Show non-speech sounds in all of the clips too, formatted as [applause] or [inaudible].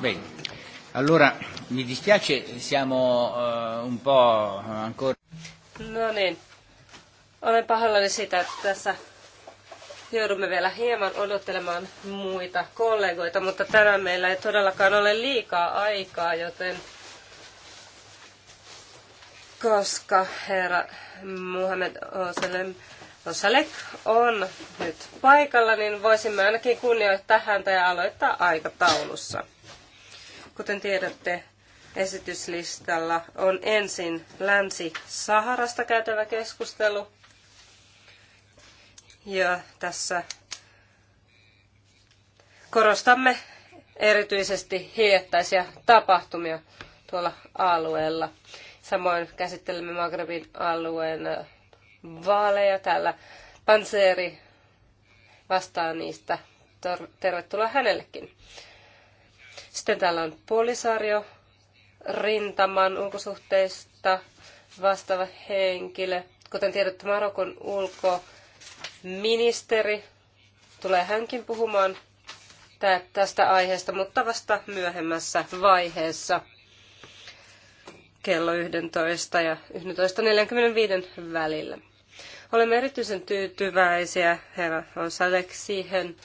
Bene. Allora, mi dispiace, siamo uh, un po' ancora... No niin. Olen pahoillani siitä, että tässä joudumme vielä hieman odottelemaan muita kollegoita, mutta tänään meillä ei todellakaan ole liikaa aikaa, joten koska herra Muhammed Oselem No, Salek on nyt paikalla, niin voisimme ainakin kunnioittaa häntä ja aloittaa aikataulussa. Kuten tiedätte, esityslistalla on ensin Länsi-Saharasta käytävä keskustelu. Ja tässä korostamme erityisesti hiettäisiä tapahtumia tuolla alueella. Samoin käsittelemme Magrebin alueen vaaleja täällä panseeri vastaa niistä. Tervetuloa hänellekin. Sitten täällä on Polisario, rintaman ulkosuhteista vastaava henkilö. Kuten tiedätte, Marokon ulkoministeri tulee hänkin puhumaan tästä aiheesta, mutta vasta myöhemmässä vaiheessa kello 11 ja 11.45 välillä. Olemme erityisen tyytyväisiä, herra Osadek, siihen,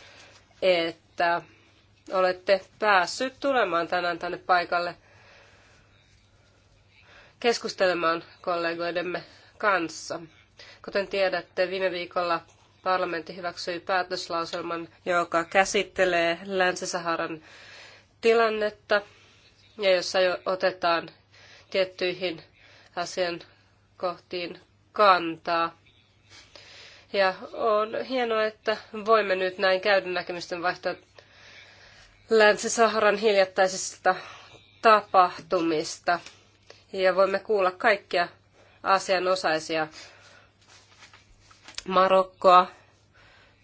että olette päässyt tulemaan tänään tänne paikalle keskustelemaan kollegoidemme kanssa. Kuten tiedätte, viime viikolla parlamentti hyväksyi päätöslauselman, joka käsittelee Länsi-Saharan tilannetta ja jossa jo otetaan tiettyihin asian kohtiin kantaa. Ja on hienoa, että voimme nyt näin käydä näkemysten vaihtoa Länsi-Saharan hiljattaisista tapahtumista. Ja voimme kuulla kaikkia asianosaisia Marokkoa,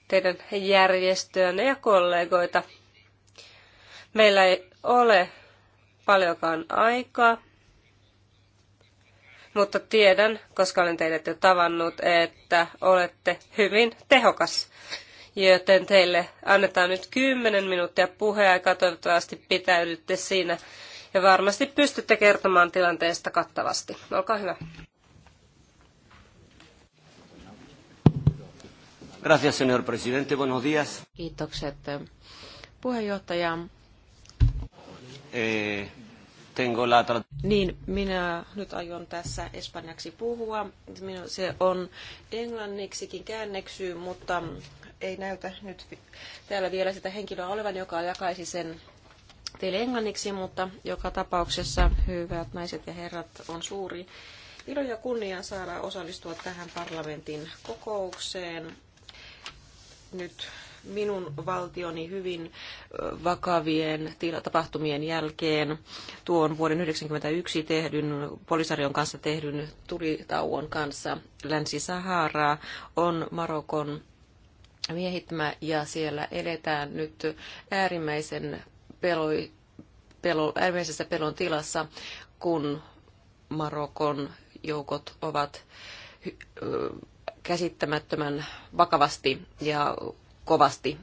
teidän järjestöönne ja kollegoita. Meillä ei ole paljonkaan aikaa, mutta tiedän, koska olen teidät jo tavannut, että olette hyvin tehokas. Joten teille annetaan nyt 10 minuuttia puheaikaa, toivottavasti pitäydytte siinä ja varmasti pystytte kertomaan tilanteesta kattavasti. Olkaa hyvä. Gracias, señor presidente. Buenos días. Kiitokset puheenjohtaja. Eh, tengo la... Niin, minä nyt aion tässä espanjaksi puhua. se on englanniksikin käänneksy, mutta ei näytä nyt täällä vielä sitä henkilöä olevan, joka jakaisi sen teille englanniksi, mutta joka tapauksessa, hyvät naiset ja herrat, on suuri ilo ja kunnia saada osallistua tähän parlamentin kokoukseen. Nyt minun valtioni hyvin vakavien tapahtumien jälkeen tuon vuoden 1991 tehdyn Polisarion kanssa tehdyn tulitauon kanssa Länsi-Sahara on Marokon miehittämä ja siellä eletään nyt äärimmäisen pelo, pelo, äärimmäisessä pelon tilassa, kun Marokon joukot ovat käsittämättömän vakavasti ja kovasti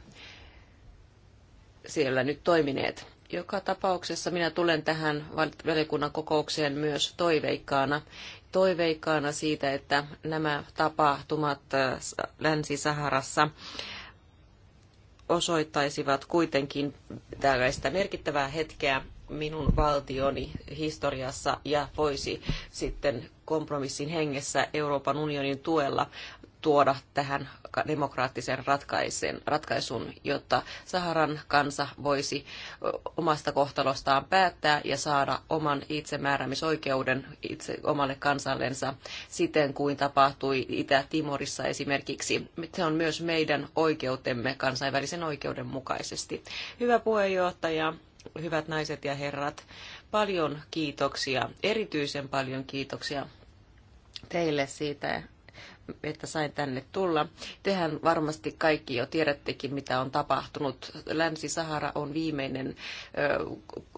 siellä nyt toimineet. Joka tapauksessa minä tulen tähän valiokunnan kokoukseen myös toiveikkaana. Toiveikkaana siitä, että nämä tapahtumat äh, Länsi-Saharassa osoittaisivat kuitenkin tällaista merkittävää hetkeä minun valtioni historiassa ja voisi sitten kompromissin hengessä Euroopan unionin tuella tuoda tähän demokraattisen ratkaisun, jotta Saharan kansa voisi omasta kohtalostaan päättää ja saada oman itsemääräämisoikeuden itse, omalle kansallensa siten kuin tapahtui Itä-Timorissa esimerkiksi. Se on myös meidän oikeutemme kansainvälisen oikeuden mukaisesti. Hyvä puheenjohtaja, Hyvät naiset ja herrat, paljon kiitoksia, erityisen paljon kiitoksia teille siitä, että sain tänne tulla. Tehän varmasti kaikki jo tiedättekin, mitä on tapahtunut. Länsi-Sahara on viimeinen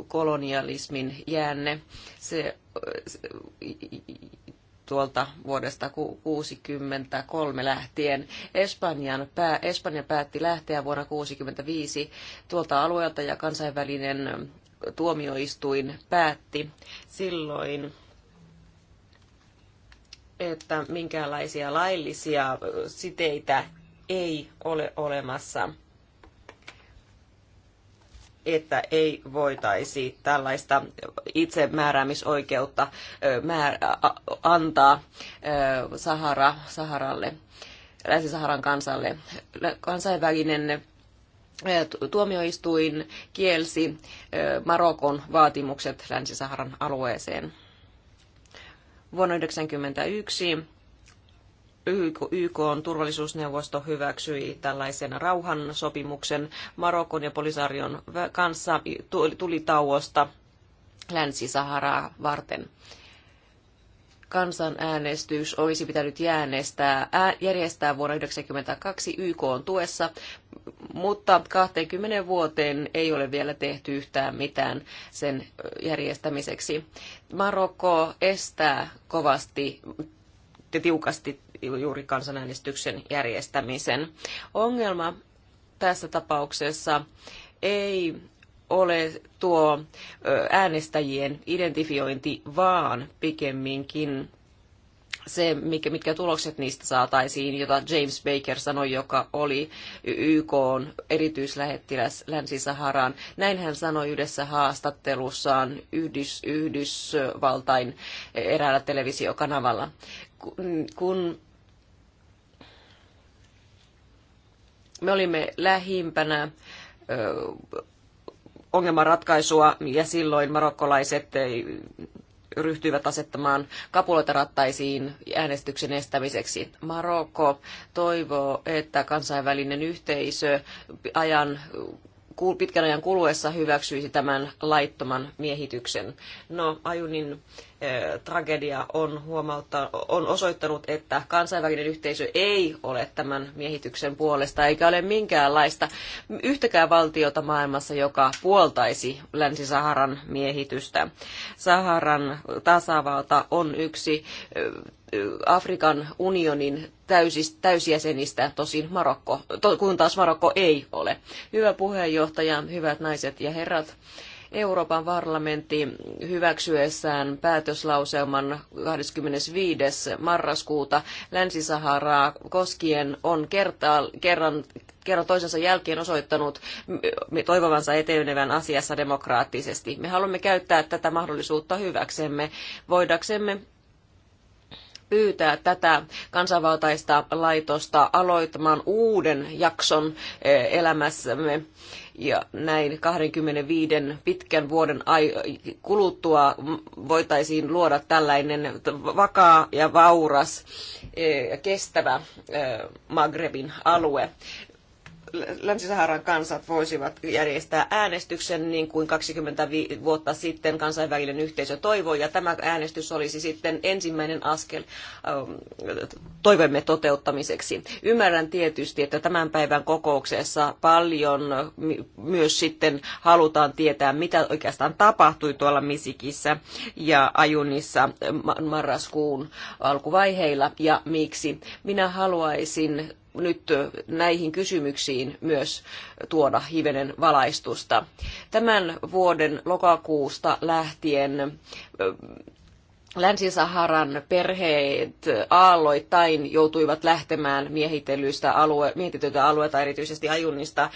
kolonialismin jäänne. Se tuolta vuodesta 1963 lähtien. Espanjan pää, Espanja päätti lähteä vuonna 1965 tuolta alueelta ja kansainvälinen tuomioistuin päätti silloin että minkäänlaisia laillisia siteitä ei ole olemassa että ei voitaisi tällaista itsemääräämisoikeutta antaa Sahara, Saharalle, Länsi-Saharan kansalle. Kansainvälinen tuomioistuin kielsi Marokon vaatimukset Länsi-Saharan alueeseen. Vuonna 1991 YK, YK on turvallisuusneuvosto hyväksyi tällaisen rauhansopimuksen Marokon ja Polisarion kanssa tulitauosta Länsi-Saharaa varten kansanäänestys olisi pitänyt järjestää vuonna 1992 YK on tuessa, mutta 20 vuoteen ei ole vielä tehty yhtään mitään sen järjestämiseksi. Marokko estää kovasti tiukasti juuri kansanäänestyksen järjestämisen. Ongelma tässä tapauksessa ei ole tuo äänestäjien identifiointi, vaan pikemminkin se, mikä, mitkä tulokset niistä saataisiin, jota James Baker sanoi, joka oli YK erityislähettiläs Länsi-Saharaan. Näin hän sanoi yhdessä haastattelussaan Yhdys, Yhdysvaltain eräällä televisiokanavalla. Kun Me olimme lähimpänä ongelmanratkaisua ja silloin marokkolaiset ryhtyivät asettamaan kapuloita rattaisiin äänestyksen estämiseksi. Marokko toivoo, että kansainvälinen yhteisö ajan pitkän ajan kuluessa hyväksyisi tämän laittoman miehityksen. No, Ajunin eh, tragedia on, huomautta, on osoittanut, että kansainvälinen yhteisö ei ole tämän miehityksen puolesta, eikä ole minkäänlaista yhtäkään valtiota maailmassa, joka puoltaisi Länsi-Saharan miehitystä. Saharan tasavalta on yksi eh, Afrikan unionin täysis, täysjäsenistä, tosin Marokko, to, kun taas Marokko ei ole. Hyvä puheenjohtaja, hyvät naiset ja herrat. Euroopan parlamentti hyväksyessään päätöslauselman 25. marraskuuta Länsi-Saharaa koskien on kertaa, kerran kerran toisensa jälkeen osoittanut toivovansa etenevän asiassa demokraattisesti. Me haluamme käyttää tätä mahdollisuutta hyväksemme, voidaksemme pyytää tätä kansanvaltaista laitosta aloittamaan uuden jakson eh, elämässämme. Ja näin 25 pitkän vuoden kuluttua voitaisiin luoda tällainen vakaa ja vauras eh, ja kestävä eh, Magrebin alue. Länsi-Saharan kansat voisivat järjestää äänestyksen niin kuin 20 vuotta sitten kansainvälinen yhteisö toivoi, ja tämä äänestys olisi sitten ensimmäinen askel ähm, toivemme toteuttamiseksi. Ymmärrän tietysti, että tämän päivän kokouksessa paljon myös sitten halutaan tietää, mitä oikeastaan tapahtui tuolla Misikissä ja Ajunissa marraskuun alkuvaiheilla ja miksi. Minä haluaisin nyt näihin kysymyksiin myös tuoda hivenen valaistusta. Tämän vuoden lokakuusta lähtien Länsi-Saharan perheet aalloittain joutuivat lähtemään miehitellyistä alue, miehitetyltä alueilta, erityisesti ajunnista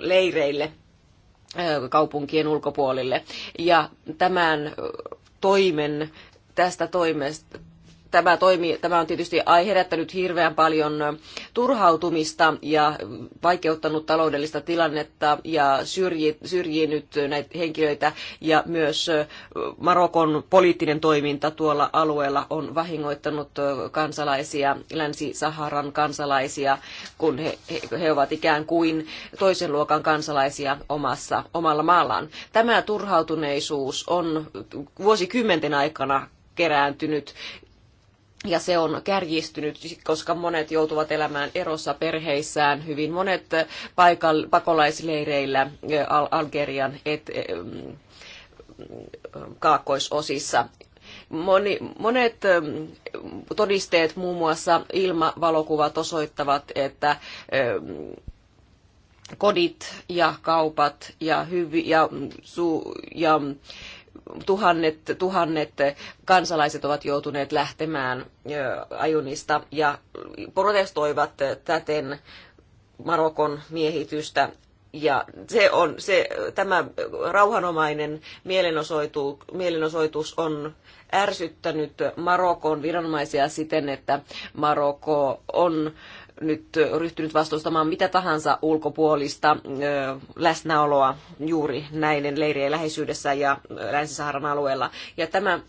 leireille kaupunkien ulkopuolille. Ja tämän toimen, tästä toimesta tämä, toimi, tämä on tietysti herättänyt hirveän paljon turhautumista ja vaikeuttanut taloudellista tilannetta ja syrji, syrjinyt näitä henkilöitä ja myös Marokon poliittinen toiminta tuolla alueella on vahingoittanut kansalaisia, Länsi-Saharan kansalaisia, kun he, he ovat ikään kuin toisen luokan kansalaisia omassa, omalla maallaan. Tämä turhautuneisuus on vuosikymmenten aikana kerääntynyt ja se on kärjistynyt, koska monet joutuvat elämään erossa perheissään, hyvin monet eh, paikall- pakolaisleireillä eh, Algerian et- eh, mm, kaakkoisosissa. Moni, monet todisteet, muun muassa ilmavalokuvat, osoittavat, että kodit ja kaupat ja, hyvi, ja, mm, su, ja mm, tuhannet, tuhannet kansalaiset ovat joutuneet lähtemään ajunista ja protestoivat täten Marokon miehitystä ja se on, se, tämä rauhanomainen mielenosoitu, mielenosoitus on ärsyttänyt Marokon viranomaisia siten, että Maroko on nyt ryhtynyt vastustamaan mitä tahansa ulkopuolista läsnäoloa juuri näiden leirien läheisyydessä ja Länsi-Saharan alueella. Ja tämä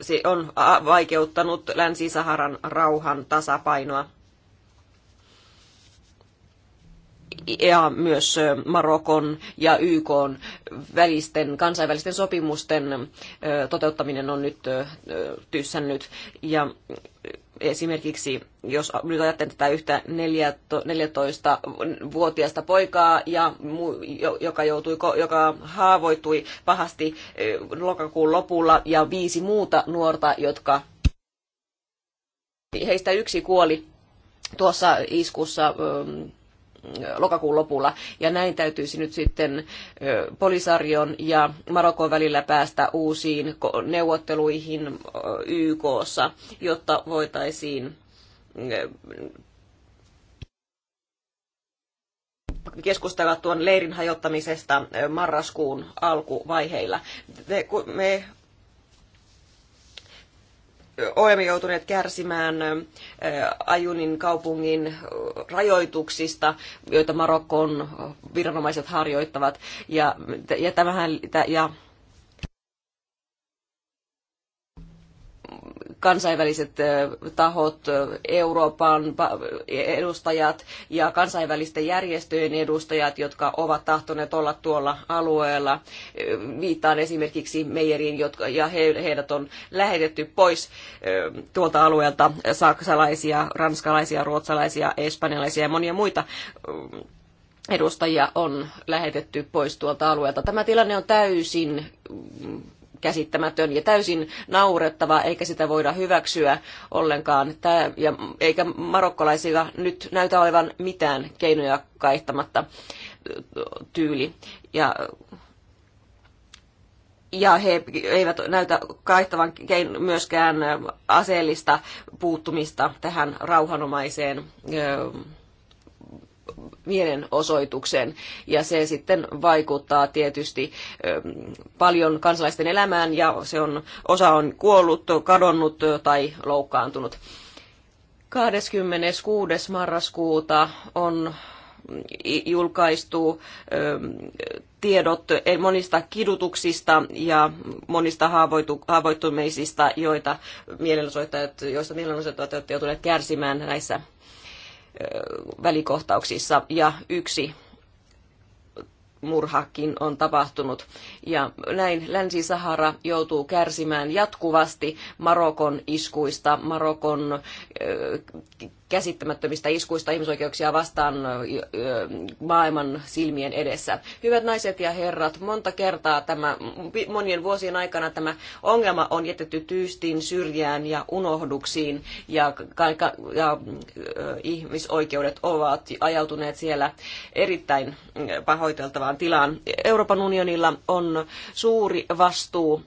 se on vaikeuttanut Länsi-Saharan rauhan tasapainoa. ja myös Marokon ja YK välisten kansainvälisten sopimusten toteuttaminen on nyt tyssännyt. Ja esimerkiksi, jos nyt ajattelen tätä yhtä 14-vuotiaista poikaa, ja, joka, joutui, joka haavoittui pahasti lokakuun lopulla, ja viisi muuta nuorta, jotka heistä yksi kuoli tuossa iskussa lokakuun lopulla. Ja näin täytyisi nyt sitten Polisarion ja Marokon välillä päästä uusiin neuvotteluihin YKssa, jotta voitaisiin keskustella tuon leirin hajottamisesta marraskuun alkuvaiheilla. Me olemme joutuneet kärsimään Ajunin kaupungin rajoituksista, joita Marokon viranomaiset harjoittavat. Ja, ja, tämähän, ja kansainväliset tahot, Euroopan edustajat ja kansainvälisten järjestöjen edustajat, jotka ovat tahtoneet olla tuolla alueella. Viittaan esimerkiksi Meijeriin, jotka, ja he, heidät on lähetetty pois tuolta alueelta saksalaisia, ranskalaisia, ruotsalaisia, espanjalaisia ja monia muita edustajia on lähetetty pois tuolta alueelta. Tämä tilanne on täysin mm, käsittämätön ja täysin naurettava, eikä sitä voida hyväksyä ollenkaan. Tämä, ja, eikä marokkolaisilla nyt näytä olevan mitään keinoja kaihtamatta tyyli. Ja ja he eivät näytä kaihtavan myöskään aseellista puuttumista tähän rauhanomaiseen mielenosoituksen. Ja se sitten vaikuttaa tietysti ähm, paljon kansalaisten elämään ja se on, osa on kuollut, kadonnut tai loukkaantunut. 26. marraskuuta on julkaistu ähm, tiedot monista kidutuksista ja monista haavoittumisista, joita mielenosoittajat, joista mielenosoittajat ovat joutuneet kärsimään näissä välikohtauksissa ja yksi murhakin on tapahtunut. Ja näin Länsi-Sahara joutuu kärsimään jatkuvasti Marokon iskuista, Marokon käsittämättömistä iskuista ihmisoikeuksia vastaan maailman silmien edessä. Hyvät naiset ja herrat, monta kertaa tämä, monien vuosien aikana tämä ongelma on jätetty tyystiin syrjään ja unohduksiin ja, ka- ja ihmisoikeudet ovat ajautuneet siellä erittäin pahoiteltavaan tilaan. Euroopan unionilla on suuri vastuu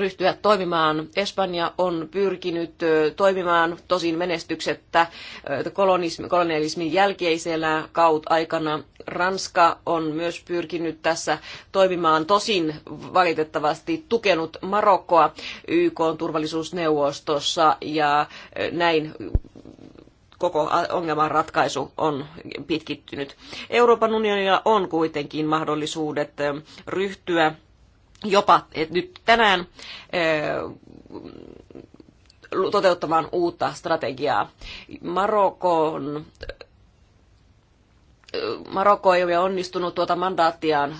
ryhtyä toimimaan. Espanja on pyrkinyt toimimaan tosin menestyksettä kolonialismin jälkeisellä kaut aikana. Ranska on myös pyrkinyt tässä toimimaan, tosin valitettavasti tukenut Marokkoa YK turvallisuusneuvostossa ja näin koko ongelman ratkaisu on pitkittynyt. Euroopan unionilla on kuitenkin mahdollisuudet ryhtyä jopa nyt tänään toteuttamaan uutta strategiaa. Marokon Marokko ei ole onnistunut tuota mandaattiaan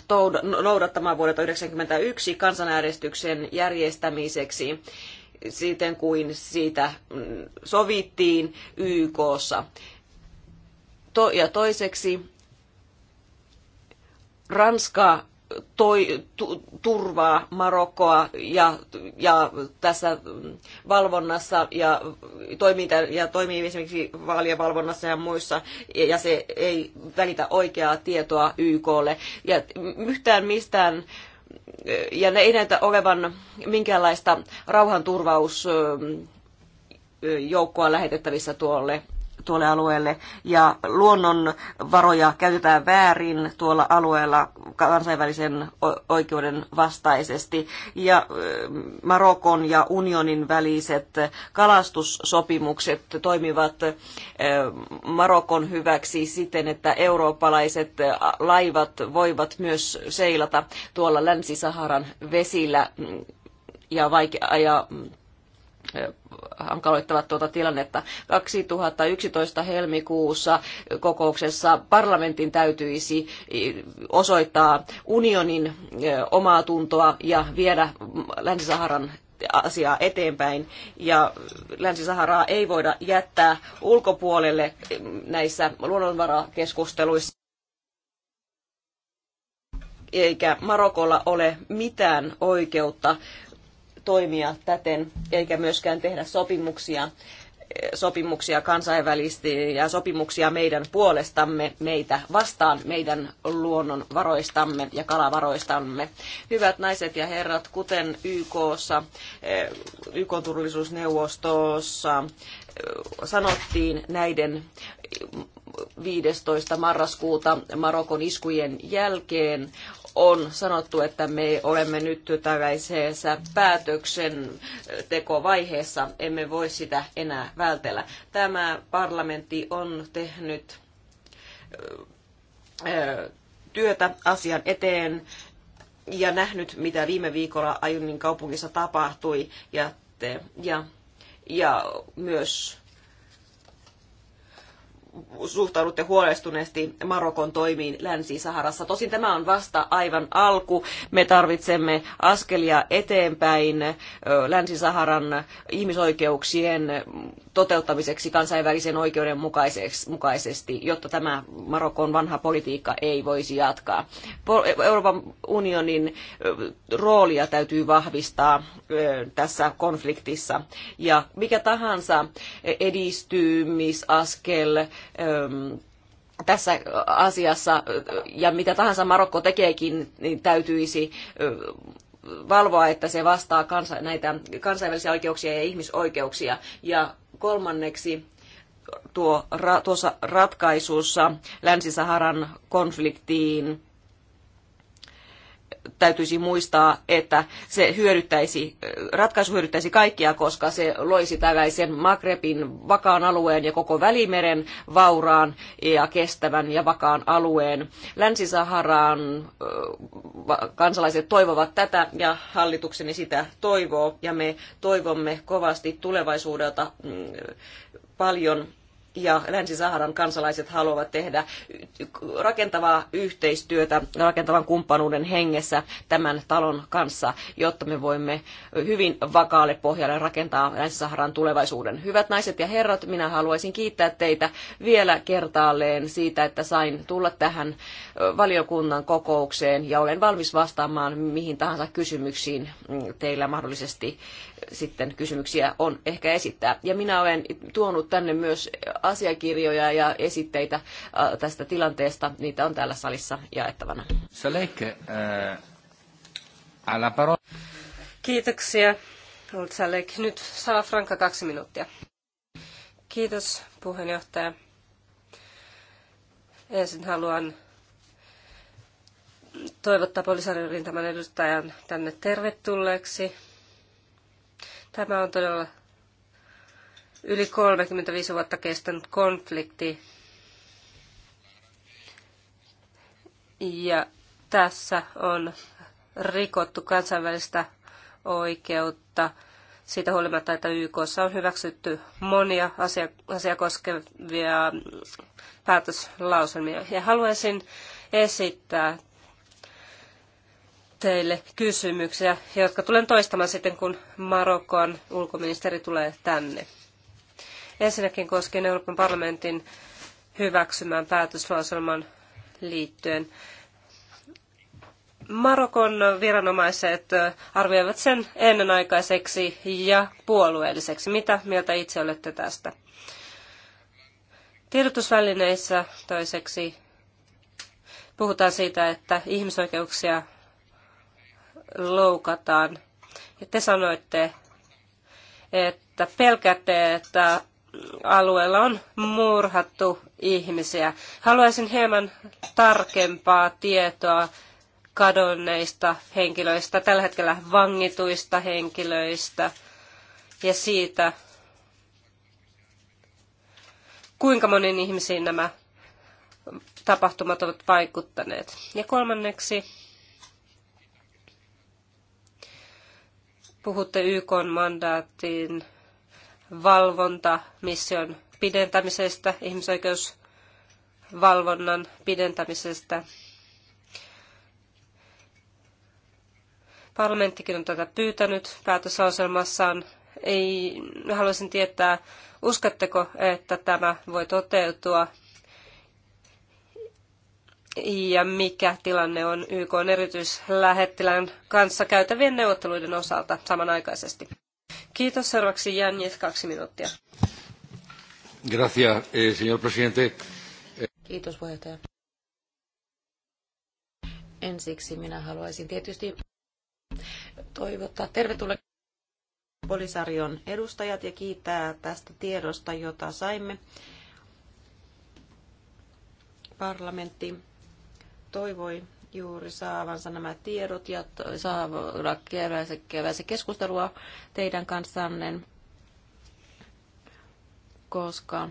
noudattamaan vuodelta 1991 kansanäänestyksen järjestämiseksi siten kuin siitä sovittiin YKssa. To- ja toiseksi Ranska toi, tu, turvaa Marokkoa ja, ja tässä valvonnassa ja, toiminta, ja toimii esimerkiksi vaalien valvonnassa ja muissa, ja se ei välitä oikeaa tietoa YKlle. Ja yhtään mistään ja ne ei näytä olevan minkäänlaista rauhanturvaus joukkoa lähetettävissä tuolle tuolle alueelle ja luonnonvaroja käytetään väärin tuolla alueella kansainvälisen oikeuden vastaisesti. Ja Marokon ja unionin väliset kalastussopimukset toimivat Marokon hyväksi siten, että eurooppalaiset laivat voivat myös seilata tuolla Länsi-Saharan vesillä mm, ja, vaike- ja mm, Äh, hankaloittavat tuota tilannetta. 2011 helmikuussa kokouksessa parlamentin täytyisi osoittaa unionin omaa tuntoa ja viedä Länsi-Saharan asiaa eteenpäin. Ja Länsi-Saharaa ei voida jättää ulkopuolelle näissä luonnonvarakeskusteluissa eikä Marokolla ole mitään oikeutta toimia täten, eikä myöskään tehdä sopimuksia eh, sopimuksia kansainvälisesti ja sopimuksia meidän puolestamme, meitä vastaan, meidän luonnonvaroistamme ja kalavaroistamme. Hyvät naiset ja herrat, kuten YKssa, eh, YK turvallisuusneuvostossa sanottiin näiden 15. marraskuuta Marokon iskujen jälkeen on sanottu, että me olemme nyt tällaisessa päätöksentekovaiheessa, emme voi sitä enää vältellä. Tämä parlamentti on tehnyt työtä asian eteen ja nähnyt, mitä viime viikolla Ajunnin kaupungissa tapahtui. Ja, ja ja myös suhtaudutte huolestuneesti Marokon toimiin Länsi-Saharassa. Tosin tämä on vasta aivan alku. Me tarvitsemme askelia eteenpäin Länsi-Saharan ihmisoikeuksien toteuttamiseksi kansainvälisen oikeuden mukaisesti, jotta tämä Marokon vanha politiikka ei voisi jatkaa. Euroopan unionin roolia täytyy vahvistaa tässä konfliktissa ja mikä tahansa edistymisaskel tässä asiassa, ja mitä tahansa Marokko tekeekin, niin täytyisi valvoa, että se vastaa kansa, näitä kansainvälisiä oikeuksia ja ihmisoikeuksia. Ja kolmanneksi tuo, ra, tuossa ratkaisussa Länsi-Saharan konfliktiin täytyisi muistaa, että se hyödyttäisi, ratkaisu hyödyttäisi kaikkia, koska se loisi tällaisen Magrebin vakaan alueen ja koko Välimeren vauraan ja kestävän ja vakaan alueen. Länsi-Saharan kansalaiset toivovat tätä ja hallitukseni sitä toivoo ja me toivomme kovasti tulevaisuudelta mm, paljon ja Länsi-Saharan kansalaiset haluavat tehdä rakentavaa yhteistyötä rakentavan kumppanuuden hengessä tämän talon kanssa, jotta me voimme hyvin vakaalle pohjalle rakentaa Länsi-Saharan tulevaisuuden. Hyvät naiset ja herrat, minä haluaisin kiittää teitä vielä kertaalleen siitä, että sain tulla tähän valiokunnan kokoukseen ja olen valmis vastaamaan mihin tahansa kysymyksiin teillä mahdollisesti sitten kysymyksiä on ehkä esittää. Ja minä olen tuonut tänne myös asiakirjoja ja esitteitä tästä tilanteesta. Niitä on täällä salissa jaettavana. Saleke, älä paro. Kiitoksia. Nyt saa Franka kaksi minuuttia. Kiitos puheenjohtaja. Ensin haluan toivottaa Polisarin tämän edustajan tänne tervetulleeksi Tämä on todella yli 35 vuotta kestänyt konflikti. Ja tässä on rikottu kansainvälistä oikeutta siitä huolimatta, että YK on hyväksytty monia asia, asia koskevia päätöslauselmia. Ja haluaisin esittää teille kysymyksiä, jotka tulen toistamaan sitten, kun Marokon ulkoministeri tulee tänne. Ensinnäkin koskien Euroopan parlamentin hyväksymään päätöslauselman liittyen. Marokon viranomaiset arvioivat sen ennenaikaiseksi ja puolueelliseksi. Mitä mieltä itse olette tästä? Tiedotusvälineissä toiseksi puhutaan siitä, että ihmisoikeuksia loukataan. Ja te sanoitte, että pelkäätte, että alueella on murhattu ihmisiä. Haluaisin hieman tarkempaa tietoa kadonneista henkilöistä, tällä hetkellä vangituista henkilöistä ja siitä, kuinka moniin ihmisiin nämä tapahtumat ovat vaikuttaneet. Ja kolmanneksi Puhutte YK valvonta-mission pidentämisestä, ihmisoikeusvalvonnan pidentämisestä. Parlamenttikin on tätä pyytänyt päätöslauselmassaan. Ei, haluaisin tietää, uskotteko, että tämä voi toteutua ja mikä tilanne on YK erityislähettilään kanssa käytävien neuvotteluiden osalta samanaikaisesti. Kiitos seuraavaksi Janjes, kaksi minuuttia. Gracias, eh, señor presidente. Kiitos puheenjohtaja. Ensiksi minä haluaisin tietysti toivottaa tervetulleeksi Polisarion edustajat ja kiittää tästä tiedosta, jota saimme. Parlamentti toivoi juuri saavansa nämä tiedot ja keväisen, keväisä keskustelua teidän kanssanne, koska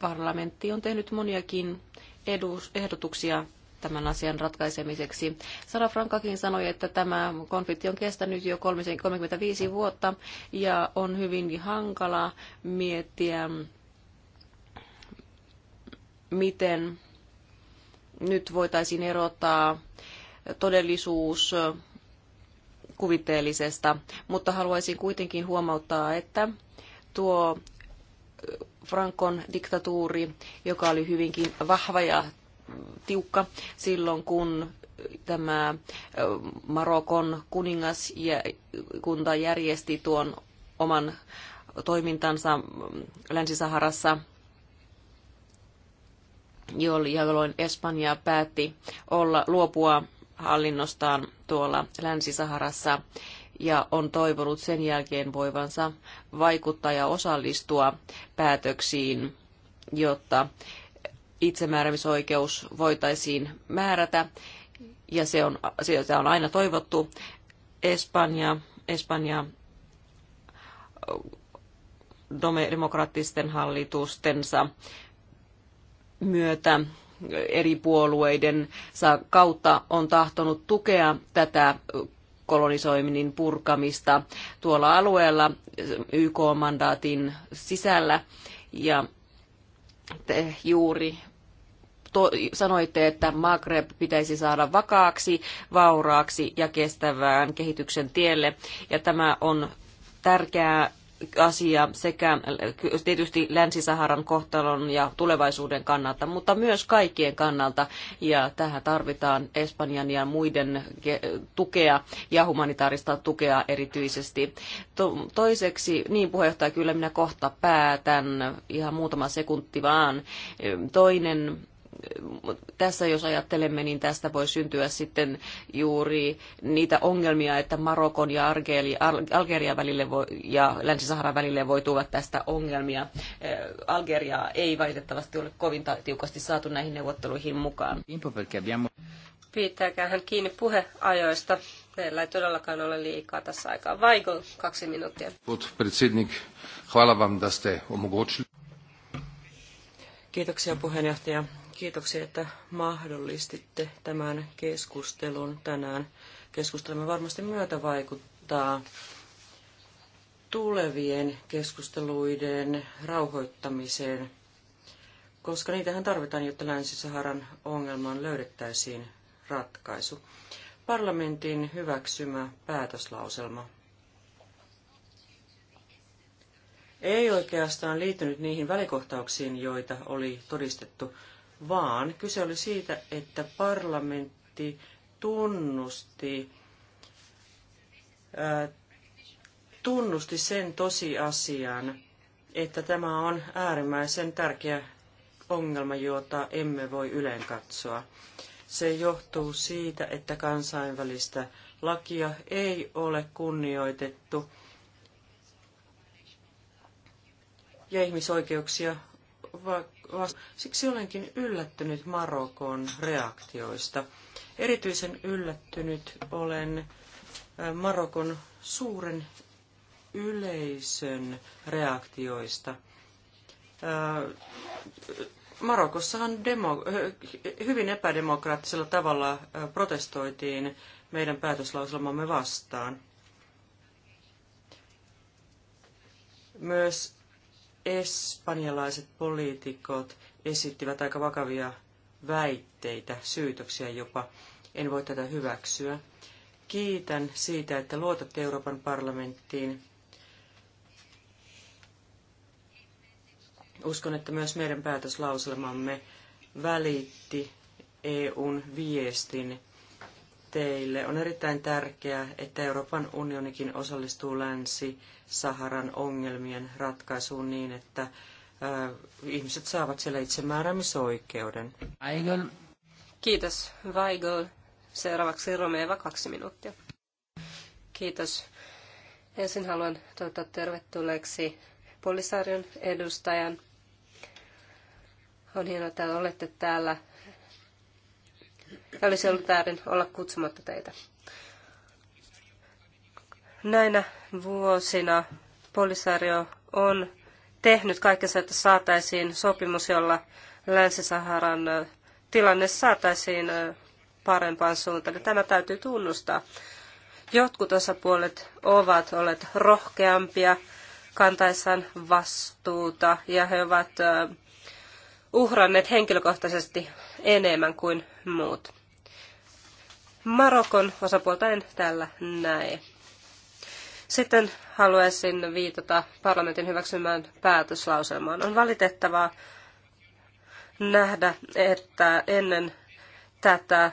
parlamentti on tehnyt moniakin edus, ehdotuksia tämän asian ratkaisemiseksi. Sara Frankakin sanoi, että tämä konflikti on kestänyt jo 35 vuotta ja on hyvin hankala miettiä, miten nyt voitaisiin erottaa todellisuus kuvitteellisesta, mutta haluaisin kuitenkin huomauttaa, että tuo Frankon diktatuuri, joka oli hyvinkin vahva ja tiukka silloin, kun tämä Marokon kuningas ja kunta järjesti tuon oman toimintansa mm, Länsi-Saharassa jolloin Espanja päätti olla luopua hallinnostaan tuolla Länsi-Saharassa ja on toivonut sen jälkeen voivansa vaikuttaa ja osallistua päätöksiin, jotta itsemääräämisoikeus voitaisiin määrätä. Ja se on, sitä on aina toivottu. Espanja, Espanja demokraattisten hallitustensa myötä eri puolueiden kautta on tahtonut tukea tätä kolonisoinnin purkamista tuolla alueella YK-mandaatin sisällä. Ja te juuri to, sanoitte, että Maghreb pitäisi saada vakaaksi, vauraaksi ja kestävään kehityksen tielle. Ja tämä on tärkeää asia sekä tietysti Länsi-Saharan kohtalon ja tulevaisuuden kannalta, mutta myös kaikkien kannalta. Ja tähän tarvitaan Espanjan ja muiden tukea ja humanitaarista tukea erityisesti. toiseksi, niin puheenjohtaja, kyllä minä kohta päätän ihan muutama sekunti vaan. Toinen tässä jos ajattelemme, niin tästä voi syntyä sitten juuri niitä ongelmia, että Marokon ja Algeria, Algeria välille voi, ja Länsi-Saharan välille voi tulla tästä ongelmia. Eh, Algeria ei valitettavasti ole kovin tiukasti saatu näihin neuvotteluihin mukaan. hän kiinni puheajoista. Meillä ei todellakaan ole liikaa tässä aikaa. Vaiko kaksi minuuttia. Kiitoksia puheenjohtaja kiitoksia, että mahdollistitte tämän keskustelun tänään. Keskustelemme varmasti myötä vaikuttaa tulevien keskusteluiden rauhoittamiseen, koska niitähän tarvitaan, jotta Länsi-Saharan ongelmaan löydettäisiin ratkaisu. Parlamentin hyväksymä päätöslauselma ei oikeastaan liittynyt niihin välikohtauksiin, joita oli todistettu vaan kyse oli siitä, että parlamentti tunnusti, ää, tunnusti sen tosiasian, että tämä on äärimmäisen tärkeä ongelma, jota emme voi yleen katsoa. Se johtuu siitä, että kansainvälistä lakia ei ole kunnioitettu ja ihmisoikeuksia Siksi olenkin yllättynyt Marokon reaktioista. Erityisen yllättynyt olen Marokon suuren yleisön reaktioista. Marokossahan demo, hyvin epädemokraattisella tavalla protestoitiin meidän päätöslauselmamme vastaan. Myös espanjalaiset poliitikot esittivät aika vakavia väitteitä, syytöksiä jopa. En voi tätä hyväksyä. Kiitän siitä, että luotatte Euroopan parlamenttiin. Uskon, että myös meidän päätöslauselmamme välitti EUn viestin teille. On erittäin tärkeää, että Euroopan unionikin osallistuu Länsi-Saharan ongelmien ratkaisuun niin, että äh, ihmiset saavat siellä itsemääräämisoikeuden. Weigel. Kiitos, Weigel. Seuraavaksi Romeva, kaksi minuuttia. Kiitos. Ensin haluan toivottaa tervetulleeksi Polisarion edustajan. On hienoa, että olette täällä olisi ollut väärin olla kutsumatta teitä. Näinä vuosina Polisario on tehnyt kaikkensa, että saataisiin sopimus, jolla Länsi-Saharan tilanne saataisiin parempaan suuntaan. tämä täytyy tunnustaa. Jotkut osapuolet ovat olleet rohkeampia kantaessaan vastuuta ja he ovat uhranneet henkilökohtaisesti enemmän kuin muut. Marokon osapuolta en tällä näe. Sitten haluaisin viitata parlamentin hyväksymään päätöslauselmaan. On valitettavaa nähdä, että ennen tätä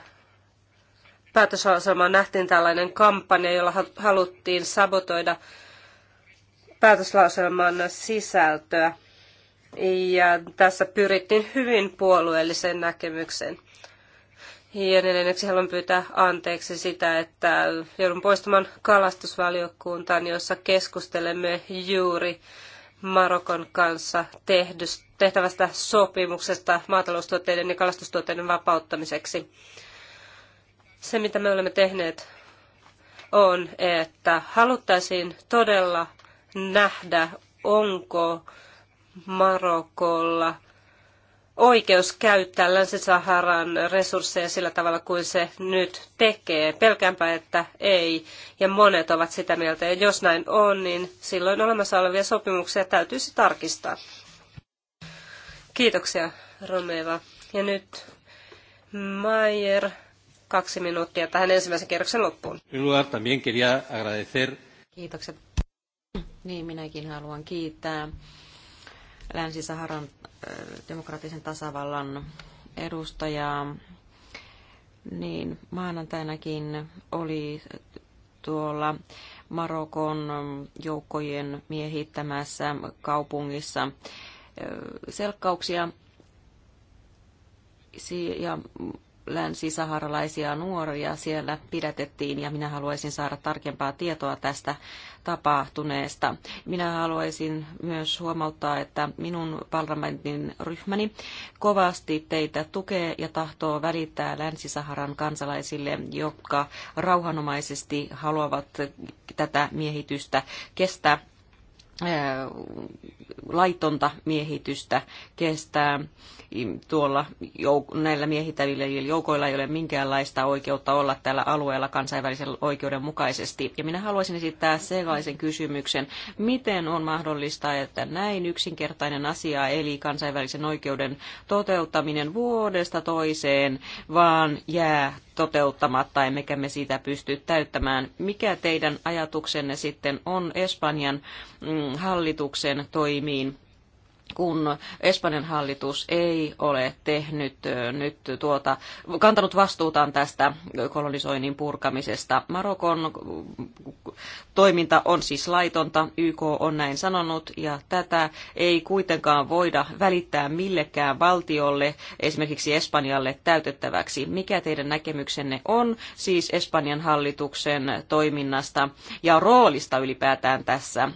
päätöslauselmaa nähtiin tällainen kampanja, jolla haluttiin sabotoida päätöslauselman sisältöä. Ja tässä pyrittiin hyvin puolueelliseen näkemykseen. Ja neljänneksi haluan pyytää anteeksi sitä, että joudun poistumaan kalastusvaliokuntaan, jossa keskustelemme juuri Marokon kanssa tehtävästä sopimuksesta maataloustuotteiden ja kalastustuotteiden vapauttamiseksi. Se, mitä me olemme tehneet, on, että haluttaisiin todella nähdä, onko Marokolla oikeus käyttää Länsi-Saharan resursseja sillä tavalla kuin se nyt tekee. Pelkäänpä, että ei. Ja monet ovat sitä mieltä. Ja jos näin on, niin silloin olemassa olevia sopimuksia täytyisi tarkistaa. Kiitoksia, Romeva. Ja nyt Mayer, kaksi minuuttia tähän ensimmäisen kierroksen loppuun. Kiitokset. Niin, minäkin haluan kiittää Länsi-Saharan demokraattisen tasavallan edustajaa, niin maanantainakin oli tuolla Marokon joukkojen miehittämässä kaupungissa selkkauksia ja länsisaharalaisia nuoria siellä pidätettiin ja minä haluaisin saada tarkempaa tietoa tästä tapahtuneesta. Minä haluaisin myös huomauttaa, että minun parlamentin ryhmäni kovasti teitä tukee ja tahtoo välittää Länsi-Saharan kansalaisille, jotka rauhanomaisesti haluavat tätä miehitystä kestää laitonta miehitystä kestää. Tuolla jouk- näillä miehittävillä joukoilla ei ole minkäänlaista oikeutta olla tällä alueella kansainvälisen oikeuden mukaisesti. Ja minä haluaisin esittää sellaisen kysymyksen, miten on mahdollista, että näin yksinkertainen asia, eli kansainvälisen oikeuden toteuttaminen vuodesta toiseen, vaan jää toteuttamatta, emmekä me siitä pysty täyttämään. Mikä teidän ajatuksenne sitten on Espanjan mm, hallituksen toimiin kun Espanjan hallitus ei ole tehnyt nyt tuota, kantanut vastuutaan tästä kolonisoinnin purkamisesta. Marokon toiminta on siis laitonta, YK on näin sanonut, ja tätä ei kuitenkaan voida välittää millekään valtiolle, esimerkiksi Espanjalle täytettäväksi. Mikä teidän näkemyksenne on siis Espanjan hallituksen toiminnasta ja roolista ylipäätään tässä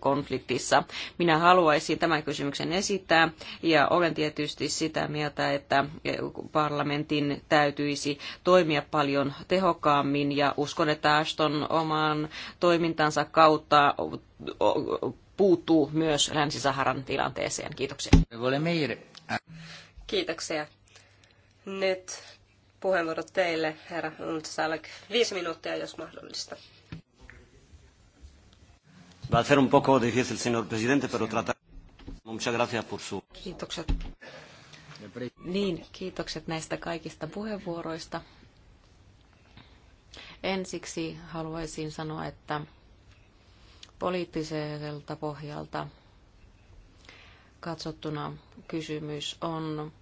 konfliktissa? Minä haluaisin tämän kysymyksen kysymyksen esittää. Ja olen tietysti sitä mieltä, että parlamentin täytyisi toimia paljon tehokkaammin ja uskon, että Ashton oman toimintansa kautta puuttuu myös Länsi-Saharan tilanteeseen. Kiitoksia. Kiitoksia. Nyt puheenvuoro teille, herra Untsalak. Viisi minuuttia, jos mahdollista. Va a ser un poco difícil, señor presidente, pero tratar... Kiitokset. Niin, kiitokset näistä kaikista puheenvuoroista. Ensiksi haluaisin sanoa, että poliittiselta pohjalta katsottuna kysymys on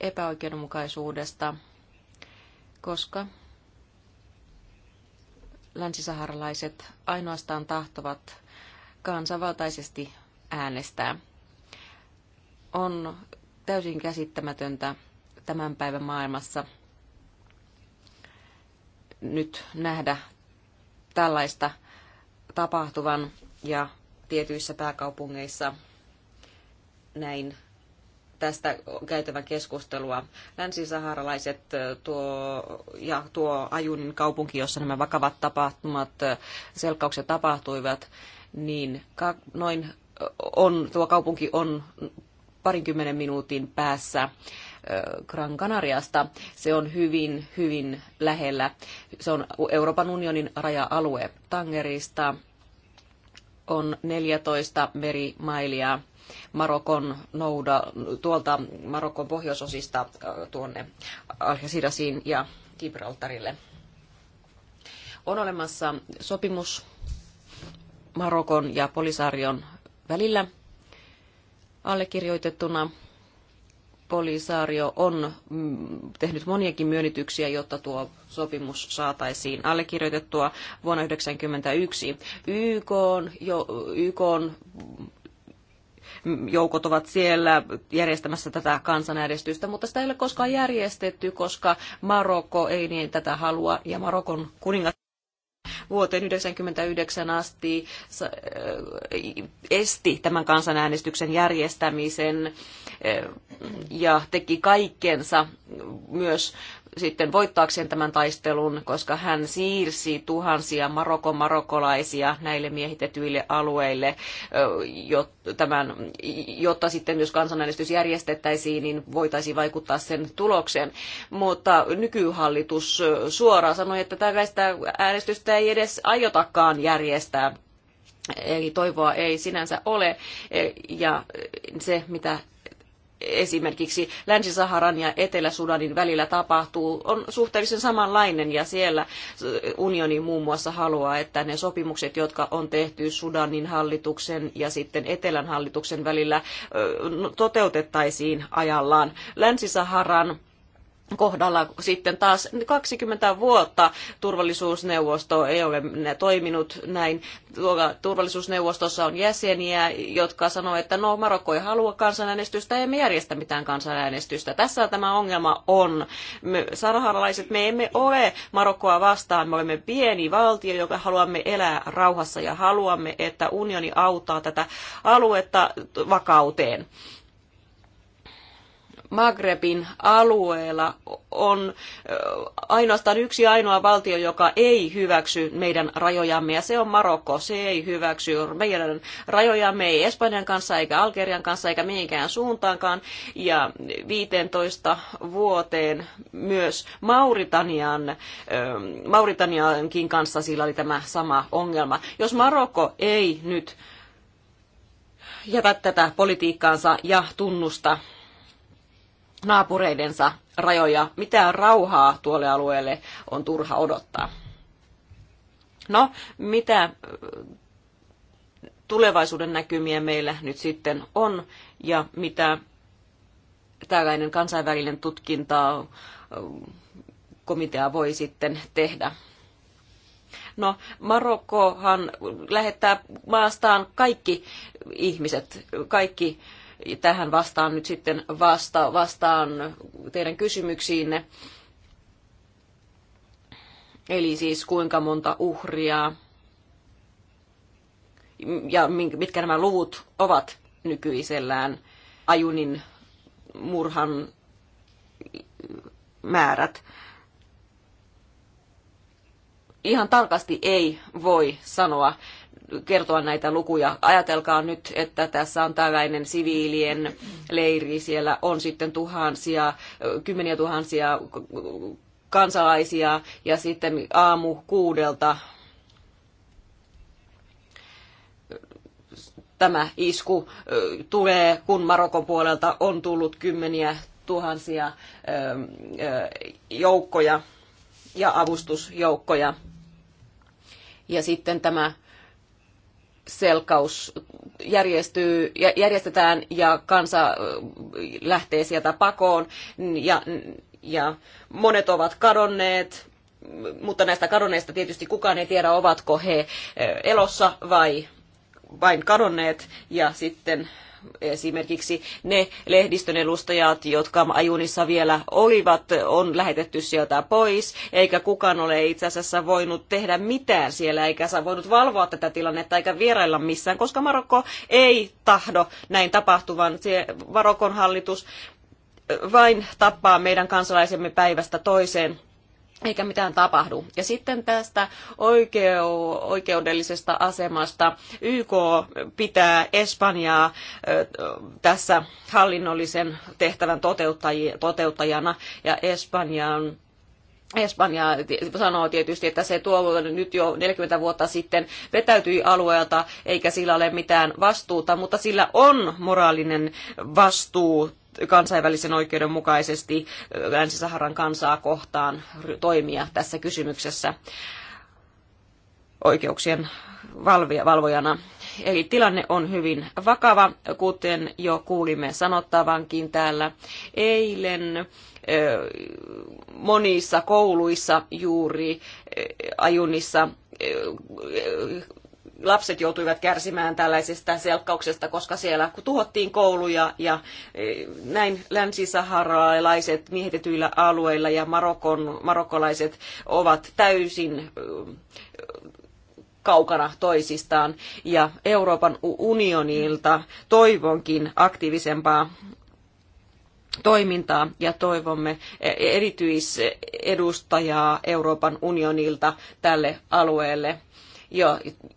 epäoikeudenmukaisuudesta, koska länsisaharalaiset ainoastaan tahtovat kansanvaltaisesti äänestää on täysin käsittämätöntä tämän päivän maailmassa nyt nähdä tällaista tapahtuvan ja tietyissä pääkaupungeissa näin tästä käytävän keskustelua. länsi-Saharalaiset tuo, ja tuo Ajunin kaupunki, jossa nämä vakavat tapahtumat, selkkaukset tapahtuivat, niin noin on, tuo kaupunki on parinkymmenen minuutin päässä Gran Canariasta. Se on hyvin, hyvin lähellä. Se on Euroopan unionin raja-alue Tangerista. On 14 merimailia Marokon nouda, tuolta Marokon pohjoisosista tuonne Algecirsasiin ja Gibraltarille. On olemassa sopimus Marokon ja Polisarion välillä – allekirjoitettuna. Polisaario on mm, tehnyt moniakin myönnytyksiä, jotta tuo sopimus saataisiin allekirjoitettua vuonna 1991. YK jo, YK mm, joukot ovat siellä järjestämässä tätä kansanäänestystä, mutta sitä ei ole koskaan järjestetty, koska Marokko ei niin tätä halua ja Marokon kuningas vuoteen 1999 asti äh, esti tämän kansanäänestyksen järjestämisen äh, ja teki kaikkensa myös sitten voittaakseen tämän taistelun, koska hän siirsi tuhansia marokon marokolaisia näille miehitetyille alueille, tämän, jotta sitten jos kansanäänestys järjestettäisiin, niin voitaisiin vaikuttaa sen tulokseen. Mutta nykyhallitus suoraan sanoi, että tällaista äänestystä ei edes aiotakaan järjestää. Eli toivoa ei sinänsä ole. E, ja se, mitä esimerkiksi Länsi-Saharan ja Etelä-Sudanin välillä tapahtuu, on suhteellisen samanlainen ja siellä unioni muun muassa haluaa, että ne sopimukset, jotka on tehty Sudanin hallituksen ja sitten Etelän hallituksen välillä, no, toteutettaisiin ajallaan. Länsi-Saharan kohdalla sitten taas 20 vuotta turvallisuusneuvosto ei ole toiminut näin. Turvallisuusneuvostossa on jäseniä, jotka sanoivat, että no Marokko ei halua kansanäänestystä, emme järjestä mitään kansanäänestystä. Tässä tämä ongelma on. Me saraharalaiset, me emme ole Marokkoa vastaan, me olemme pieni valtio, joka haluamme elää rauhassa ja haluamme, että unioni auttaa tätä aluetta vakauteen. Magrebin alueella on ainoastaan yksi ainoa valtio, joka ei hyväksy meidän rajojamme, ja se on Marokko. Se ei hyväksy meidän rajojamme, ei Espanjan kanssa, eikä Algerian kanssa, eikä mihinkään suuntaankaan. Ja 15 vuoteen myös Mauritanian, Mauritaniankin kanssa sillä oli tämä sama ongelma. Jos Marokko ei nyt jätä tätä politiikkaansa ja tunnusta naapureidensa rajoja. Mitään rauhaa tuolle alueelle on turha odottaa. No, mitä tulevaisuuden näkymiä meillä nyt sitten on ja mitä tällainen kansainvälinen tutkinta komitea voi sitten tehdä. No, Marokkohan lähettää maastaan kaikki ihmiset, kaikki Tähän vastaan nyt sitten vasta, vastaan teidän kysymyksiinne. Eli siis kuinka monta uhria ja mitkä nämä luvut ovat nykyisellään Ajunin murhan määrät. Ihan tarkasti ei voi sanoa kertoa näitä lukuja. Ajatelkaa nyt, että tässä on tällainen siviilien leiri, siellä on sitten tuhansia, kymmeniä tuhansia kansalaisia ja sitten aamu kuudelta tämä isku tulee, kun Marokon puolelta on tullut kymmeniä tuhansia joukkoja ja avustusjoukkoja. Ja sitten tämä selkaus järjestyy, järjestetään ja kansa lähtee sieltä pakoon ja, ja monet ovat kadonneet, mutta näistä kadonneista tietysti kukaan ei tiedä, ovatko he elossa vai vain kadonneet ja sitten esimerkiksi ne lehdistön edustajat, jotka ajunissa vielä olivat, on lähetetty sieltä pois, eikä kukaan ole itse asiassa voinut tehdä mitään siellä, eikä saa voinut valvoa tätä tilannetta eikä vierailla missään, koska Marokko ei tahdo näin tapahtuvan. Se Marokon hallitus vain tappaa meidän kansalaisemme päivästä toiseen eikä mitään tapahdu. Ja sitten tästä oikeu, oikeudellisesta asemasta YK pitää Espanjaa tässä hallinnollisen tehtävän toteuttajana ja Espanjan Espanja sanoo tietysti, että se tuo nyt jo 40 vuotta sitten vetäytyi alueelta, eikä sillä ole mitään vastuuta, mutta sillä on moraalinen vastuu kansainvälisen oikeuden mukaisesti Länsi-Saharan kansaa kohtaan toimia tässä kysymyksessä oikeuksien valvojana. Eli tilanne on hyvin vakava, kuten jo kuulimme sanottavankin täällä eilen monissa kouluissa juuri Ajunissa lapset joutuivat kärsimään tällaisesta selkkauksesta, koska siellä tuhottiin kouluja ja e, näin länsisaharalaiset miehitetyillä alueilla ja Marokon, marokkolaiset ovat täysin e, kaukana toisistaan ja Euroopan unionilta toivonkin aktiivisempaa toimintaa ja toivomme e, erityisedustajaa Euroopan unionilta tälle alueelle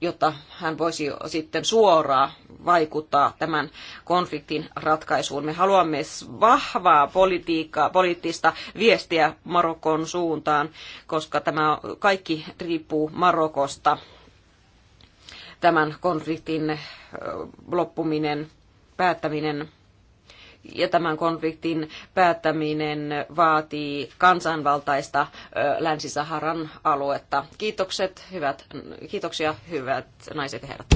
jotta hän voisi sitten suoraan vaikuttaa tämän konfliktin ratkaisuun. Me haluamme vahvaa politiikkaa, poliittista viestiä Marokon suuntaan, koska tämä kaikki riippuu Marokosta tämän konfliktin loppuminen, päättäminen ja tämän konfliktin päättäminen vaatii kansanvaltaista Länsi-Saharan aluetta. Kiitokset, hyvät, kiitoksia hyvät naiset ja herrat.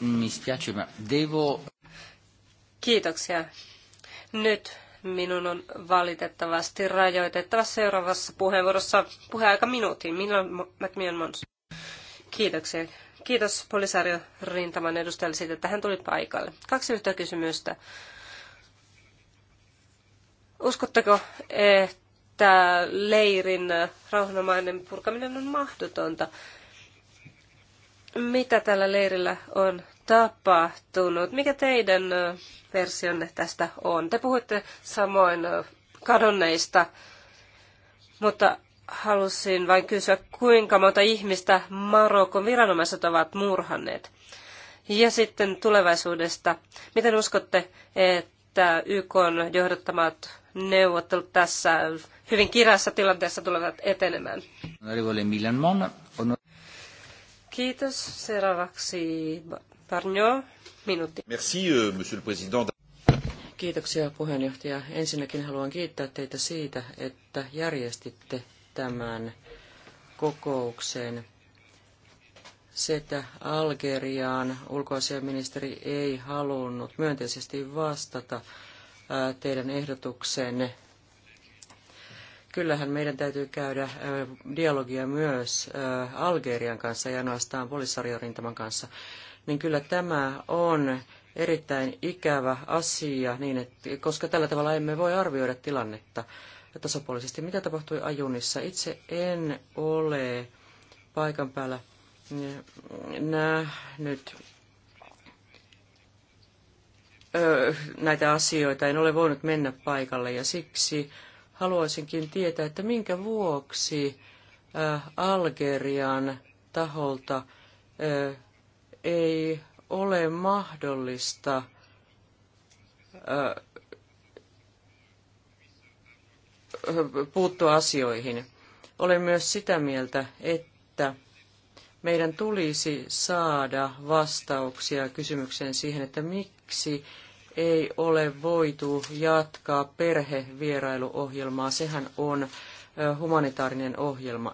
Mi spiace, ma devo... Kiitoksia. Nyt minun on valitettavasti rajoitettava seuraavassa puheenvuorossa puheaika minuutin. Milloin Mons? Kiitoksia. Kiitos polisario Rintaman edustajalle siitä, että hän tuli paikalle. Kaksi yhtä kysymystä. Uskotteko, että leirin rauhanomainen purkaminen on mahdotonta? Mitä tällä leirillä on tapahtunut? Mikä teidän versionne tästä on? Te puhuitte samoin kadonneista, mutta halusin vain kysyä, kuinka monta ihmistä Marokon viranomaiset ovat murhanneet. Ja sitten tulevaisuudesta. Miten uskotte, että että YK on johdattamat neuvottelut tässä hyvin kirjassa tilanteessa tulevat etenemään. Kiitos. Seuraavaksi Parnio, minuutti. Merci, euh, monsieur le président. Kiitoksia puheenjohtaja. Ensinnäkin haluan kiittää teitä siitä, että järjestitte tämän kokouksen se, että Algeriaan ulkoasiaministeri ei halunnut myönteisesti vastata teidän ehdotukseenne. Kyllähän meidän täytyy käydä dialogia myös Algerian kanssa ja ainoastaan polisariorintaman kanssa. Niin kyllä tämä on erittäin ikävä asia, niin että, koska tällä tavalla emme voi arvioida tilannetta tasapuolisesti. Mitä tapahtui Ajunissa? Itse en ole paikan päällä niin, nähnyt näitä asioita, en ole voinut mennä paikalle ja siksi haluaisinkin tietää, että minkä vuoksi Algerian taholta ei ole mahdollista puuttua asioihin. Olen myös sitä mieltä, että meidän tulisi saada vastauksia kysymykseen siihen, että miksi ei ole voitu jatkaa perhevierailuohjelmaa. Sehän on humanitaarinen ohjelma.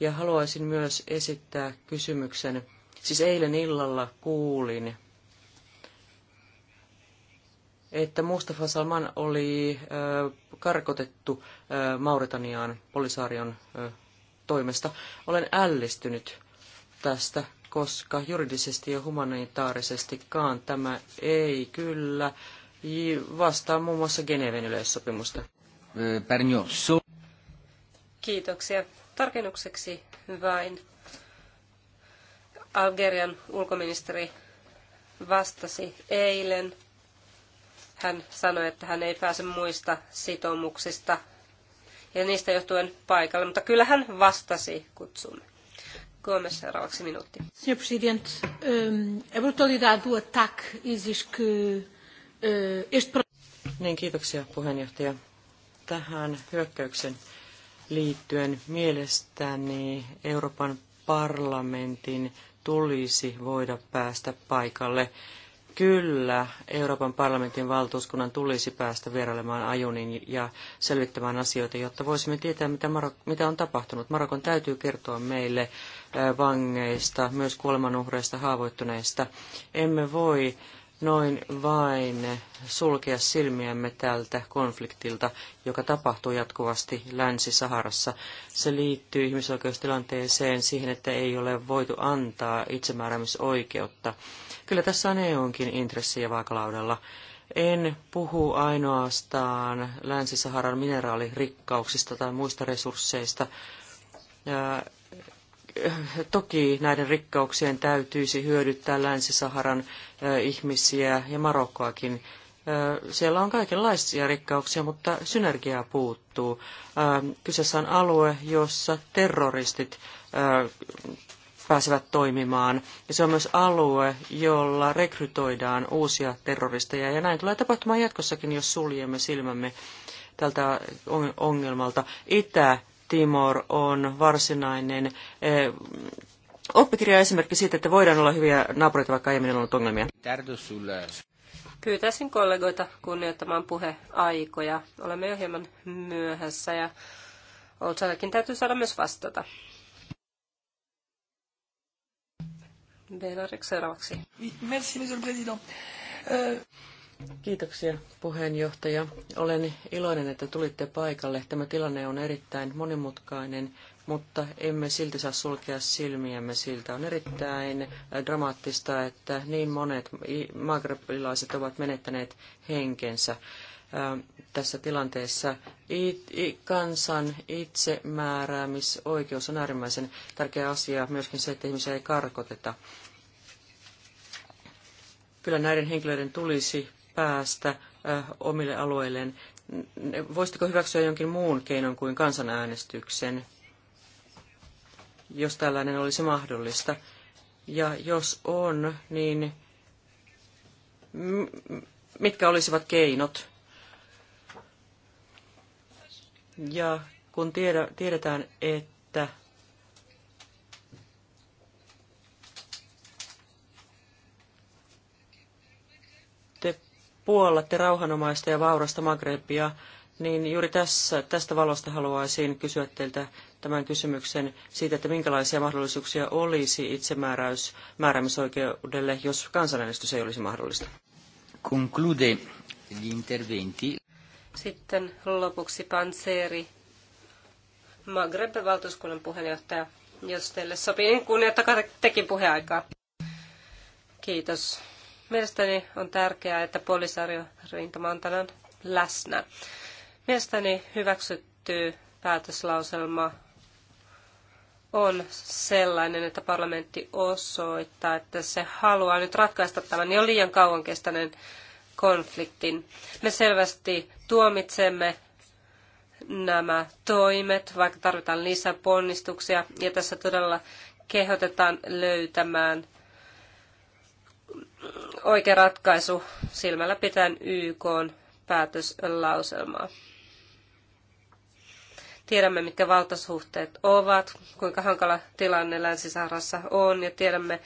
Ja haluaisin myös esittää kysymyksen. Siis eilen illalla kuulin, että Mustafa Salman oli karkotettu Mauritaniaan polisaarion toimesta. Olen ällistynyt tästä, koska juridisesti ja humanitaarisestikaan tämä ei kyllä vastaa muun muassa Geneven yleissopimusta. Kiitoksia. Tarkennukseksi vain Algerian ulkoministeri vastasi eilen. Hän sanoi, että hän ei pääse muista sitoumuksista ja niistä johtuen paikalle, mutta kyllä hän vastasi kutsumme. Gomes, seuraavaksi minuutti. Senhor Presidente, a brutalidade do ataque exige que eh, este... Niin, kiitoksia puheenjohtaja. Tähän hyökkäyksen liittyen mielestäni Euroopan parlamentin tulisi voida päästä paikalle Kyllä, Euroopan parlamentin valtuuskunnan tulisi päästä vierailemaan Ajunin ja selvittämään asioita, jotta voisimme tietää, mitä, Marok- mitä on tapahtunut. Marokon täytyy kertoa meille äh, vangeista, myös kuolemanuhreista, haavoittuneista. Emme voi noin vain sulkea silmiämme tältä konfliktilta, joka tapahtuu jatkuvasti Länsi-Saharassa. Se liittyy ihmisoikeustilanteeseen, siihen, että ei ole voitu antaa itsemääräämisoikeutta. Kyllä tässä on EUnkin intressiä vaakalaudalla. En puhu ainoastaan Länsi-Saharan mineraalirikkauksista tai muista resursseista. Eh, toki näiden rikkauksien täytyisi hyödyttää Länsi-Saharan ihmisiä ja Marokkoakin. Siellä on kaikenlaisia rikkauksia, mutta synergiaa puuttuu. Kyseessä on alue, jossa terroristit pääsevät toimimaan. Ja se on myös alue, jolla rekrytoidaan uusia terroristeja. Ja näin tulee tapahtumaan jatkossakin, jos suljemme silmämme tältä ongelmalta. Itä-Timor on varsinainen oppikirja on esimerkki siitä, että voidaan olla hyviä naapureita, vaikka aiemmin on ollut ongelmia. Pyytäisin kollegoita kunnioittamaan puheaikoja. Olemme jo hieman myöhässä ja Oltsallakin täytyy saada myös vastata. Benarek seuraavaksi. Merci, monsieur le président. Kiitoksia puheenjohtaja. Olen iloinen, että tulitte paikalle. Tämä tilanne on erittäin monimutkainen mutta emme silti saa sulkea silmiämme siltä. On erittäin äh, dramaattista, että niin monet magrebilaiset ovat menettäneet henkensä ähm, tässä tilanteessa. Kansan itsemääräämisoikeus on äärimmäisen tärkeä asia, myöskin se, että ihmisiä ei karkoteta. Kyllä näiden henkilöiden tulisi päästä äh, omille alueilleen. Voisitteko hyväksyä jonkin muun keinon kuin kansanäänestyksen? jos tällainen olisi mahdollista. Ja jos on, niin mitkä olisivat keinot? Ja kun tiedä, tiedetään, että te puollatte rauhanomaista ja vaurasta Magrebia, niin juuri tässä, tästä valosta haluaisin kysyä teiltä tämän kysymyksen siitä, että minkälaisia mahdollisuuksia olisi itsemääräys määräämisoikeudelle, jos kansanäänestys ei olisi mahdollista. Conclude gli interventi. Sitten lopuksi Panseeri, Magreben valtuuskunnan puheenjohtaja. Jos teille sopii, niin kunnioittakaa tekin puheaikaa. Kiitos. Mielestäni on tärkeää, että polisario-rintama on tänään läsnä. Mielestäni hyväksytty päätöslauselma on sellainen, että parlamentti osoittaa, että se haluaa nyt ratkaista tämän jo liian kauan kestäneen konfliktin. Me selvästi tuomitsemme nämä toimet, vaikka tarvitaan lisäponnistuksia, ja tässä todella kehotetaan löytämään oikea ratkaisu silmällä pitäen YK päätöslauselmaa. Tiedämme, mitkä valtasuhteet ovat, kuinka hankala tilanne länsi on ja tiedämme,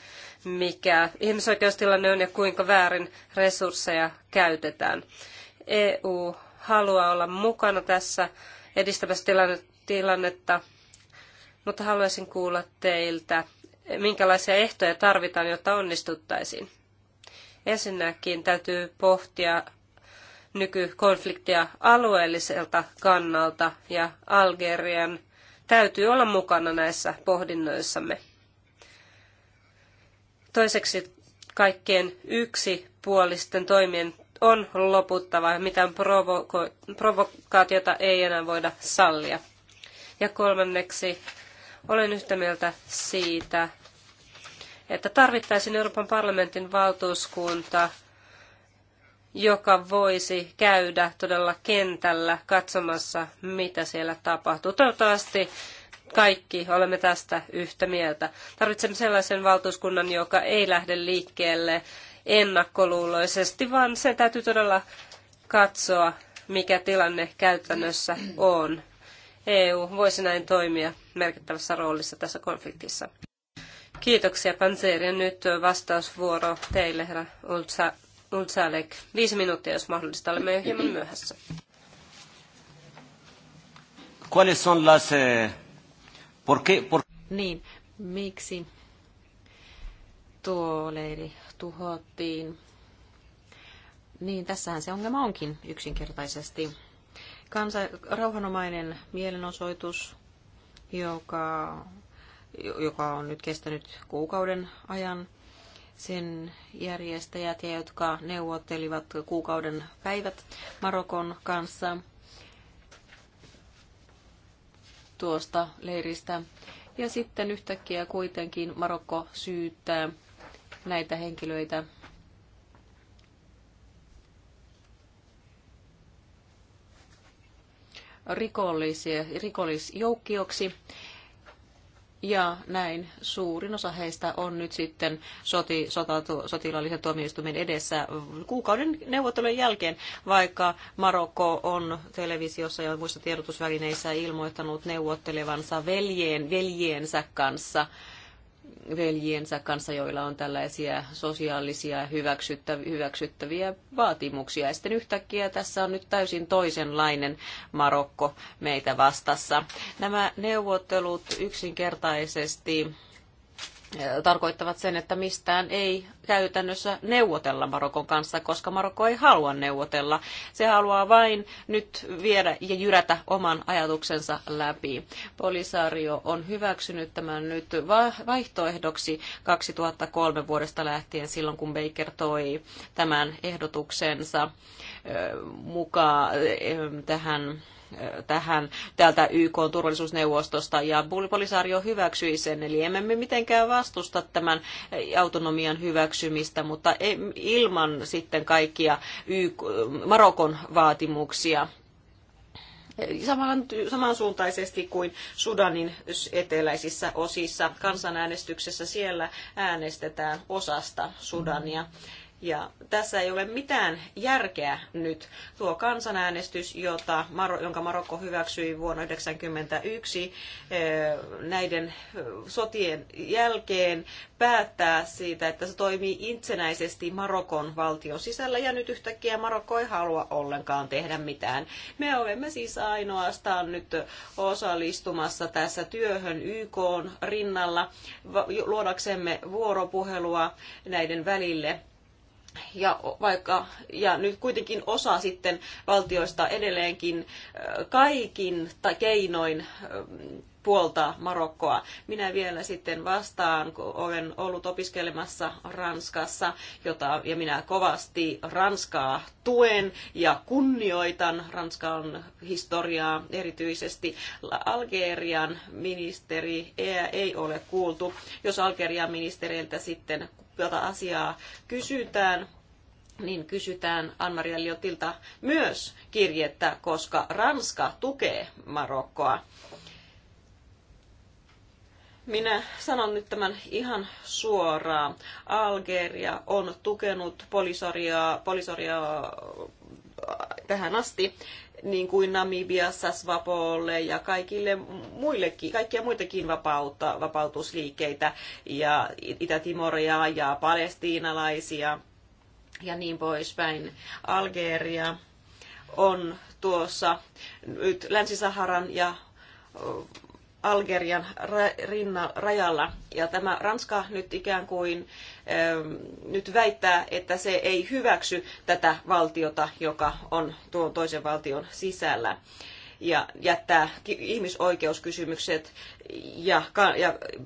mikä ihmisoikeustilanne on ja kuinka väärin resursseja käytetään. EU haluaa olla mukana tässä edistämässä tilannetta, mutta haluaisin kuulla teiltä, minkälaisia ehtoja tarvitaan, jotta onnistuttaisiin. Ensinnäkin täytyy pohtia nykykonfliktia alueelliselta kannalta ja Algerian täytyy olla mukana näissä pohdinnoissamme. Toiseksi kaikkien yksipuolisten toimien on loputtava ja mitään provoko- provokaatiota ei enää voida sallia. Ja kolmanneksi olen yhtä mieltä siitä, että tarvittaisiin Euroopan parlamentin valtuuskunta joka voisi käydä todella kentällä katsomassa, mitä siellä tapahtuu. Toivottavasti kaikki olemme tästä yhtä mieltä. Tarvitsemme sellaisen valtuuskunnan, joka ei lähde liikkeelle ennakkoluuloisesti, vaan se täytyy todella katsoa, mikä tilanne käytännössä on. EU voisi näin toimia merkittävässä roolissa tässä konfliktissa. Kiitoksia Panseeri. Nyt vastausvuoro teille, herra Lundsalek. Viisi minuuttia, jos mahdollista. Olemme hieman myöhässä. ¿Cuáles son las... Eh, por qué, por... Niin, miksi tuo leiri tuhottiin? Niin, tässähän se ongelma onkin yksinkertaisesti. Kansa, rauhanomainen mielenosoitus, joka, joka on nyt kestänyt kuukauden ajan, sen järjestäjät ja jotka neuvottelivat kuukauden päivät Marokon kanssa tuosta leiristä. Ja sitten yhtäkkiä kuitenkin Marokko syyttää näitä henkilöitä rikollisjoukkioksi ja näin suurin osa heistä on nyt sitten soti, sota, sotilaallisen tuomioistuimen edessä kuukauden neuvottelujen jälkeen, vaikka Marokko on televisiossa ja muissa tiedotusvälineissä ilmoittanut neuvottelevansa veljeen veljeensä kanssa – veljiensä kanssa, joilla on tällaisia sosiaalisia hyväksyttäviä vaatimuksia. Ja sitten yhtäkkiä tässä on nyt täysin toisenlainen Marokko meitä vastassa. Nämä neuvottelut yksinkertaisesti tarkoittavat sen, että mistään ei käytännössä neuvotella Marokon kanssa, koska Marokko ei halua neuvotella. Se haluaa vain nyt viedä ja jyrätä oman ajatuksensa läpi. Polisario on hyväksynyt tämän nyt vaihtoehdoksi 2003 vuodesta lähtien silloin, kun Baker toi tämän ehdotuksensa mukaan tähän tähän täältä YK turvallisuusneuvostosta ja Polisario hyväksyi sen, eli emme me mitenkään vastusta tämän eh, autonomian hyväksymistä, mutta ilman sitten kaikkia YK, Marokon vaatimuksia saman, samansuuntaisesti kuin Sudanin eteläisissä osissa kansanäänestyksessä siellä äänestetään osasta Sudania. Mm-hmm ja tässä ei ole mitään järkeä nyt. Tuo kansanäänestys, jota, jonka Marokko hyväksyi vuonna 1991 eh, näiden eh, sotien jälkeen, päättää siitä, että se toimii itsenäisesti Marokon valtion sisällä ja nyt yhtäkkiä Marokko ei halua ollenkaan tehdä mitään. Me olemme siis ainoastaan nyt osallistumassa tässä työhön YK rinnalla luodaksemme vuoropuhelua näiden välille ja, vaikka, ja nyt kuitenkin osa sitten valtioista edelleenkin kaikin tai keinoin puoltaa Marokkoa. Minä vielä sitten vastaan, kun olen ollut opiskelemassa Ranskassa, jota, ja minä kovasti Ranskaa tuen ja kunnioitan Ranskan historiaa erityisesti. Algerian ministeri ei ole kuultu. Jos Algerian ministeriltä sitten jota asiaa kysytään, niin kysytään Anmaria Liotilta myös kirjettä, koska Ranska tukee Marokkoa. Minä sanon nyt tämän ihan suoraan. Algeria on tukenut Polisoria, Polisoria äh, tähän asti niin kuin Namibiassa, Svapolle ja kaikille muillekin, kaikkia muitakin vapautta, vapautusliikkeitä ja Itä-Timoria ja palestiinalaisia ja niin poispäin. Algeria on tuossa nyt Länsi-Saharan ja Algerian rajalla. Ja tämä Ranska nyt ikään kuin nyt väittää, että se ei hyväksy tätä valtiota, joka on tuon toisen valtion sisällä ja jättää ihmisoikeuskysymykset ja,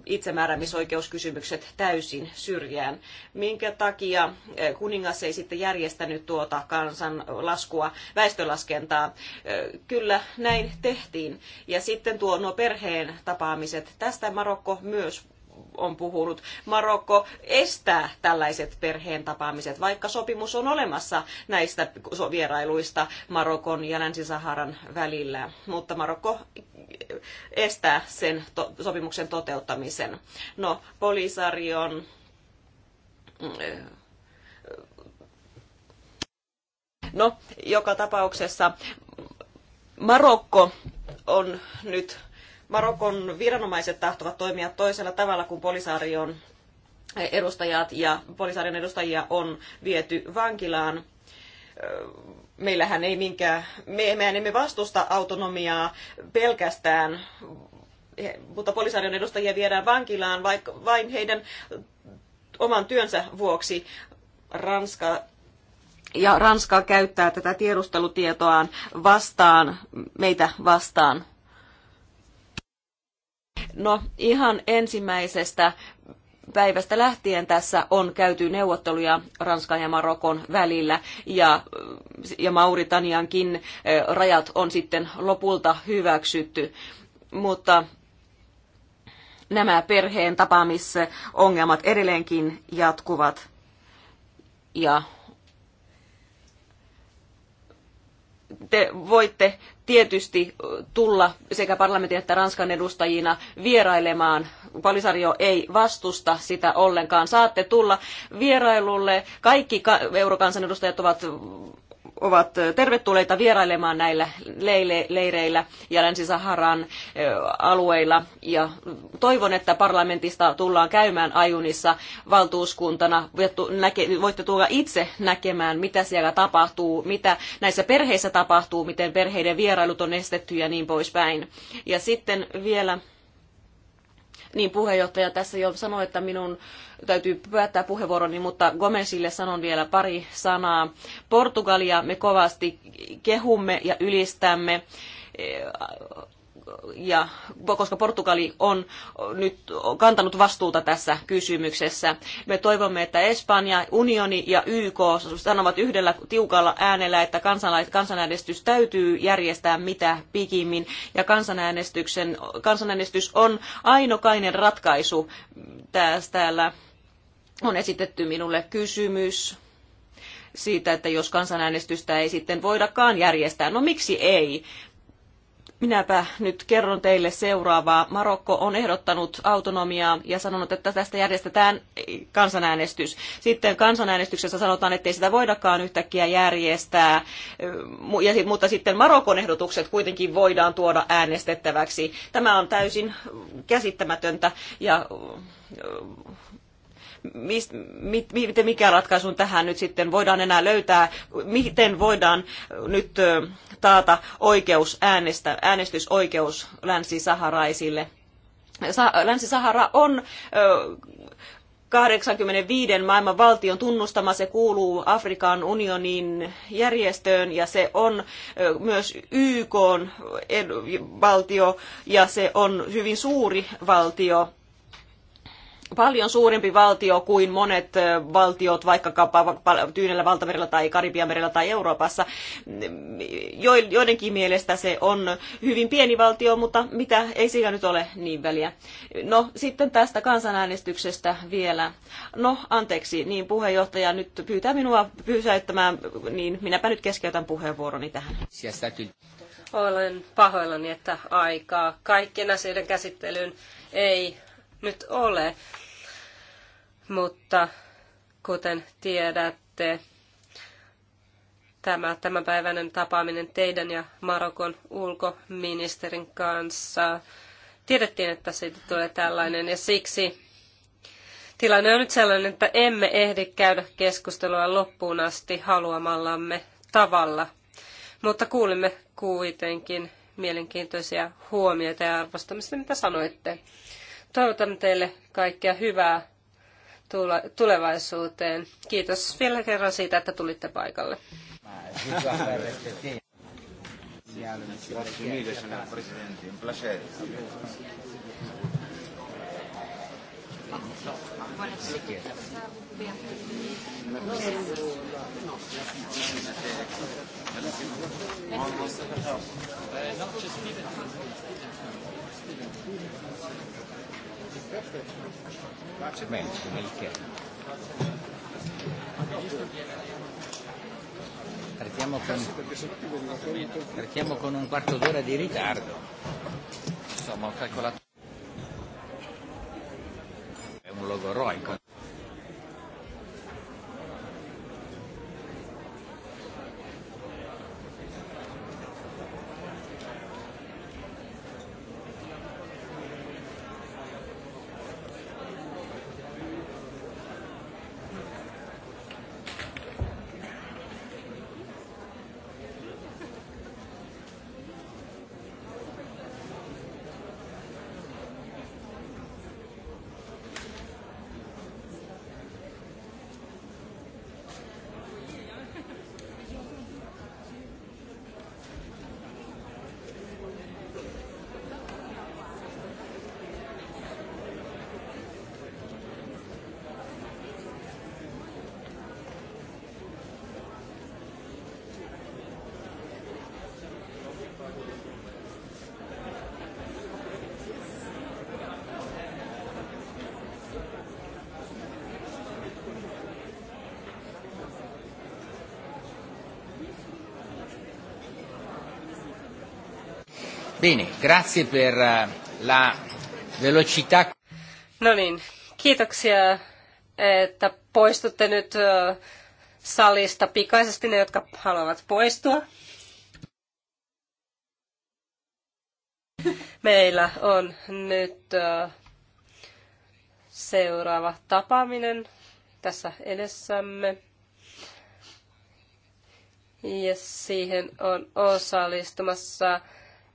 itsemääräämisoikeuskysymykset täysin syrjään. Minkä takia e, kuningas ei sitten järjestänyt tuota kansanlaskua, laskua, väestölaskentaa? E, kyllä näin tehtiin. Ja sitten tuo nuo perheen tapaamiset. Tästä Marokko myös on puhunut. Marokko estää tällaiset perheen tapaamiset, vaikka sopimus on olemassa näistä vierailuista Marokon ja Länsi-Saharan välillä. Mutta Marokko estää sen to sopimuksen toteuttamisen. No, polisarion eh, No, joka tapauksessa Marokko on nyt Marokon viranomaiset tahtovat toimia toisella tavalla kuin polisarion edustajat ja Polisaarion edustajia on viety vankilaan meillähän ei minkään, me, mehän emme vastusta autonomiaa pelkästään, mutta polisarion edustajia viedään vankilaan vaikka, vain heidän oman työnsä vuoksi. Ranska ja Ranska käyttää tätä tiedustelutietoaan vastaan, meitä vastaan No ihan ensimmäisestä päivästä lähtien tässä on käyty neuvotteluja Ranskan ja Marokon välillä ja, ja Mauritaniankin eh, rajat on sitten lopulta hyväksytty. Mutta nämä perheen tapaamisongelmat edelleenkin jatkuvat ja te voitte tietysti tulla sekä parlamentin että Ranskan edustajina vierailemaan. Palisario ei vastusta sitä ollenkaan. Saatte tulla vierailulle. Kaikki eurokansanedustajat ovat ovat tervetulleita vierailemaan näillä leireillä ja Länsi-Saharan alueilla. Ja toivon, että parlamentista tullaan käymään ajunissa valtuuskuntana. Voitte tulla itse näkemään, mitä siellä tapahtuu, mitä näissä perheissä tapahtuu, miten perheiden vierailut on estetty ja niin poispäin. Ja sitten vielä niin puheenjohtaja tässä jo sanoi, että minun täytyy päättää puheenvuoroni, mutta Gomesille sanon vielä pari sanaa. Portugalia me kovasti kehumme ja ylistämme ja koska Portugali on nyt kantanut vastuuta tässä kysymyksessä. Me toivomme, että Espanja, unioni ja YK sanovat yhdellä tiukalla äänellä, että kansanäänestys täytyy järjestää mitä pikimmin ja kansanäänestyksen, kansanäänestys on ainokainen ratkaisu. täällä on esitetty minulle kysymys siitä, että jos kansanäänestystä ei sitten voidakaan järjestää. No miksi ei? Minäpä nyt kerron teille seuraavaa. Marokko on ehdottanut autonomiaa ja sanonut, että tästä järjestetään kansanäänestys. Sitten kansanäänestyksessä sanotaan, että ei sitä voidakaan yhtäkkiä järjestää, mutta sitten Marokon ehdotukset kuitenkin voidaan tuoda äänestettäväksi. Tämä on täysin käsittämätöntä ja mist, mit, mit, mikä ratkaisun tähän nyt sitten voidaan enää löytää, miten voidaan nyt taata oikeus äänestä, äänestysoikeus länsi-saharaisille. Länsi-Sahara on 85 maailman valtion tunnustama, se kuuluu Afrikan unionin järjestöön ja se on myös YK valtio ja se on hyvin suuri valtio paljon suurempi valtio kuin monet valtiot vaikkapa Tyynellä valtamerellä tai Karibianmerellä tai Euroopassa. Mm, joidenkin mielestä se on hyvin pieni valtio, mutta mitä ei sillä nyt ole niin väliä. No sitten tästä kansanäänestyksestä vielä. No anteeksi, niin puheenjohtaja nyt pyytää minua pysäyttämään, niin minäpä nyt keskeytän puheenvuoroni tähän. Olen pahoillani, että aikaa kaikkien asioiden käsittelyyn ei nyt ole. Mutta kuten tiedätte, tämä tämänpäiväinen tapaaminen teidän ja Marokon ulkoministerin kanssa. Tiedettiin, että siitä tulee tällainen ja siksi tilanne on nyt sellainen, että emme ehdi käydä keskustelua loppuun asti haluamallamme tavalla. Mutta kuulimme kuitenkin mielenkiintoisia huomioita ja arvostamista, mitä sanoitte. Toivotan teille kaikkea hyvää tulevaisuuteen. Kiitos vielä kerran siitä, että tulitte paikalle. Grazie Bene, nel Partiamo con, partiamo con un quarto d'ora di ritardo. Insomma, ho calcolato. È un logo roico. Bene, grazie per eh, la velocità. No niin, kiitoksia, että poistutte nyt salista pikaisesti ne, jotka haluavat poistua. Meillä on nyt seuraava tapaaminen tässä edessämme. Ja siihen on osallistumassa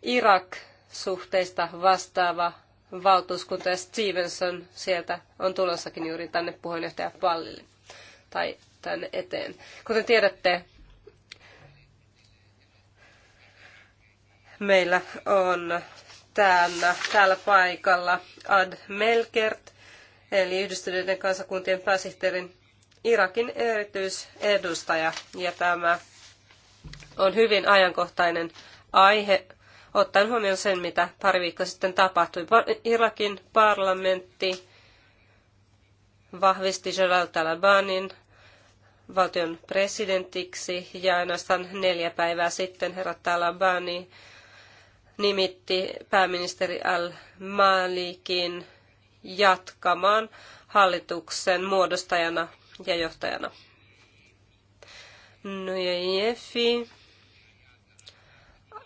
Irak-suhteista vastaava valtuuskunta ja Stevenson sieltä on tulossakin juuri tänne Pallille tai tänne eteen. Kuten tiedätte, meillä on täällä, täällä paikalla Ad Melkert, eli Yhdistyneiden kansakuntien pääsihteerin Irakin erityisedustaja. Ja tämä on hyvin ajankohtainen aihe ottaen huomioon sen, mitä pari viikkoa sitten tapahtui. Irakin parlamentti vahvisti Jalal Talabanin valtion presidentiksi ja ainoastaan neljä päivää sitten herra Talabani nimitti pääministeri Al-Malikin jatkamaan hallituksen muodostajana ja johtajana. Nujejefi no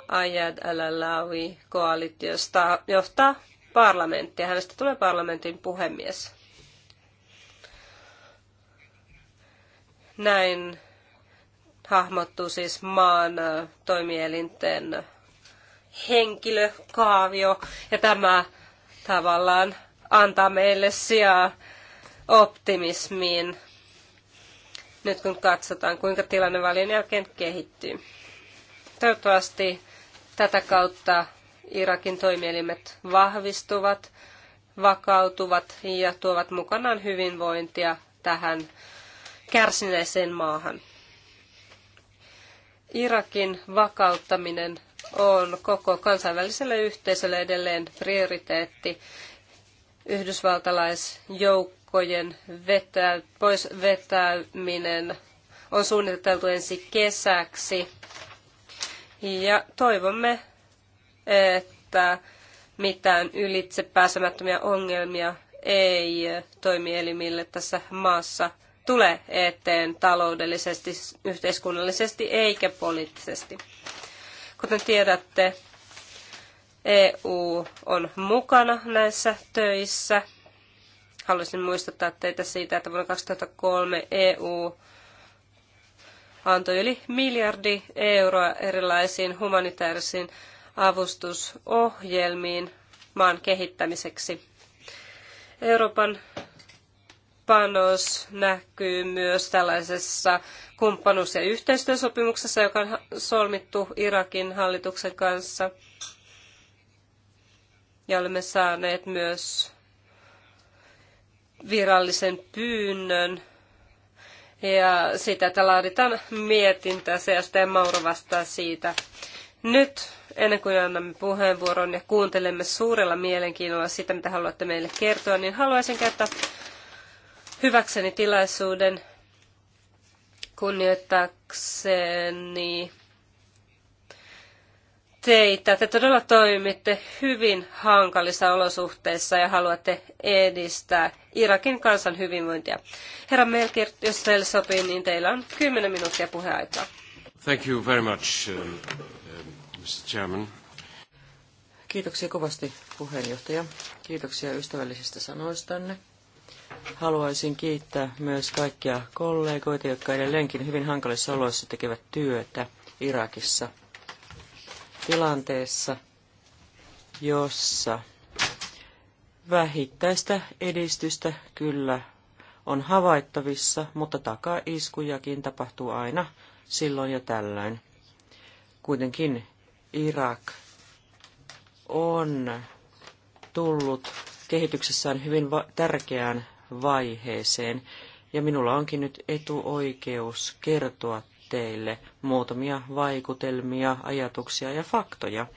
Ayad al-Alawi koalitiosta johtaa parlamenttia. Hänestä tulee parlamentin puhemies. Näin hahmottuu siis maan toimielinten henkilökaavio ja tämä tavallaan antaa meille sijaa optimismiin nyt kun katsotaan, kuinka tilanne valin jälkeen kehittyy. Toivottavasti Tätä kautta Irakin toimielimet vahvistuvat, vakautuvat ja tuovat mukanaan hyvinvointia tähän kärsineeseen maahan. Irakin vakauttaminen on koko kansainväliselle yhteisölle edelleen prioriteetti. Yhdysvaltalaisjoukkojen vetä, pois vetäminen on suunniteltu ensi kesäksi ja toivomme, että mitään ylitse pääsemättömiä ongelmia ei toimielimille tässä maassa tule eteen taloudellisesti, yhteiskunnallisesti eikä poliittisesti. Kuten tiedätte, EU on mukana näissä töissä. Haluaisin muistuttaa teitä siitä, että vuonna 2003 EU antoi yli miljardi euroa erilaisiin humanitaarisiin avustusohjelmiin maan kehittämiseksi. Euroopan panos näkyy myös tällaisessa kumppanuus- ja yhteistyösopimuksessa, joka on solmittu Irakin hallituksen kanssa. Ja olemme saaneet myös virallisen pyynnön ja sitä, että laaditaan mietintä seasta ja Mauro vastaa siitä. Nyt ennen kuin annamme puheenvuoron ja kuuntelemme suurella mielenkiinnolla sitä, mitä haluatte meille kertoa, niin haluaisin käyttää hyväkseni tilaisuuden kunnioittaakseni teitä. Te todella toimitte hyvin hankalissa olosuhteissa ja haluatte edistää Irakin kansan hyvinvointia. Herra Melkir, jos teille sopii, niin teillä on 10 minuuttia puheaikaa. Thank you very much, uh, um, um, Mr. Chairman. Kiitoksia kovasti puheenjohtaja. Kiitoksia ystävällisistä sanoistanne. Haluaisin kiittää myös kaikkia kollegoita, jotka edelleenkin hyvin hankalissa oloissa tekevät työtä Irakissa – tilanteessa, jossa vähittäistä edistystä kyllä on havaittavissa, mutta takaiskujakin tapahtuu aina silloin ja tällöin. Kuitenkin Irak on tullut kehityksessään hyvin tärkeään vaiheeseen, ja minulla onkin nyt etuoikeus kertoa teille muutamia vaikutelmia, ajatuksia ja faktoja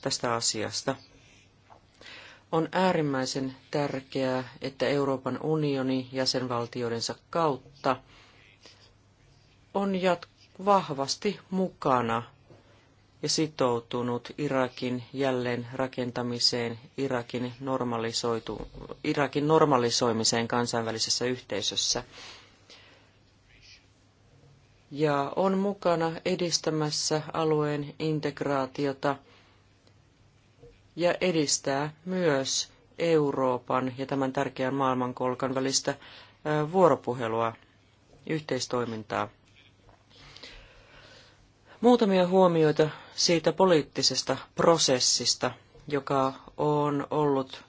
tästä asiasta. On äärimmäisen tärkeää, että Euroopan unioni jäsenvaltioidensa kautta on jat- vahvasti mukana ja sitoutunut Irakin jälleen rakentamiseen, Irakin, normalisoitu, Irakin normalisoimiseen kansainvälisessä yhteisössä ja on mukana edistämässä alueen integraatiota ja edistää myös Euroopan ja tämän tärkeän maailmankolkan välistä vuoropuhelua, yhteistoimintaa. Muutamia huomioita siitä poliittisesta prosessista, joka on ollut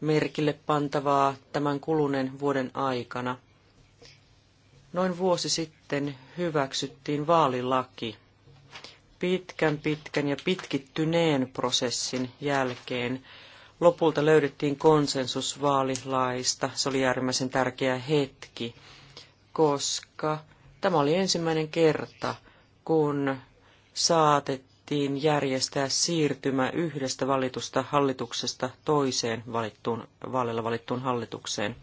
merkille pantavaa tämän kuluneen vuoden aikana – Noin vuosi sitten hyväksyttiin vaalilaki. Pitkän, pitkän ja pitkittyneen prosessin jälkeen lopulta löydettiin konsensus vaalilaista. Se oli äärimmäisen tärkeä hetki, koska tämä oli ensimmäinen kerta, kun saatettiin järjestää siirtymä yhdestä valitusta hallituksesta toiseen valittuun, vaaleilla valittuun hallitukseen.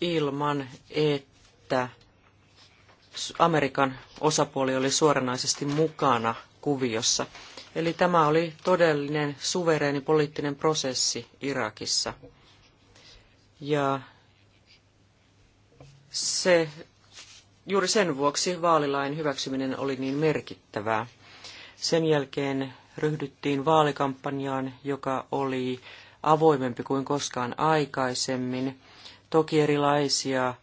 ilman, että Amerikan osapuoli oli suoranaisesti mukana kuviossa. Eli tämä oli todellinen suvereeni poliittinen prosessi Irakissa. Ja se, juuri sen vuoksi vaalilain hyväksyminen oli niin merkittävää. Sen jälkeen ryhdyttiin vaalikampanjaan, joka oli avoimempi kuin koskaan aikaisemmin. Toki erilaisia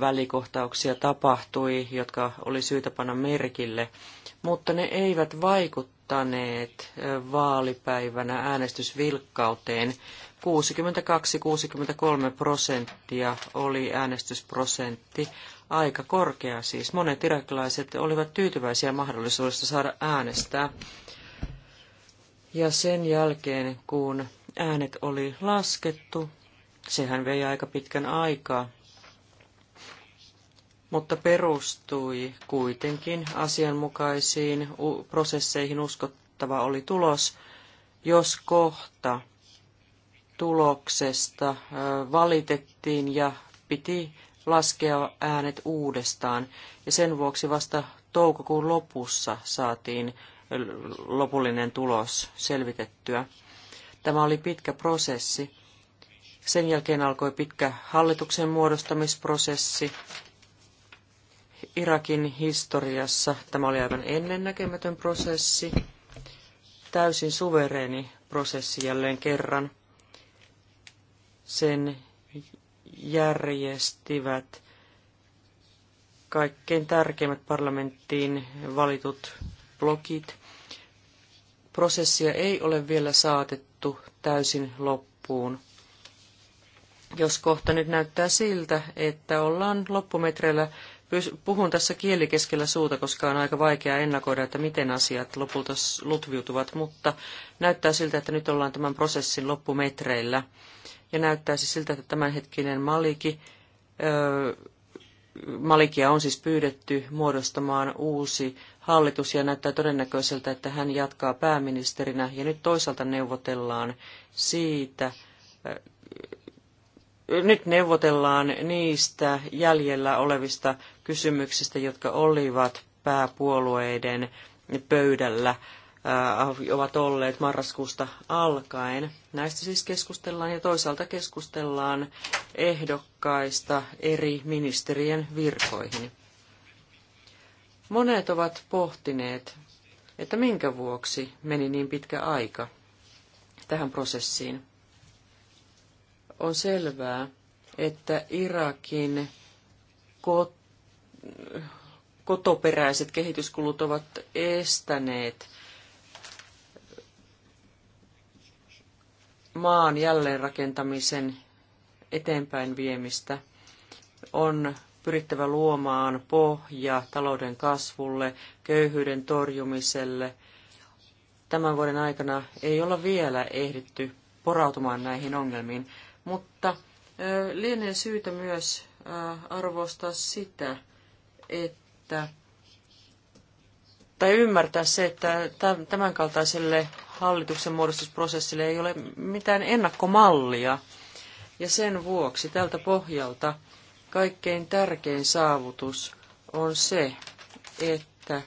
välikohtauksia tapahtui, jotka oli syytä panna merkille, mutta ne eivät vaikuttaneet vaalipäivänä äänestysvilkkauteen. 62-63 prosenttia oli äänestysprosentti, aika korkea siis. Monet irakilaiset olivat tyytyväisiä mahdollisuudesta saada äänestää. Ja sen jälkeen, kun äänet oli laskettu, Sehän vei aika pitkän aikaa, mutta perustui kuitenkin asianmukaisiin prosesseihin uskottava oli tulos, jos kohta tuloksesta valitettiin ja piti laskea äänet uudestaan, ja sen vuoksi vasta toukokuun lopussa saatiin lopullinen tulos selvitettyä. Tämä oli pitkä prosessi. Sen jälkeen alkoi pitkä hallituksen muodostamisprosessi. Irakin historiassa tämä oli aivan ennennäkemätön prosessi, täysin suvereeni prosessi jälleen kerran. Sen järjestivät kaikkein tärkeimmät parlamenttiin valitut blokit. Prosessia ei ole vielä saatettu täysin loppuun jos kohta nyt näyttää siltä, että ollaan loppumetreillä. Puhun tässä kielikeskellä suuta, koska on aika vaikea ennakoida, että miten asiat lopulta lutviutuvat, mutta näyttää siltä, että nyt ollaan tämän prosessin loppumetreillä. Ja siis siltä, että tämänhetkinen Maliki, Malikia on siis pyydetty muodostamaan uusi hallitus ja näyttää todennäköiseltä, että hän jatkaa pääministerinä. Ja nyt toisaalta neuvotellaan siitä, nyt neuvotellaan niistä jäljellä olevista kysymyksistä, jotka olivat pääpuolueiden pöydällä, äh, ovat olleet marraskuusta alkaen. Näistä siis keskustellaan ja toisaalta keskustellaan ehdokkaista eri ministerien virkoihin. Monet ovat pohtineet, että minkä vuoksi meni niin pitkä aika tähän prosessiin. On selvää, että Irakin kot- kotoperäiset kehityskulut ovat estäneet maan jälleenrakentamisen eteenpäin viemistä. On pyrittävä luomaan pohja talouden kasvulle, köyhyyden torjumiselle. Tämän vuoden aikana ei olla vielä ehditty porautumaan näihin ongelmiin. Mutta lienee syytä myös arvostaa sitä, että tai ymmärtää se, että tämänkaltaiselle hallituksen muodostusprosessille ei ole mitään ennakkomallia. Ja sen vuoksi tältä pohjalta kaikkein tärkein saavutus on se, että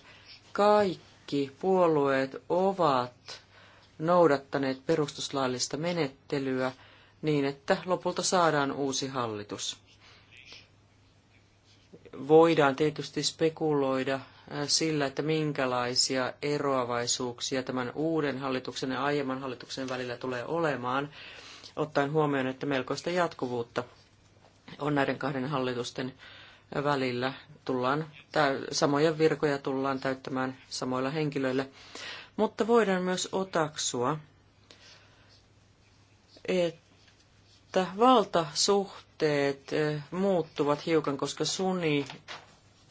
kaikki puolueet ovat noudattaneet perustuslaillista menettelyä – niin, että lopulta saadaan uusi hallitus. Voidaan tietysti spekuloida äh, sillä, että minkälaisia eroavaisuuksia tämän uuden hallituksen ja aiemman hallituksen välillä tulee olemaan, ottaen huomioon, että melkoista jatkuvuutta on näiden kahden hallitusten välillä. Tullaan, samoja virkoja tullaan täyttämään samoilla henkilöillä, mutta voidaan myös otaksua, että että valtasuhteet muuttuvat hiukan, koska suni,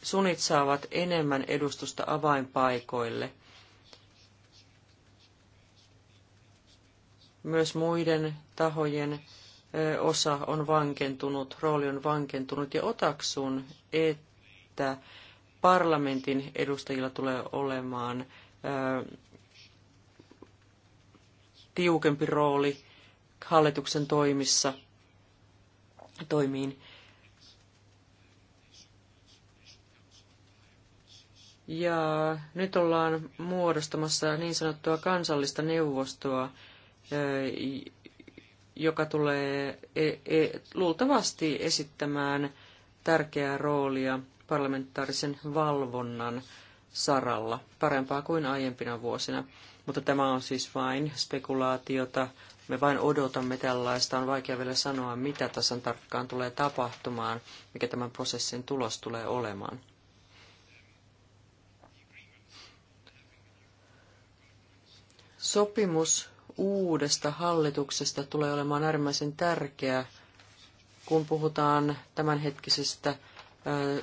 sunit saavat enemmän edustusta avainpaikoille. Myös muiden tahojen osa on vankentunut, rooli on vankentunut ja otaksun, että parlamentin edustajilla tulee olemaan tiukempi rooli – hallituksen toimissa, toimiin. Ja nyt ollaan muodostamassa niin sanottua kansallista neuvostoa, joka tulee e, e, luultavasti esittämään tärkeää roolia parlamentaarisen valvonnan saralla, parempaa kuin aiempina vuosina. Mutta tämä on siis vain spekulaatiota, me vain odotamme tällaista. On vaikea vielä sanoa, mitä tasan tarkkaan tulee tapahtumaan, mikä tämän prosessin tulos tulee olemaan. Sopimus uudesta hallituksesta tulee olemaan äärimmäisen tärkeä, kun puhutaan tämänhetkisestä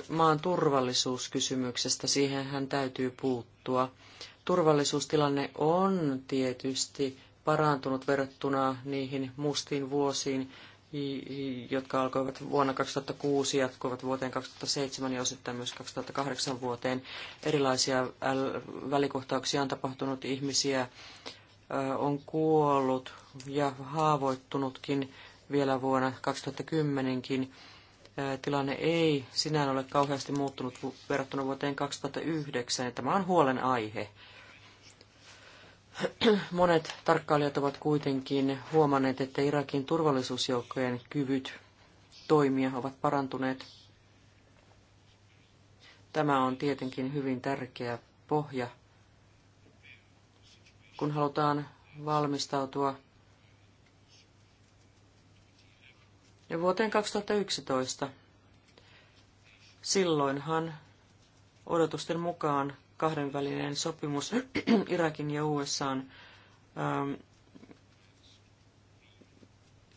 maan turvallisuuskysymyksestä. siihen hän täytyy puuttua. Turvallisuustilanne on tietysti parantunut verrattuna niihin mustiin vuosiin, jotka alkoivat vuonna 2006 ja jatkuivat vuoteen 2007 ja osittain myös 2008 vuoteen. Erilaisia välikohtauksia on tapahtunut, ihmisiä on kuollut ja haavoittunutkin vielä vuonna 2010kin. Tilanne ei sinään ole kauheasti muuttunut verrattuna vuoteen 2009. Tämä on huolenaihe. aihe [clears throat] Monet tarkkailijat ovat kuitenkin huomanneet, että Irakin turvallisuusjoukkojen kyvyt toimia ovat parantuneet. Tämä on tietenkin hyvin tärkeä pohja, kun halutaan valmistautua ja vuoteen 2011. Silloinhan odotusten mukaan kahdenvälinen sopimus [clears throat] Irakin ja USAn ähm,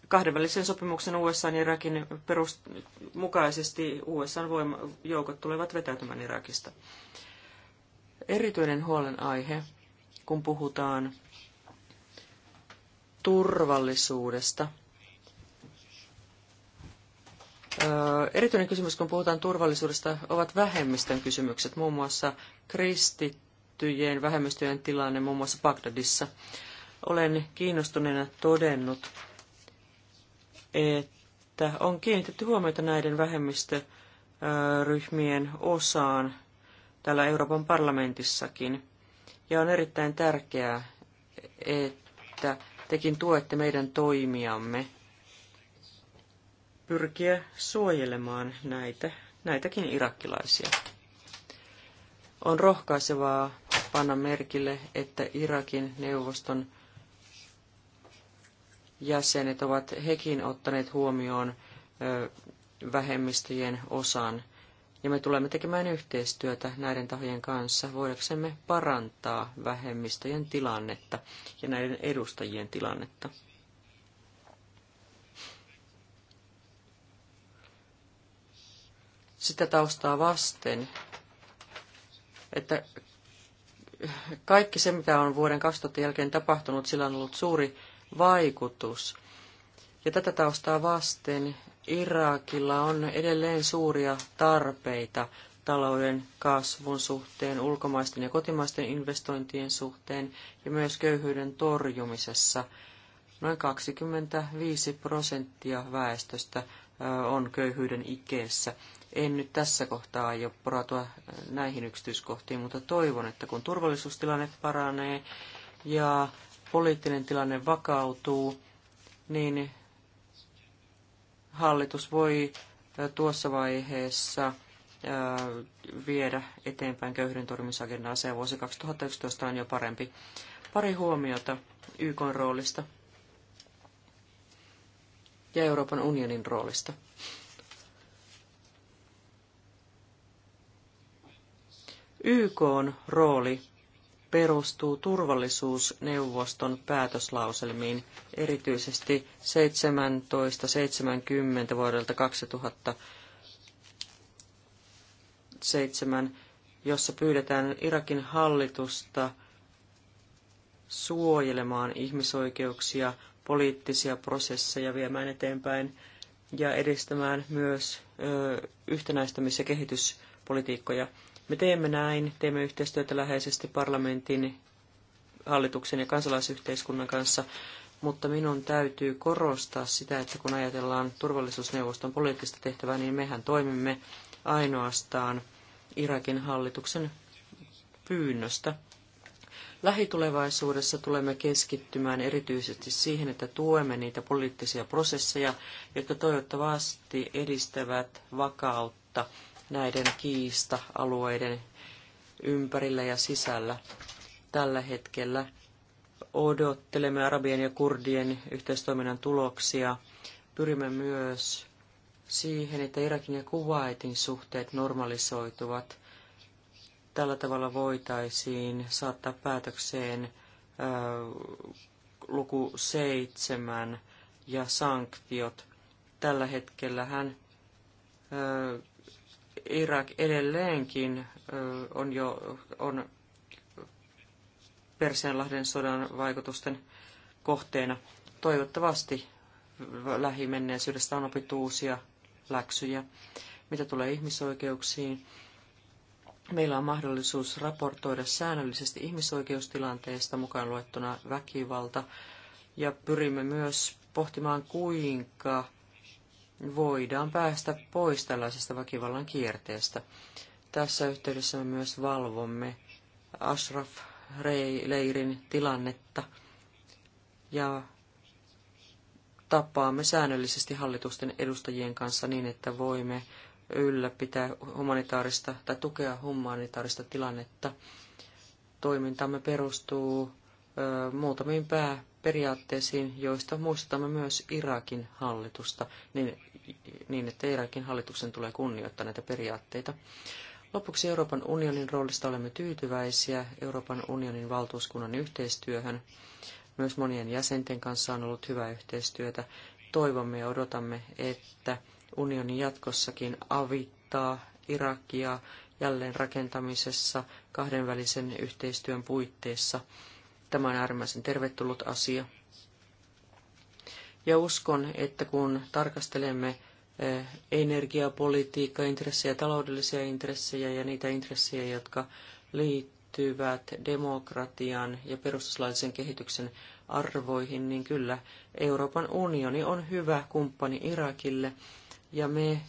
kahdenvälisen sopimuksen USA ja Irakin perust- mukaisesti USA voima- joukot tulevat vetäytymään Irakista. Erityinen huolenaihe, kun puhutaan turvallisuudesta – Erityinen kysymys, kun puhutaan turvallisuudesta, ovat vähemmistön kysymykset, muun muassa kristittyjen vähemmistöjen tilanne muun muassa Bagdadissa. Olen kiinnostuneena todennut, että on kiinnitetty huomiota näiden vähemmistöryhmien osaan täällä Euroopan parlamentissakin. Ja on erittäin tärkeää, että tekin tuette meidän toimiamme pyrkiä suojelemaan näitä, näitäkin irakkilaisia. On rohkaisevaa panna merkille, että Irakin neuvoston jäsenet ovat hekin ottaneet huomioon vähemmistöjen osan. Ja me tulemme tekemään yhteistyötä näiden tahojen kanssa, voidaksemme parantaa vähemmistöjen tilannetta ja näiden edustajien tilannetta. sitä taustaa vasten, että kaikki se, mitä on vuoden 2000 jälkeen tapahtunut, sillä on ollut suuri vaikutus. Ja tätä taustaa vasten Irakilla on edelleen suuria tarpeita talouden kasvun suhteen, ulkomaisten ja kotimaisten investointien suhteen ja myös köyhyyden torjumisessa. Noin 25 prosenttia väestöstä on köyhyyden ikeessä. En nyt tässä kohtaa aio poratua äh, näihin yksityiskohtiin, mutta toivon, että kun turvallisuustilanne paranee ja poliittinen tilanne vakautuu, niin hallitus voi äh, tuossa vaiheessa äh, viedä eteenpäin köyhyyden torjumisagendaa. Se vuosi 2011 on jo parempi. Pari huomiota YK roolista ja Euroopan unionin roolista. YKn rooli perustuu turvallisuusneuvoston päätöslauselmiin, erityisesti 1770 vuodelta 2007, jossa pyydetään Irakin hallitusta suojelemaan ihmisoikeuksia, poliittisia prosesseja viemään eteenpäin ja edistämään myös ö, yhtenäistämis- ja kehityspolitiikkoja – me teemme näin, teemme yhteistyötä läheisesti parlamentin, hallituksen ja kansalaisyhteiskunnan kanssa, mutta minun täytyy korostaa sitä, että kun ajatellaan turvallisuusneuvoston poliittista tehtävää, niin mehän toimimme ainoastaan Irakin hallituksen pyynnöstä. Lähitulevaisuudessa tulemme keskittymään erityisesti siihen, että tuemme niitä poliittisia prosesseja, jotka toivottavasti edistävät vakautta näiden kiista-alueiden ympärillä ja sisällä. Tällä hetkellä odottelemme arabien ja kurdien yhteistoiminnan tuloksia. Pyrimme myös siihen, että Irakin ja Kuwaitin suhteet normalisoituvat. Tällä tavalla voitaisiin saattaa päätökseen ää, luku seitsemän ja sanktiot. Tällä hetkellä hän Irak edelleenkin on jo on Persianlahden sodan vaikutusten kohteena. Toivottavasti lähimenneisyydestä on opittu uusia läksyjä. Mitä tulee ihmisoikeuksiin, meillä on mahdollisuus raportoida säännöllisesti ihmisoikeustilanteesta mukaan luettuna väkivalta, ja pyrimme myös pohtimaan, kuinka voidaan päästä pois tällaisesta väkivallan kierteestä. Tässä yhteydessä me myös valvomme Ashraf-leirin tilannetta ja tapaamme säännöllisesti hallitusten edustajien kanssa niin, että voimme ylläpitää humanitaarista tai tukea humanitaarista tilannetta. Toimintamme perustuu ö, muutamiin pääperiaatteisiin, joista muistamme myös Irakin hallitusta, niin niin, että Irakin hallituksen tulee kunnioittaa näitä periaatteita. Lopuksi Euroopan unionin roolista olemme tyytyväisiä Euroopan unionin valtuuskunnan yhteistyöhön. Myös monien jäsenten kanssa on ollut hyvää yhteistyötä. Toivomme ja odotamme, että unioni jatkossakin avittaa Irakia jälleenrakentamisessa kahdenvälisen yhteistyön puitteissa. Tämä on äärimmäisen tervetullut asia. Ja uskon, että kun tarkastelemme eh, energiapolitiikkaa, intressejä, taloudellisia intressejä ja niitä intressejä, jotka liittyvät demokratian ja perustuslaillisen kehityksen arvoihin, niin kyllä Euroopan unioni on hyvä kumppani Irakille ja me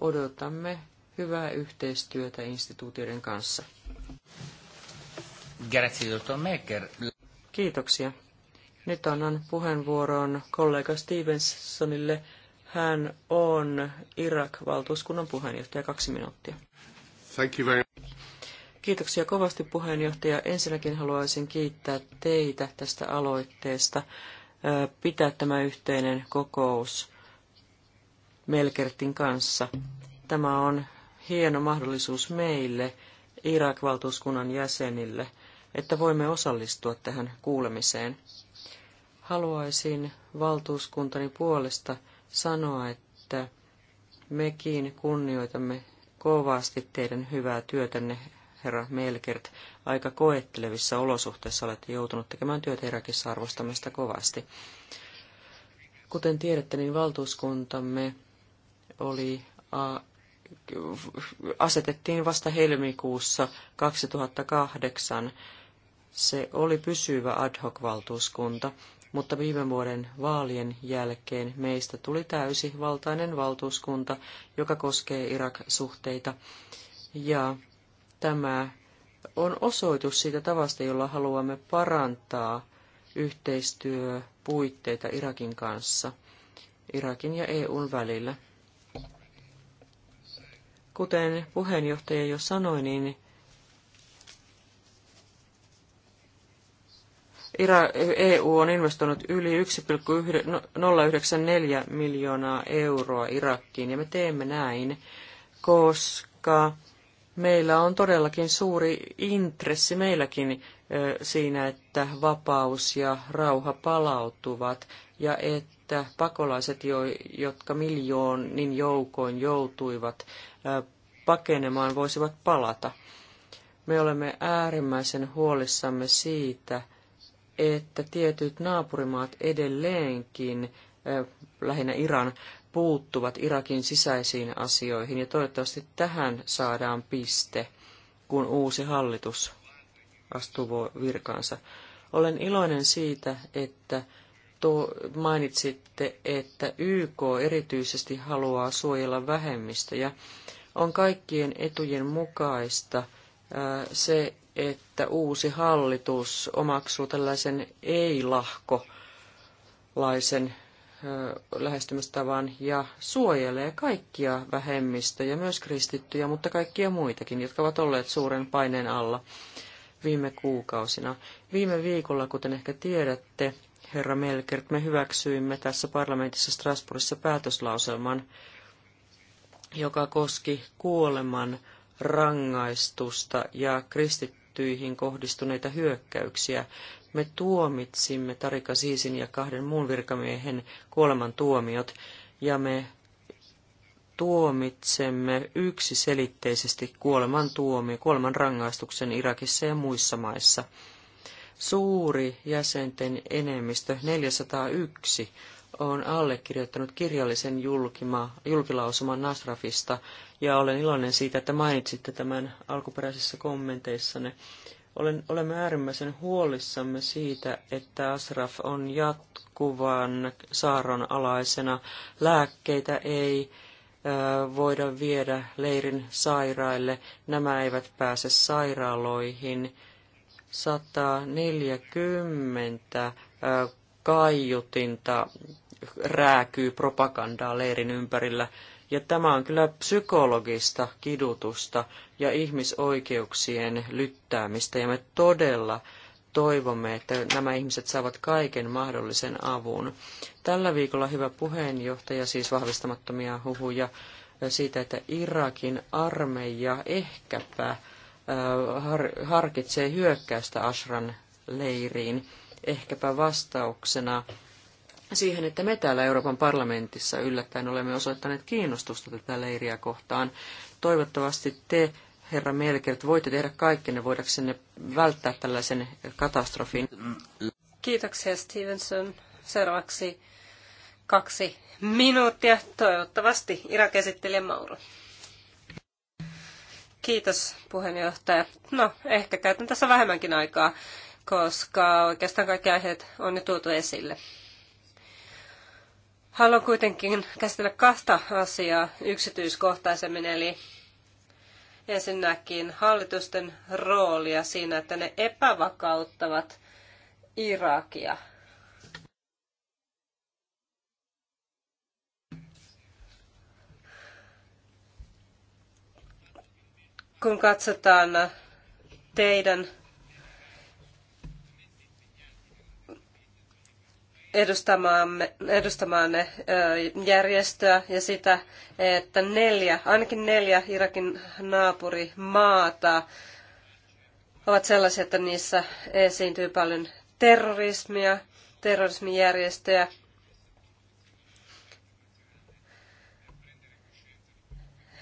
odotamme hyvää yhteistyötä instituutioiden kanssa. Kiitoksia. Nyt annan puheenvuoron kollega Stevensonille. Hän on Irak-valtuuskunnan puheenjohtaja. Kaksi minuuttia. Thank you very much. Kiitoksia kovasti puheenjohtaja. Ensinnäkin haluaisin kiittää teitä tästä aloitteesta pitää tämä yhteinen kokous Melkertin kanssa. Tämä on hieno mahdollisuus meille, Irak-valtuuskunnan jäsenille, että voimme osallistua tähän kuulemiseen – Haluaisin valtuuskuntani puolesta sanoa, että mekin kunnioitamme kovasti teidän hyvää työtänne, herra Melkert. Aika koettelevissa olosuhteissa olette joutunut tekemään työtä Irakissa arvostamista kovasti. Kuten tiedätte, niin valtuuskuntamme oli asetettiin vasta helmikuussa 2008. Se oli pysyvä ad hoc-valtuuskunta mutta viime vuoden vaalien jälkeen meistä tuli täysivaltainen valtuuskunta, joka koskee Irak-suhteita. Ja tämä on osoitus siitä tavasta, jolla haluamme parantaa yhteistyöpuitteita Irakin kanssa, Irakin ja EUn välillä. Kuten puheenjohtaja jo sanoi, niin EU on investoinut yli 1,094 miljoonaa euroa Irakkiin ja me teemme näin, koska meillä on todellakin suuri intressi meilläkin siinä, että vapaus ja rauha palautuvat ja että pakolaiset, jotka miljoonin joukoin joutuivat pakenemaan, voisivat palata. Me olemme äärimmäisen huolissamme siitä, että tietyt naapurimaat edelleenkin, lähinnä Iran, puuttuvat Irakin sisäisiin asioihin ja toivottavasti tähän saadaan piste, kun uusi hallitus astuu virkaansa. Olen iloinen siitä, että mainitsitte, että YK erityisesti haluaa suojella vähemmistöjä. On kaikkien etujen mukaista – se, että uusi hallitus omaksuu tällaisen ei-lahkolaisen lähestymistavan ja suojelee kaikkia vähemmistöjä, myös kristittyjä, mutta kaikkia muitakin, jotka ovat olleet suuren paineen alla viime kuukausina. Viime viikolla, kuten ehkä tiedätte, herra Melkert, me hyväksyimme tässä parlamentissa Strasbourgissa päätöslauselman, joka koski kuoleman rangaistusta ja kristittyihin kohdistuneita hyökkäyksiä. Me tuomitsimme Tarika Siisin ja kahden muun virkamiehen kuolemantuomiot ja me tuomitsemme yksiselitteisesti kuoleman tuomio, kuoleman rangaistuksen Irakissa ja muissa maissa. Suuri jäsenten enemmistö 401 on allekirjoittanut kirjallisen julkima, julkilausuman Nasrafista, ja olen iloinen siitä, että mainitsitte tämän alkuperäisissä kommenteissanne. Olen, olemme äärimmäisen huolissamme siitä, että Asraf on jatkuvan saaron alaisena. Lääkkeitä ei ö, voida viedä leirin sairaille. Nämä eivät pääse sairaaloihin. 140 ö, kaiutinta rääkyy propagandaa leirin ympärillä. Ja tämä on kyllä psykologista kidutusta ja ihmisoikeuksien lyttäämistä. Ja me todella toivomme, että nämä ihmiset saavat kaiken mahdollisen avun. Tällä viikolla hyvä puheenjohtaja, siis vahvistamattomia huhuja siitä, että Irakin armeija ehkäpä äh, harkitsee hyökkäystä Ashran leiriin, ehkäpä vastauksena siihen, että me täällä Euroopan parlamentissa yllättäen olemme osoittaneet kiinnostusta tätä leiriä kohtaan. Toivottavasti te, herra Merkel, voitte tehdä kaikkenne voidaksenne välttää tällaisen katastrofin. Kiitoksia Stevenson. Seuraavaksi kaksi minuuttia. Toivottavasti Irak esittelijä Mauro. Kiitos puheenjohtaja. No, ehkä käytän tässä vähemmänkin aikaa, koska oikeastaan kaikki aiheet on jo tuotu esille. Haluan kuitenkin käsitellä kahta asiaa yksityiskohtaisemmin, eli ensinnäkin hallitusten roolia siinä, että ne epävakauttavat Irakia. Kun katsotaan teidän edustamaan edustamaanne järjestöä ja sitä, että neljä, ainakin neljä Irakin naapurimaata ovat sellaisia, että niissä esiintyy paljon terrorismia, terrorismijärjestöjä.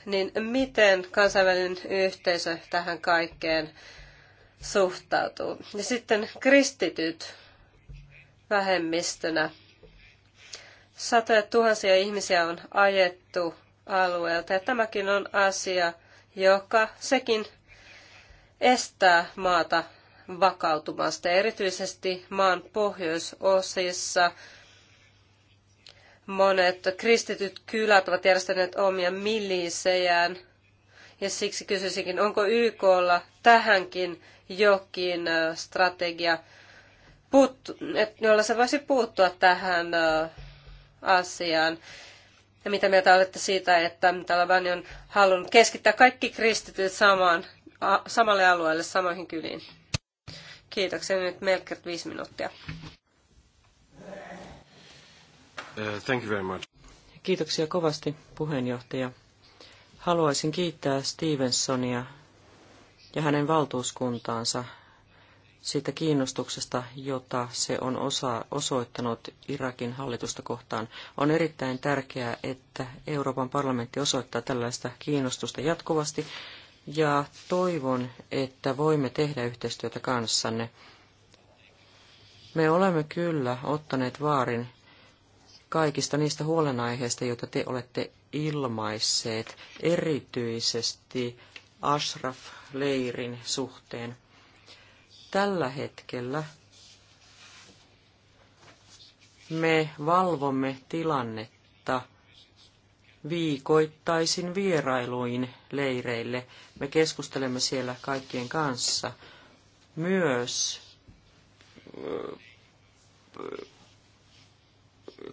Niin miten kansainvälinen yhteisö tähän kaikkeen suhtautuu? Ja sitten kristityt vähemmistönä. Satoja tuhansia ihmisiä on ajettu alueelta ja tämäkin on asia, joka sekin estää maata vakautumasta. Erityisesti maan pohjoisosissa monet kristityt kylät ovat järjestäneet omia milisejään. Ja siksi kysyisinkin, onko YKlla tähänkin jokin strategia puuttu, jolla se voisit puuttua tähän asiaan. Ja mitä mieltä olette siitä, että Talabani on halunnut keskittää kaikki kristityt samaan, a, samalle alueelle, samoihin kyliin? Kiitoksia. Nyt melkein viisi minuuttia. Uh, thank you very much. Kiitoksia kovasti, puheenjohtaja. Haluaisin kiittää Stevensonia ja hänen valtuuskuntaansa siitä kiinnostuksesta, jota se on osa, osoittanut Irakin hallitusta kohtaan. On erittäin tärkeää, että Euroopan parlamentti osoittaa tällaista kiinnostusta jatkuvasti ja toivon, että voimme tehdä yhteistyötä kanssanne. Me olemme kyllä ottaneet vaarin kaikista niistä huolenaiheista, joita te olette ilmaisseet, erityisesti Ashraf-leirin suhteen. Tällä hetkellä me valvomme tilannetta viikoittaisin vierailuin leireille. Me keskustelemme siellä kaikkien kanssa. Myös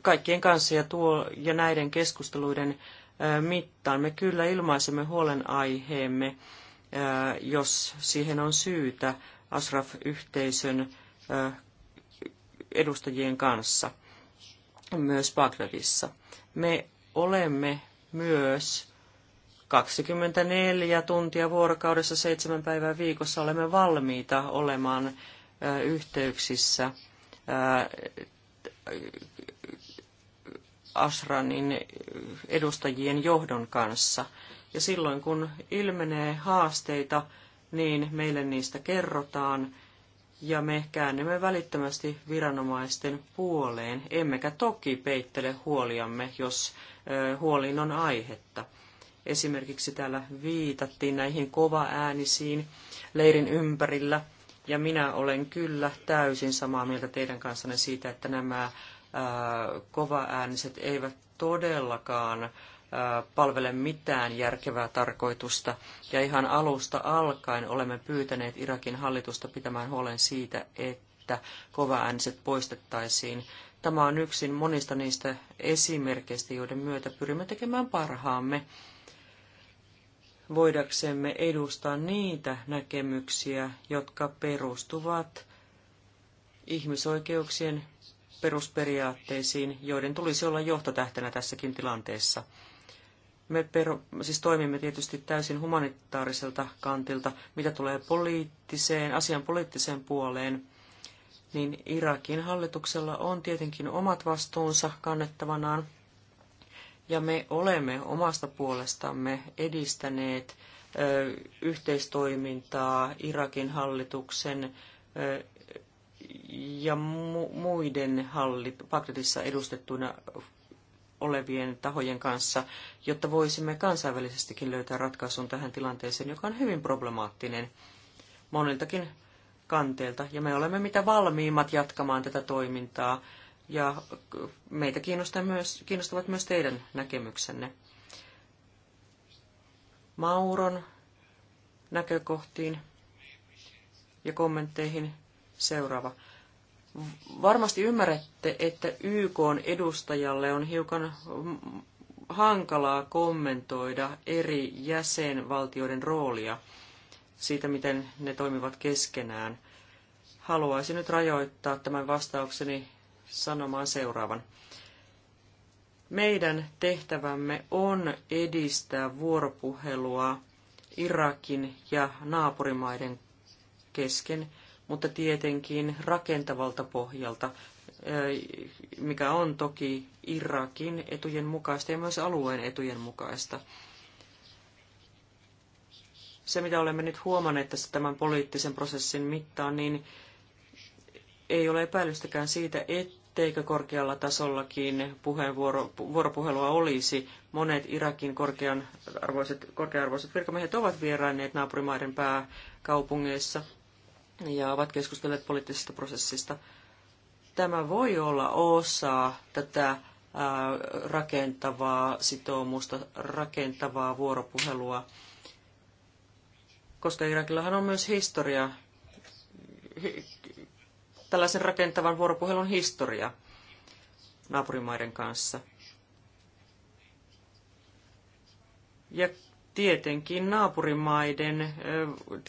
kaikkien kanssa ja, tuo, ja näiden keskusteluiden mittaan. Me kyllä ilmaisemme huolenaiheemme, jos siihen on syytä, Asraf-yhteisön edustajien kanssa myös Bagdadissa. Me olemme myös 24 tuntia vuorokaudessa, seitsemän päivää viikossa olemme valmiita olemaan yhteyksissä Asranin edustajien johdon kanssa. Ja silloin kun ilmenee haasteita, niin meille niistä kerrotaan ja me käännymme välittömästi viranomaisten puoleen, emmekä toki peittele huoliamme, jos huoliin on aihetta. Esimerkiksi täällä viitattiin näihin kovaäänisiin leirin ympärillä, ja minä olen kyllä täysin samaa mieltä teidän kanssanne siitä, että nämä kovaääniset eivät todellakaan palvele mitään järkevää tarkoitusta, ja ihan alusta alkaen olemme pyytäneet Irakin hallitusta pitämään huolen siitä, että kovaääniset poistettaisiin. Tämä on yksin monista niistä esimerkkeistä, joiden myötä pyrimme tekemään parhaamme voidaksemme edustaa niitä näkemyksiä, jotka perustuvat ihmisoikeuksien perusperiaatteisiin, joiden tulisi olla johtotähtenä tässäkin tilanteessa me pero, siis toimimme tietysti täysin humanitaariselta kantilta, mitä tulee poliittiseen, asian poliittiseen puoleen, niin Irakin hallituksella on tietenkin omat vastuunsa kannettavanaan. Ja me olemme omasta puolestamme edistäneet ö, yhteistoimintaa Irakin hallituksen ö, ja mu- muiden hallit- paketissa edustettuina olevien tahojen kanssa, jotta voisimme kansainvälisestikin löytää ratkaisun tähän tilanteeseen, joka on hyvin problemaattinen moniltakin kanteelta. Ja me olemme mitä valmiimmat jatkamaan tätä toimintaa, ja meitä kiinnostaa myös, kiinnostavat myös teidän näkemyksenne. Mauron näkökohtiin ja kommentteihin seuraava. Varmasti ymmärrätte, että YK edustajalle on hiukan hankalaa kommentoida eri jäsenvaltioiden roolia siitä, miten ne toimivat keskenään. Haluaisin nyt rajoittaa tämän vastaukseni sanomaan seuraavan. Meidän tehtävämme on edistää vuoropuhelua Irakin ja naapurimaiden kesken – mutta tietenkin rakentavalta pohjalta, mikä on toki Irakin etujen mukaista ja myös alueen etujen mukaista. Se, mitä olemme nyt huomanneet tässä tämän poliittisen prosessin mittaan, niin ei ole epäilystäkään siitä, etteikö korkealla tasollakin puheenvuoro, vuoropuhelua olisi. Monet Irakin korkean arvoiset, korkean arvoiset virkamiehet ovat vierailleet naapurimaiden pääkaupungeissa – ja ovat keskustelleet poliittisesta prosessista. Tämä voi olla osa tätä rakentavaa sitoumusta, rakentavaa vuoropuhelua, koska Irakillahan on myös historia, tällaisen rakentavan vuoropuhelun historia naapurimaiden kanssa. Ja Tietenkin naapurimaiden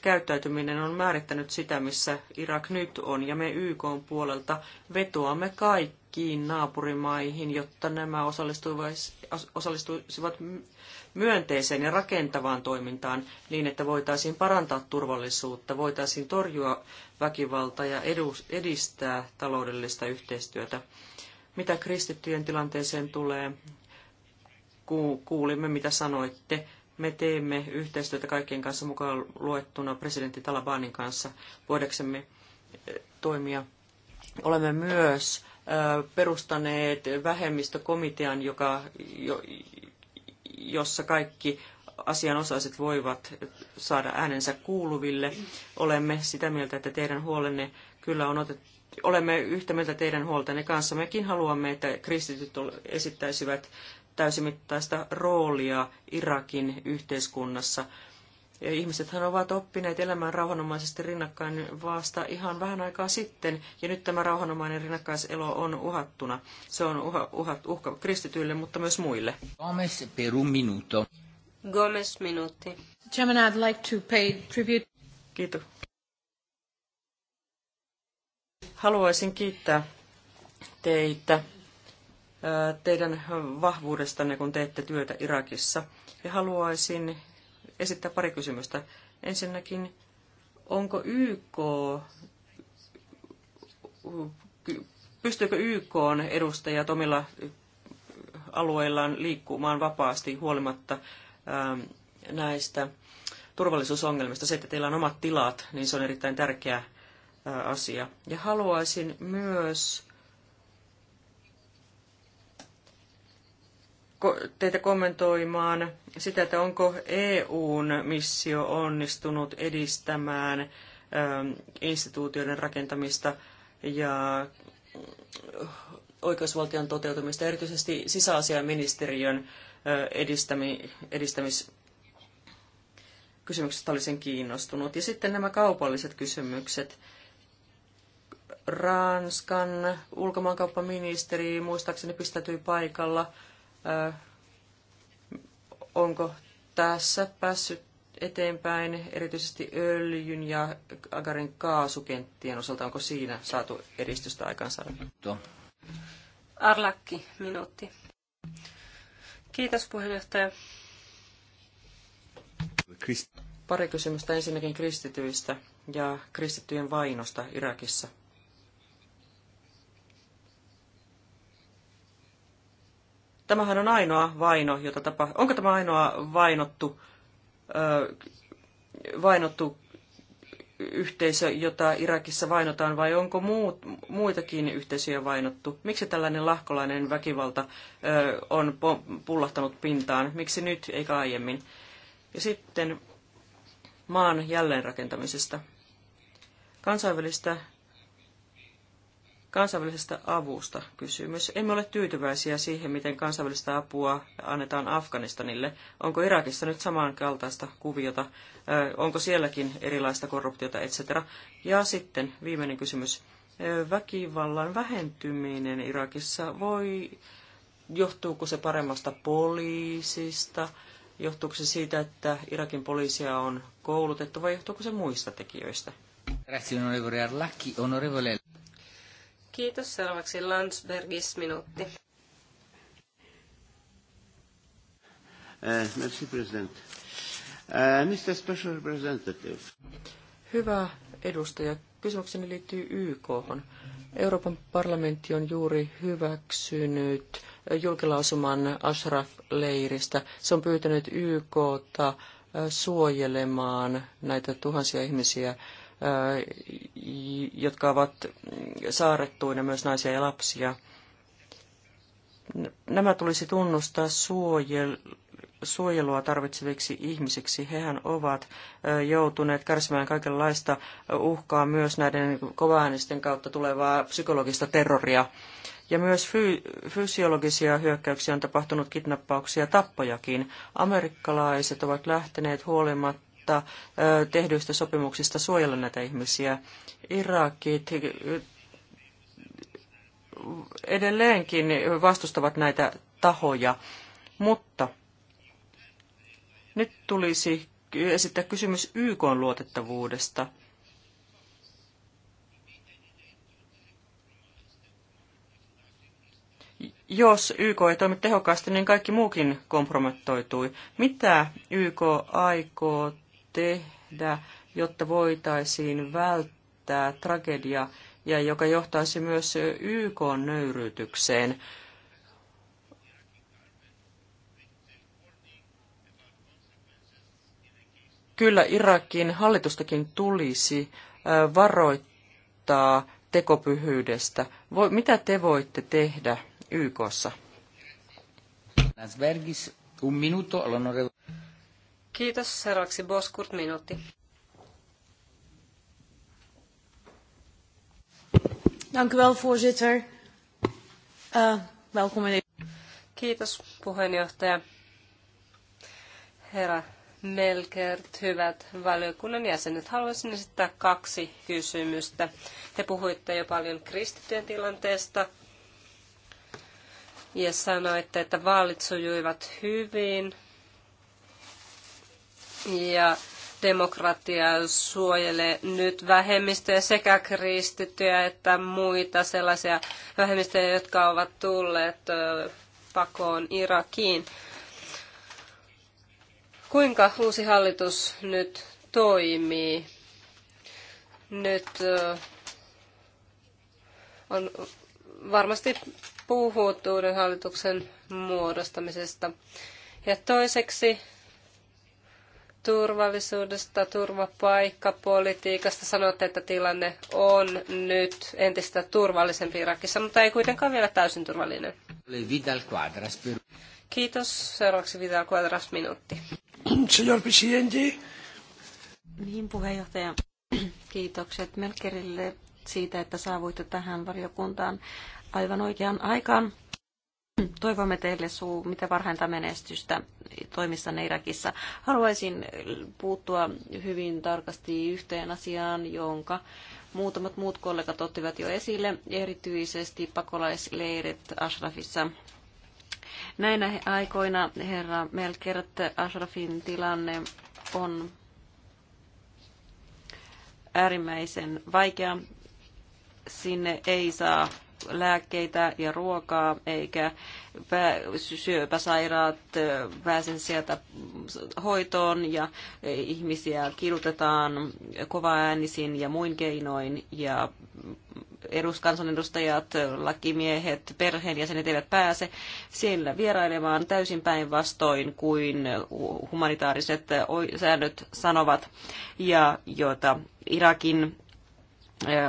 käyttäytyminen on määrittänyt sitä, missä Irak nyt on, ja me YK puolelta vetoamme kaikkiin naapurimaihin, jotta nämä osallistuisivat myönteiseen ja rakentavaan toimintaan niin, että voitaisiin parantaa turvallisuutta, voitaisiin torjua väkivaltaa ja edistää taloudellista yhteistyötä. Mitä kristittyjen tilanteeseen tulee, kuulimme mitä sanoitte me teemme yhteistyötä kaikkien kanssa mukaan luettuna presidentti Talabanin kanssa voidaksemme eh, toimia. Olemme myös eh, perustaneet vähemmistökomitean, joka, jossa kaikki asianosaiset voivat saada äänensä kuuluville. Olemme sitä mieltä, että teidän huolenne kyllä on otettu. Olemme yhtä mieltä teidän huoltanne kanssa. Mekin haluamme, että kristityt esittäisivät täysimittaista roolia Irakin yhteiskunnassa. Ihmisethän ovat oppineet elämään rauhanomaisesti rinnakkain vasta ihan vähän aikaa sitten, ja nyt tämä rauhanomainen rinnakkaiselo on uhattuna. Se on uha, uha, uhka kristityille, mutta myös muille. Gomez per un minuto. Gomez minuutti. Chairman, I'd like to pay tribute. Kiitos. Haluaisin kiittää teitä teidän vahvuudestanne, kun teette työtä Irakissa. Ja haluaisin esittää pari kysymystä. Ensinnäkin, onko YK, pystyykö YK edustajat omilla alueillaan liikkumaan vapaasti huolimatta ähm, näistä turvallisuusongelmista. Se, että teillä on omat tilat, niin se on erittäin tärkeä äh, asia. Ja haluaisin myös teitä kommentoimaan sitä, että onko EUn missio onnistunut edistämään ähm, instituutioiden rakentamista ja äh, oikeusvaltion toteutumista, erityisesti sisäasiaministeriön äh, edistämi, edistämis olisin kiinnostunut. Ja sitten nämä kaupalliset kysymykset. Ranskan ulkomaankauppaministeri muistaakseni pistäytyi paikalla onko tässä päässyt eteenpäin erityisesti öljyn ja agarin kaasukenttien osalta? Onko siinä saatu edistystä aikaansaada? Arlakki, minuutti. Kiitos puheenjohtaja. Pari kysymystä ensinnäkin kristityistä ja kristittyjen vainosta Irakissa – Tämähän on ainoa vaino, jota tapa... Onko tämä ainoa vainottu, äh, vainottu yhteisö, jota Irakissa vainotaan, vai onko muut, muitakin yhteisöjä vainottu? Miksi tällainen lahkolainen väkivalta äh, on pullahtanut pintaan? Miksi nyt eikä aiemmin? Ja sitten maan jälleenrakentamisesta. Kansainvälistä Kansainvälisestä avusta kysymys. Emme ole tyytyväisiä siihen, miten kansainvälistä apua annetaan Afganistanille. Onko Irakissa nyt samankaltaista kuviota? Onko sielläkin erilaista korruptiota, etc. Ja sitten viimeinen kysymys. Väkivallan vähentyminen Irakissa voi, johtuuko se paremmasta poliisista? Johtuuko se siitä, että Irakin poliisia on koulutettu vai johtuuko se muista tekijöistä? Grazie onorevole Arlacchi. Onorevole Kiitos. Seuraavaksi Landsbergis minuutti. Uh, merci, president. Uh, eh, Mr. Special Representative. Hyvä edustaja. Kysymykseni liittyy YK. :hon. Euroopan parlamentti on juuri hyväksynyt julkilausuman Ashraf-leiristä. Se on pyytänyt YKta eh, suojelemaan näitä tuhansia ihmisiä jotka ovat saarettuina myös naisia ja lapsia. Nämä tulisi tunnustaa suojelua tarvitseviksi ihmisiksi. Hehän ovat joutuneet kärsimään kaikenlaista uhkaa myös näiden kovaäänisten kautta tulevaa psykologista terroria. Ja myös fy- fysiologisia hyökkäyksiä on tapahtunut kidnappauksia ja tappojakin. Amerikkalaiset ovat lähteneet huolimatta huolimatta tehdyistä sopimuksista suojella näitä ihmisiä. Irakit edelleenkin vastustavat näitä tahoja, mutta nyt tulisi esittää kysymys YK luotettavuudesta. Jos YK ei toimi tehokkaasti, niin kaikki muukin kompromettoitui. Mitä YK aikoo tehdä, jotta voitaisiin välttää tragedia, ja joka johtaisi myös YK nöyrytykseen. Kyllä Irakin hallitustakin tulisi varoittaa tekopyhyydestä. mitä te voitte tehdä YKssa? un minuto, Kiitos. Seuraavaksi Boskurt minuutti. Dank u wel, voorzitter. Uh, welkom, meneer. Kiitos, puheenjohtaja. Herra Melkert, hyvät valiokunnan jäsenet. Haluaisin esittää kaksi kysymystä. Te puhuitte jo paljon kristittyjen tilanteesta ja sanoitte, että vaalit sujuivat hyvin, ja demokratia suojelee nyt vähemmistöjä, sekä kristittyjä että muita sellaisia vähemmistöjä, jotka ovat tulleet pakoon Irakiin. Kuinka uusi hallitus nyt toimii? Nyt on varmasti puhuttu uuden hallituksen muodostamisesta. Ja toiseksi turvallisuudesta, turvapaikkapolitiikasta. Sanoitte, että tilanne on nyt entistä turvallisempi Irakissa, mutta ei kuitenkaan vielä täysin turvallinen. Vidal Quadras. Kiitos. Seuraavaksi Vidal Quadras minuutti. Señor presidente. Niin, puheenjohtaja. Kiitokset Melkerille siitä, että saavuitte tähän valiokuntaan aivan oikeaan aikaan. Toivomme teille suu, mitä parhainta menestystä toimissanne Irakissa. Haluaisin puuttua hyvin tarkasti yhteen asiaan, jonka muutamat muut kollegat ottivat jo esille, erityisesti pakolaisleirit Ashrafissa. Näinä aikoina, herra Melkert, Ashrafin tilanne on äärimmäisen vaikea. Sinne ei saa lääkkeitä ja ruokaa, eikä syöpäsairaat pääse sieltä hoitoon ja ihmisiä kidutetaan kovaäänisin ja muin keinoin ja eduskansanedustajat, lakimiehet, perheenjäsenet eivät pääse siellä vierailemaan täysin päinvastoin kuin humanitaariset säännöt sanovat ja joita Irakin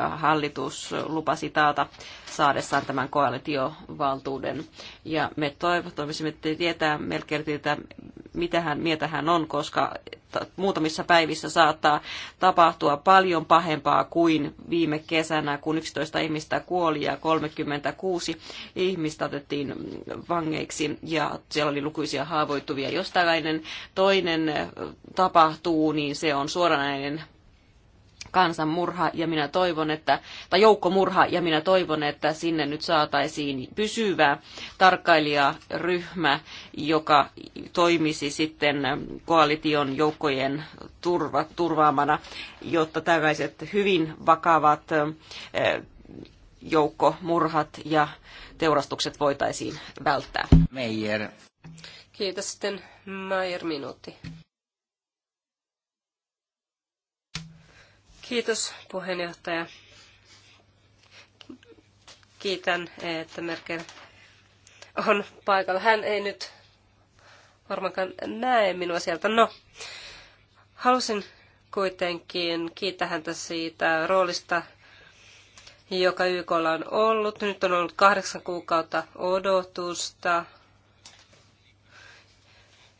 hallitus lupasi taata saadessaan tämän koalitiovaltuuden. Ja me toivottavasti tietää Melkeriltä, mitä hän, mieltä hän on, koska muutamissa päivissä saattaa tapahtua paljon pahempaa kuin viime kesänä, kun 11 ihmistä kuoli ja 36 ihmistä otettiin vangeiksi ja siellä oli lukuisia haavoittuvia. Jos tällainen toinen tapahtuu, niin se on suoranainen kansanmurha ja minä toivon, että, tai joukkomurha ja minä toivon, että sinne nyt saataisiin pysyvä tarkkailijaryhmä, joka toimisi sitten koalition joukkojen turva, turvaamana, jotta tällaiset hyvin vakavat joukkomurhat ja teurastukset voitaisiin välttää. Meijer. Kiitos sitten Meijer minuutti. Kiitos puheenjohtaja. Kiitän, että Merkel on paikalla. Hän ei nyt varmaankaan näe minua sieltä. No, halusin kuitenkin kiittää häntä siitä roolista, joka YKlla on ollut. Nyt on ollut kahdeksan kuukautta odotusta.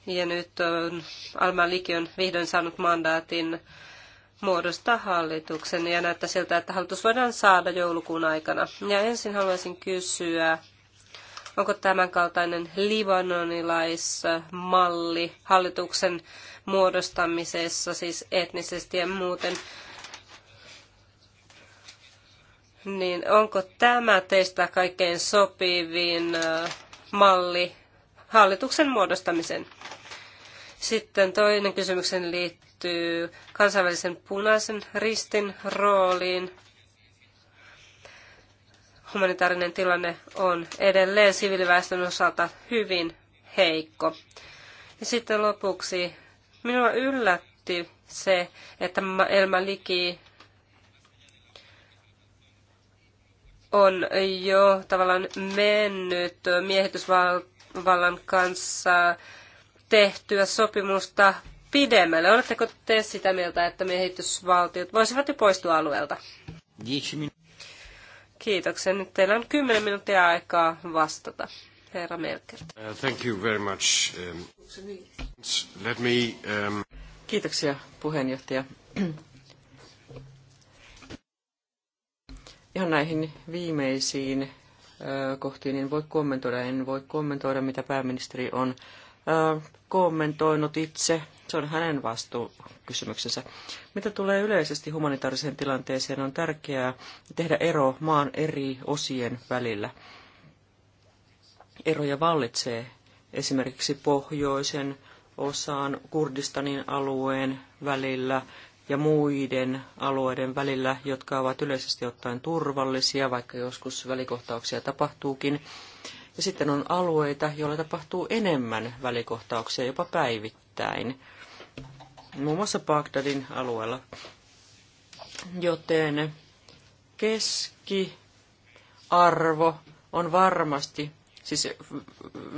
Ja nyt on Alma Liki on vihdoin saanut mandaatin muodostaa hallituksen ja näyttää siltä, että hallitus voidaan saada joulukuun aikana. Ja ensin haluaisin kysyä, onko tämänkaltainen libanonilaismalli hallituksen muodostamisessa, siis etnisesti ja muuten, niin onko tämä teistä kaikkein sopivin malli hallituksen muodostamisen? Sitten toinen kysymyksen liittyy liittyy kansainvälisen punaisen ristin rooliin. Humanitaarinen tilanne on edelleen siviiliväestön osalta hyvin heikko. Ja sitten lopuksi minua yllätti se, että Elma Liki on jo tavallaan mennyt miehitysvallan kanssa tehtyä sopimusta pidemmälle. Oletteko te sitä mieltä, että miehitysvaltiot voisivat jo poistua alueelta? Kiitoksia. Nyt teillä on 10 minuuttia aikaa vastata. Herra Melkert. Uh, thank you very much. Um, let me, um... Kiitoksia puheenjohtaja. Ihan näihin viimeisiin kohtiin en voi kommentoida. En voi kommentoida, mitä pääministeri on kommentoinut itse se on hänen vastuukysymyksensä. Mitä tulee yleisesti humanitaariseen tilanteeseen, on tärkeää tehdä ero maan eri osien välillä. Eroja vallitsee esimerkiksi pohjoisen osaan Kurdistanin alueen välillä ja muiden alueiden välillä, jotka ovat yleisesti ottaen turvallisia, vaikka joskus välikohtauksia tapahtuukin. Ja sitten on alueita, joilla tapahtuu enemmän välikohtauksia jopa päivittäin muun muassa Bagdadin alueella. Joten keskiarvo on varmasti, siis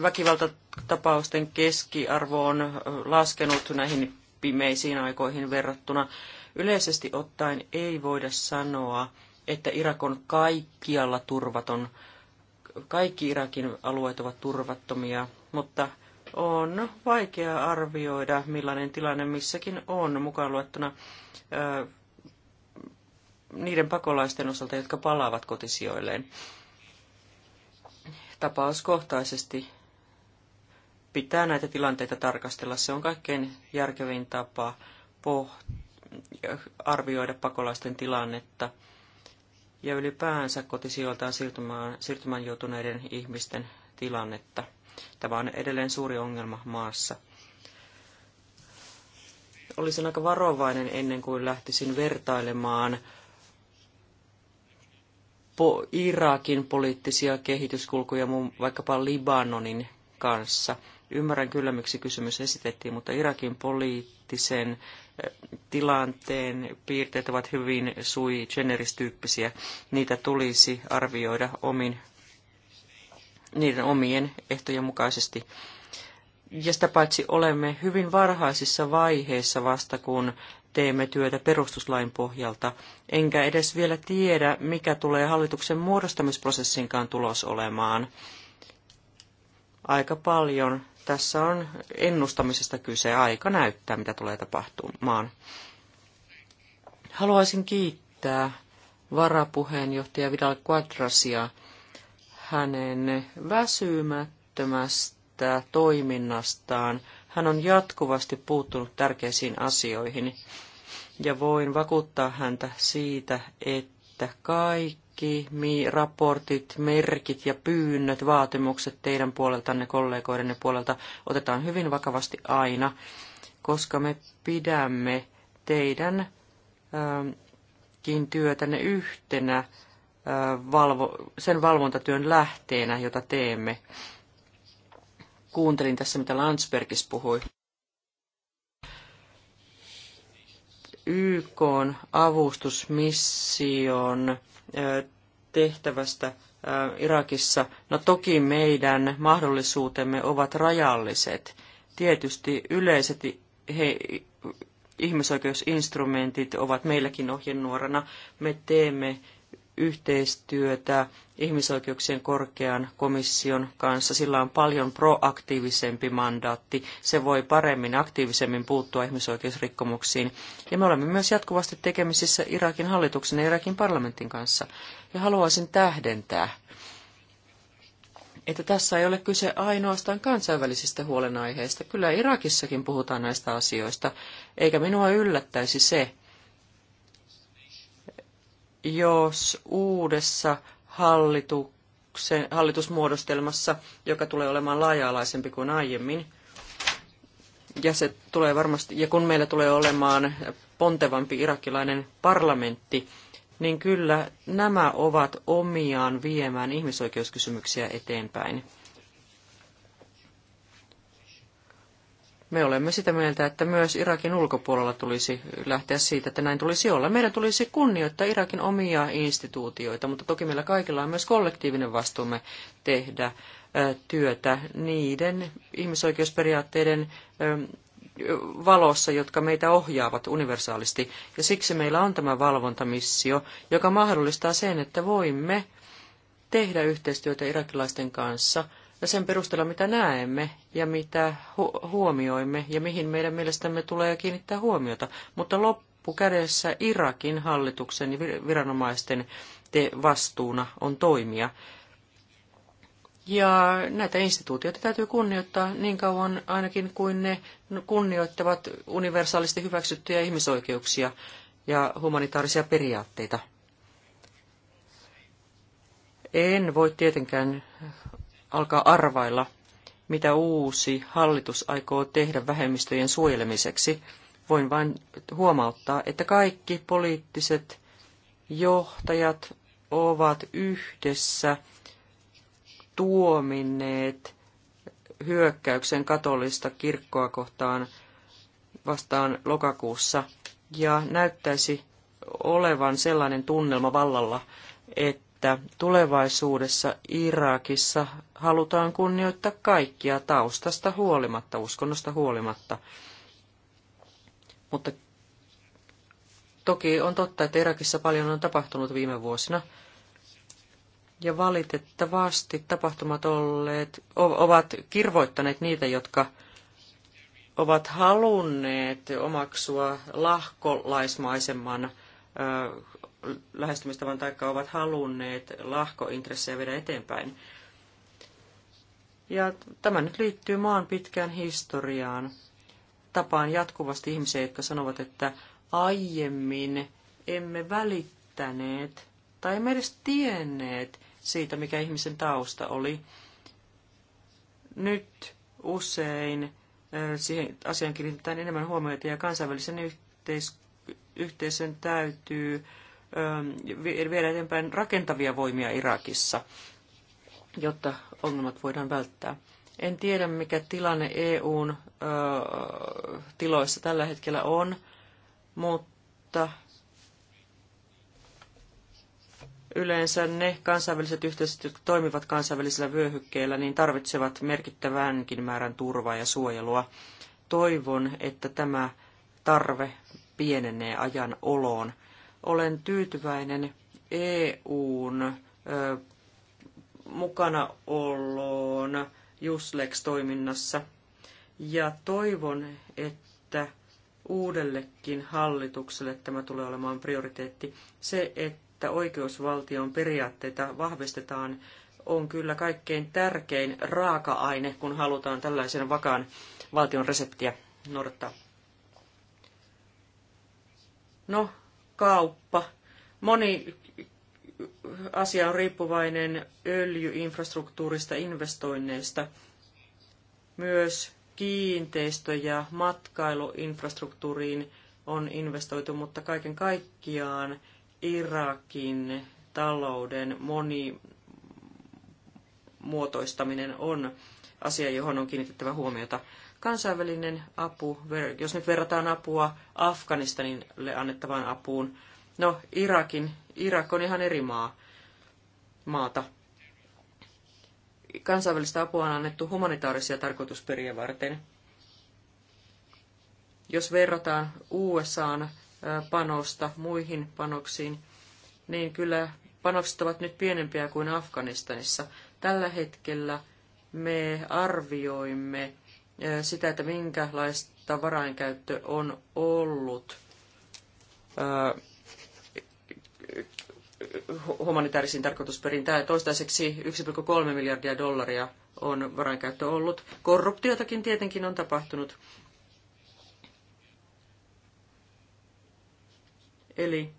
väkivaltatapausten keskiarvo on laskenut näihin pimeisiin aikoihin verrattuna. Yleisesti ottaen ei voida sanoa, että Irak on kaikkialla turvaton. Kaikki Irakin alueet ovat turvattomia, mutta on vaikea arvioida, millainen tilanne missäkin on, mukaan luettuna niiden pakolaisten osalta, jotka palaavat kotisijoilleen. Tapauskohtaisesti pitää näitä tilanteita tarkastella. Se on kaikkein järkevin tapa arvioida pakolaisten tilannetta ja ylipäänsä kotisijoiltaan siirtymään, siirtymään joutuneiden ihmisten tilannetta. Tämä on edelleen suuri ongelma maassa. Olisin aika varovainen ennen kuin lähtisin vertailemaan po- Irakin poliittisia kehityskulkuja muun vaikkapa Libanonin kanssa. Ymmärrän kyllä, miksi kysymys esitettiin, mutta Irakin poliittisen eh, tilanteen piirteet ovat hyvin sui generis-tyyppisiä. Niitä tulisi arvioida omin niiden omien ehtojen mukaisesti. Ja sitä paitsi olemme hyvin varhaisissa vaiheissa vasta, kun teemme työtä perustuslain pohjalta, enkä edes vielä tiedä, mikä tulee hallituksen muodostamisprosessinkaan tulos olemaan. Aika paljon tässä on ennustamisesta kyse. Aika näyttää, mitä tulee tapahtumaan. Haluaisin kiittää varapuheenjohtaja Vidal Quadrasia hänen väsymättömästä toiminnastaan. Hän on jatkuvasti puuttunut tärkeisiin asioihin ja voin vakuuttaa häntä siitä, että kaikki raportit, merkit ja pyynnöt, vaatimukset teidän puoleltanne, kollegoidenne puolelta otetaan hyvin vakavasti aina, koska me pidämme teidänkin ähm, työtänne yhtenä valvo, sen valvontatyön lähteenä, jota teemme. Kuuntelin tässä, mitä Landsbergis puhui. YK avustusmission tehtävästä Irakissa. No toki meidän mahdollisuutemme ovat rajalliset. Tietysti yleiset he, ihmisoikeusinstrumentit ovat meilläkin ohjenuorana. Me teemme yhteistyötä ihmisoikeuksien korkean komission kanssa. Sillä on paljon proaktiivisempi mandaatti. Se voi paremmin, aktiivisemmin puuttua ihmisoikeusrikkomuksiin. Ja me olemme myös jatkuvasti tekemisissä Irakin hallituksen ja Irakin parlamentin kanssa. Ja haluaisin tähdentää, että tässä ei ole kyse ainoastaan kansainvälisistä huolenaiheista. Kyllä Irakissakin puhutaan näistä asioista, eikä minua yllättäisi se, jos uudessa hallituksen, hallitusmuodostelmassa, joka tulee olemaan laaja-alaisempi kuin aiemmin, ja, se tulee varmasti, ja kun meillä tulee olemaan pontevampi irakilainen parlamentti, niin kyllä nämä ovat omiaan viemään ihmisoikeuskysymyksiä eteenpäin. Me olemme sitä mieltä, että myös Irakin ulkopuolella tulisi lähteä siitä, että näin tulisi olla. Meidän tulisi kunnioittaa Irakin omia instituutioita, mutta toki meillä kaikilla on myös kollektiivinen vastuumme tehdä työtä niiden ihmisoikeusperiaatteiden valossa, jotka meitä ohjaavat universaalisti. Ja siksi meillä on tämä valvontamissio, joka mahdollistaa sen, että voimme tehdä yhteistyötä irakilaisten kanssa – sen perusteella, mitä näemme ja mitä hu- huomioimme ja mihin meidän mielestämme tulee kiinnittää huomiota. Mutta loppukädessä Irakin hallituksen ja viranomaisten vastuuna on toimia. Ja näitä instituutioita täytyy kunnioittaa niin kauan ainakin kuin ne kunnioittavat universaalisti hyväksyttyjä ihmisoikeuksia ja humanitaarisia periaatteita. En voi tietenkään alkaa arvailla, mitä uusi hallitus aikoo tehdä vähemmistöjen suojelemiseksi. Voin vain huomauttaa, että kaikki poliittiset johtajat ovat yhdessä tuominneet hyökkäyksen katolista kirkkoa kohtaan vastaan lokakuussa. Ja näyttäisi olevan sellainen tunnelma vallalla, että että tulevaisuudessa Irakissa halutaan kunnioittaa kaikkia taustasta huolimatta, uskonnosta huolimatta. Mutta toki on totta, että Irakissa paljon on tapahtunut viime vuosina. Ja valitettavasti tapahtumat olleet, ovat kirvoittaneet niitä, jotka ovat halunneet omaksua lahkolaismaisemman lähestymistavan taikka ovat halunneet lahkointressejä viedä eteenpäin. Ja tämä nyt liittyy maan pitkään historiaan. Tapaan jatkuvasti ihmisiä, jotka sanovat, että aiemmin emme välittäneet tai emme edes tienneet siitä, mikä ihmisen tausta oli. Nyt usein siihen asiaan kiinnitetään enemmän huomiota ja kansainvälisen yhteis- yhteisön täytyy äh, viedä eteenpäin rakentavia voimia Irakissa, jotta ongelmat voidaan välttää. En tiedä, mikä tilanne EUn ö, tiloissa tällä hetkellä on, mutta yleensä ne kansainväliset yhteisöt, jotka toimivat kansainvälisillä vyöhykkeillä, niin tarvitsevat merkittävänkin määrän turvaa ja suojelua. Toivon, että tämä tarve pienenee ajan oloon olen tyytyväinen EUn ö, mukanaoloon Juslex-toiminnassa ja toivon, että uudellekin hallitukselle tämä tulee olemaan prioriteetti. Se, että oikeusvaltion periaatteita vahvistetaan, on kyllä kaikkein tärkein raaka-aine, kun halutaan tällaisen vakaan valtion reseptiä noudattaa. No, kauppa. Moni asia on riippuvainen öljyinfrastruktuurista investoinneista. Myös kiinteistö- ja matkailuinfrastruktuuriin on investoitu, mutta kaiken kaikkiaan Irakin talouden monimuotoistaminen on asia, johon on kiinnitettävä huomiota. Kansainvälinen apu, jos nyt verrataan apua Afganistanille annettavaan apuun, no Irakin, Irak on ihan eri maa, maata. Kansainvälistä apua on annettu humanitaarisia tarkoitusperiä varten. Jos verrataan USAn panosta muihin panoksiin, niin kyllä panokset ovat nyt pienempiä kuin Afganistanissa. Tällä hetkellä me arvioimme sitä, että minkälaista varainkäyttö on ollut humanitaarisiin tarkoitusperiin. Tämä toistaiseksi 1,3 miljardia dollaria on varainkäyttö ollut. Korruptiotakin tietenkin on tapahtunut. Eli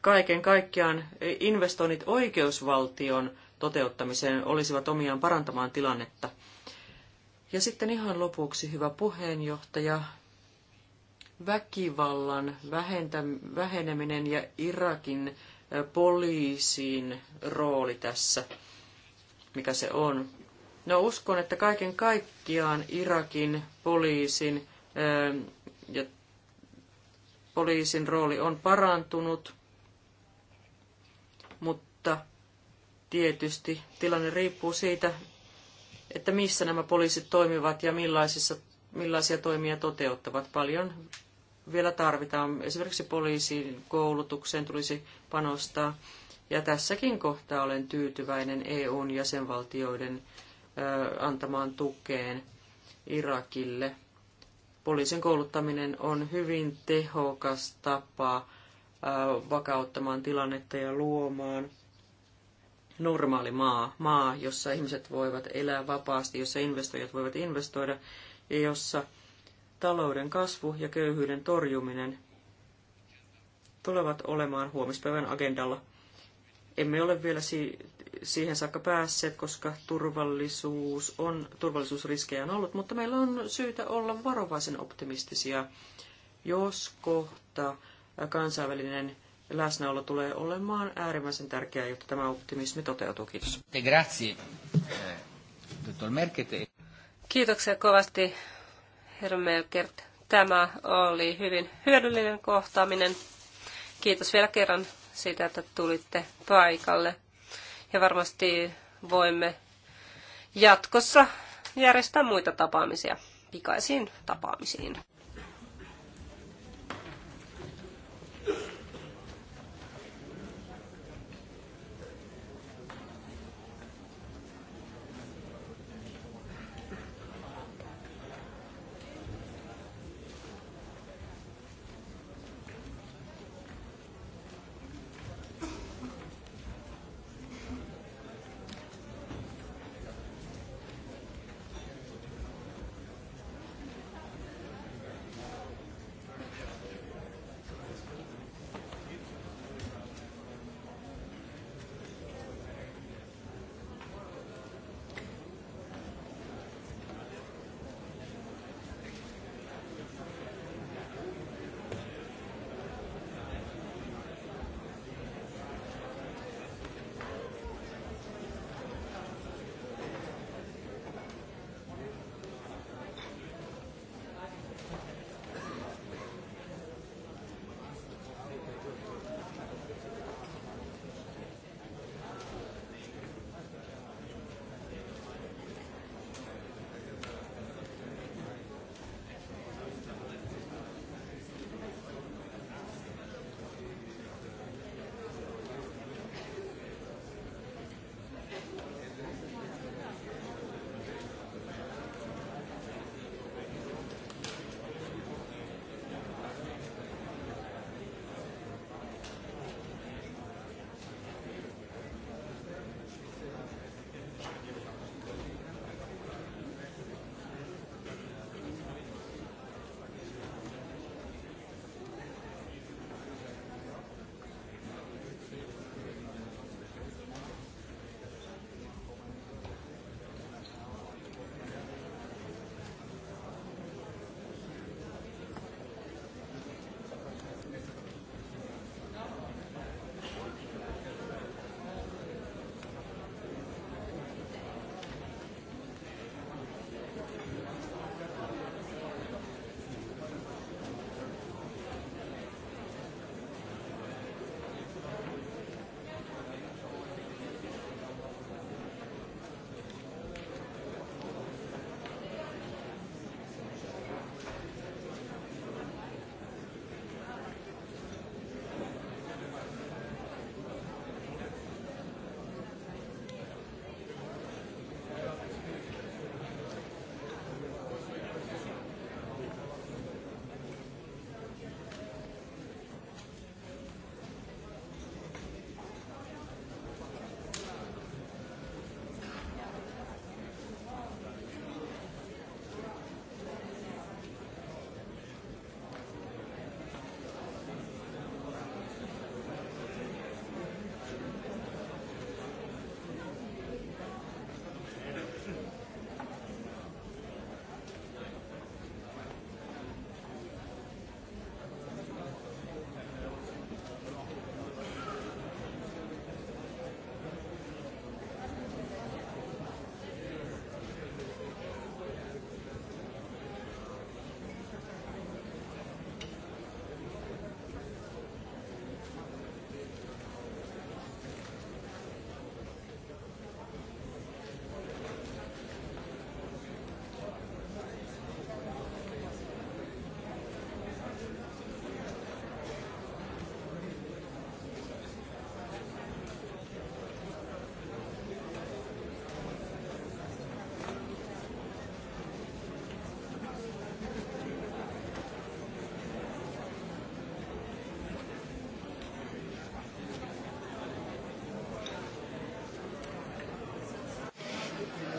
kaiken kaikkiaan investoinnit oikeusvaltion toteuttamiseen olisivat omiaan parantamaan tilannetta – ja sitten ihan lopuksi, hyvä puheenjohtaja, väkivallan vähentä, väheneminen ja Irakin poliisin rooli tässä, mikä se on. No uskon, että kaiken kaikkiaan Irakin poliisin ja poliisin rooli on parantunut, mutta tietysti tilanne riippuu siitä, että missä nämä poliisit toimivat ja millaisissa, millaisia toimia toteuttavat. Paljon vielä tarvitaan. Esimerkiksi poliisin koulutukseen tulisi panostaa. Ja tässäkin kohtaa olen tyytyväinen EUn jäsenvaltioiden antamaan tukeen Irakille. Poliisin kouluttaminen on hyvin tehokas tapa vakauttamaan tilannetta ja luomaan normaali maa, maa, jossa ihmiset voivat elää vapaasti, jossa investoijat voivat investoida ja jossa talouden kasvu ja köyhyyden torjuminen tulevat olemaan huomispäivän agendalla. Emme ole vielä si- siihen saakka päässeet, koska turvallisuus on, turvallisuusriskejä on ollut, mutta meillä on syytä olla varovaisen optimistisia, jos kohta kansainvälinen läsnäolo tulee olemaan äärimmäisen tärkeää, jotta tämä optimismi toteutuu. Kiitos. Eh, Merkete. Kiitoksia kovasti, herra Melkert. Tämä oli hyvin hyödyllinen kohtaaminen. Kiitos vielä kerran siitä, että tulitte paikalle. Ja varmasti voimme jatkossa järjestää muita tapaamisia, pikaisiin tapaamisiin.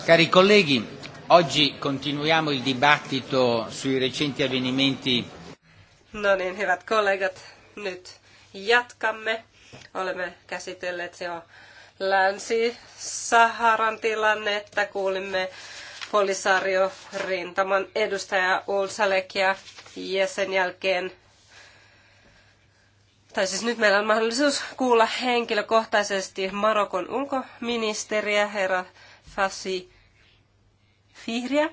Cari colleghi, oggi continuiamo il dibattito sui recenti avvenimenti. No niin, hyvät kollegat, nyt jatkamme. Olemme käsitelleet jo Länsi-Saharan tilannetta. Kuulimme Polisario rintaman edustaja Ulsalekia ja sen jälkeen tai siis nyt meillä on mahdollisuus kuulla henkilökohtaisesti Marokon ulkoministeriä, herra Fassi vihriä,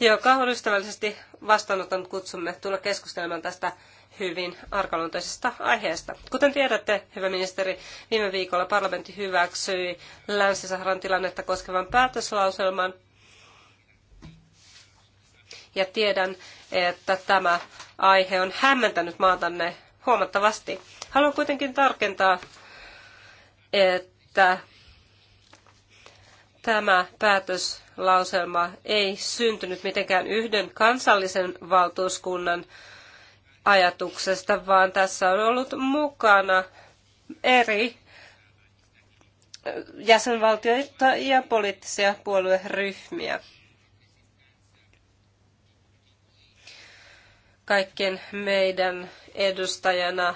joka on ystävällisesti vastaanottanut kutsumme tulla keskustelemaan tästä hyvin arkaluontoisesta aiheesta. Kuten tiedätte, hyvä ministeri, viime viikolla parlamentti hyväksyi Länsi-Saharan tilannetta koskevan päätöslauselman. Ja tiedän, että tämä aihe on hämmentänyt maatanne huomattavasti. Haluan kuitenkin tarkentaa, että Tämä päätöslauselma ei syntynyt mitenkään yhden kansallisen valtuuskunnan ajatuksesta, vaan tässä on ollut mukana eri jäsenvaltioita ja poliittisia puolueryhmiä. Kaikkien meidän edustajana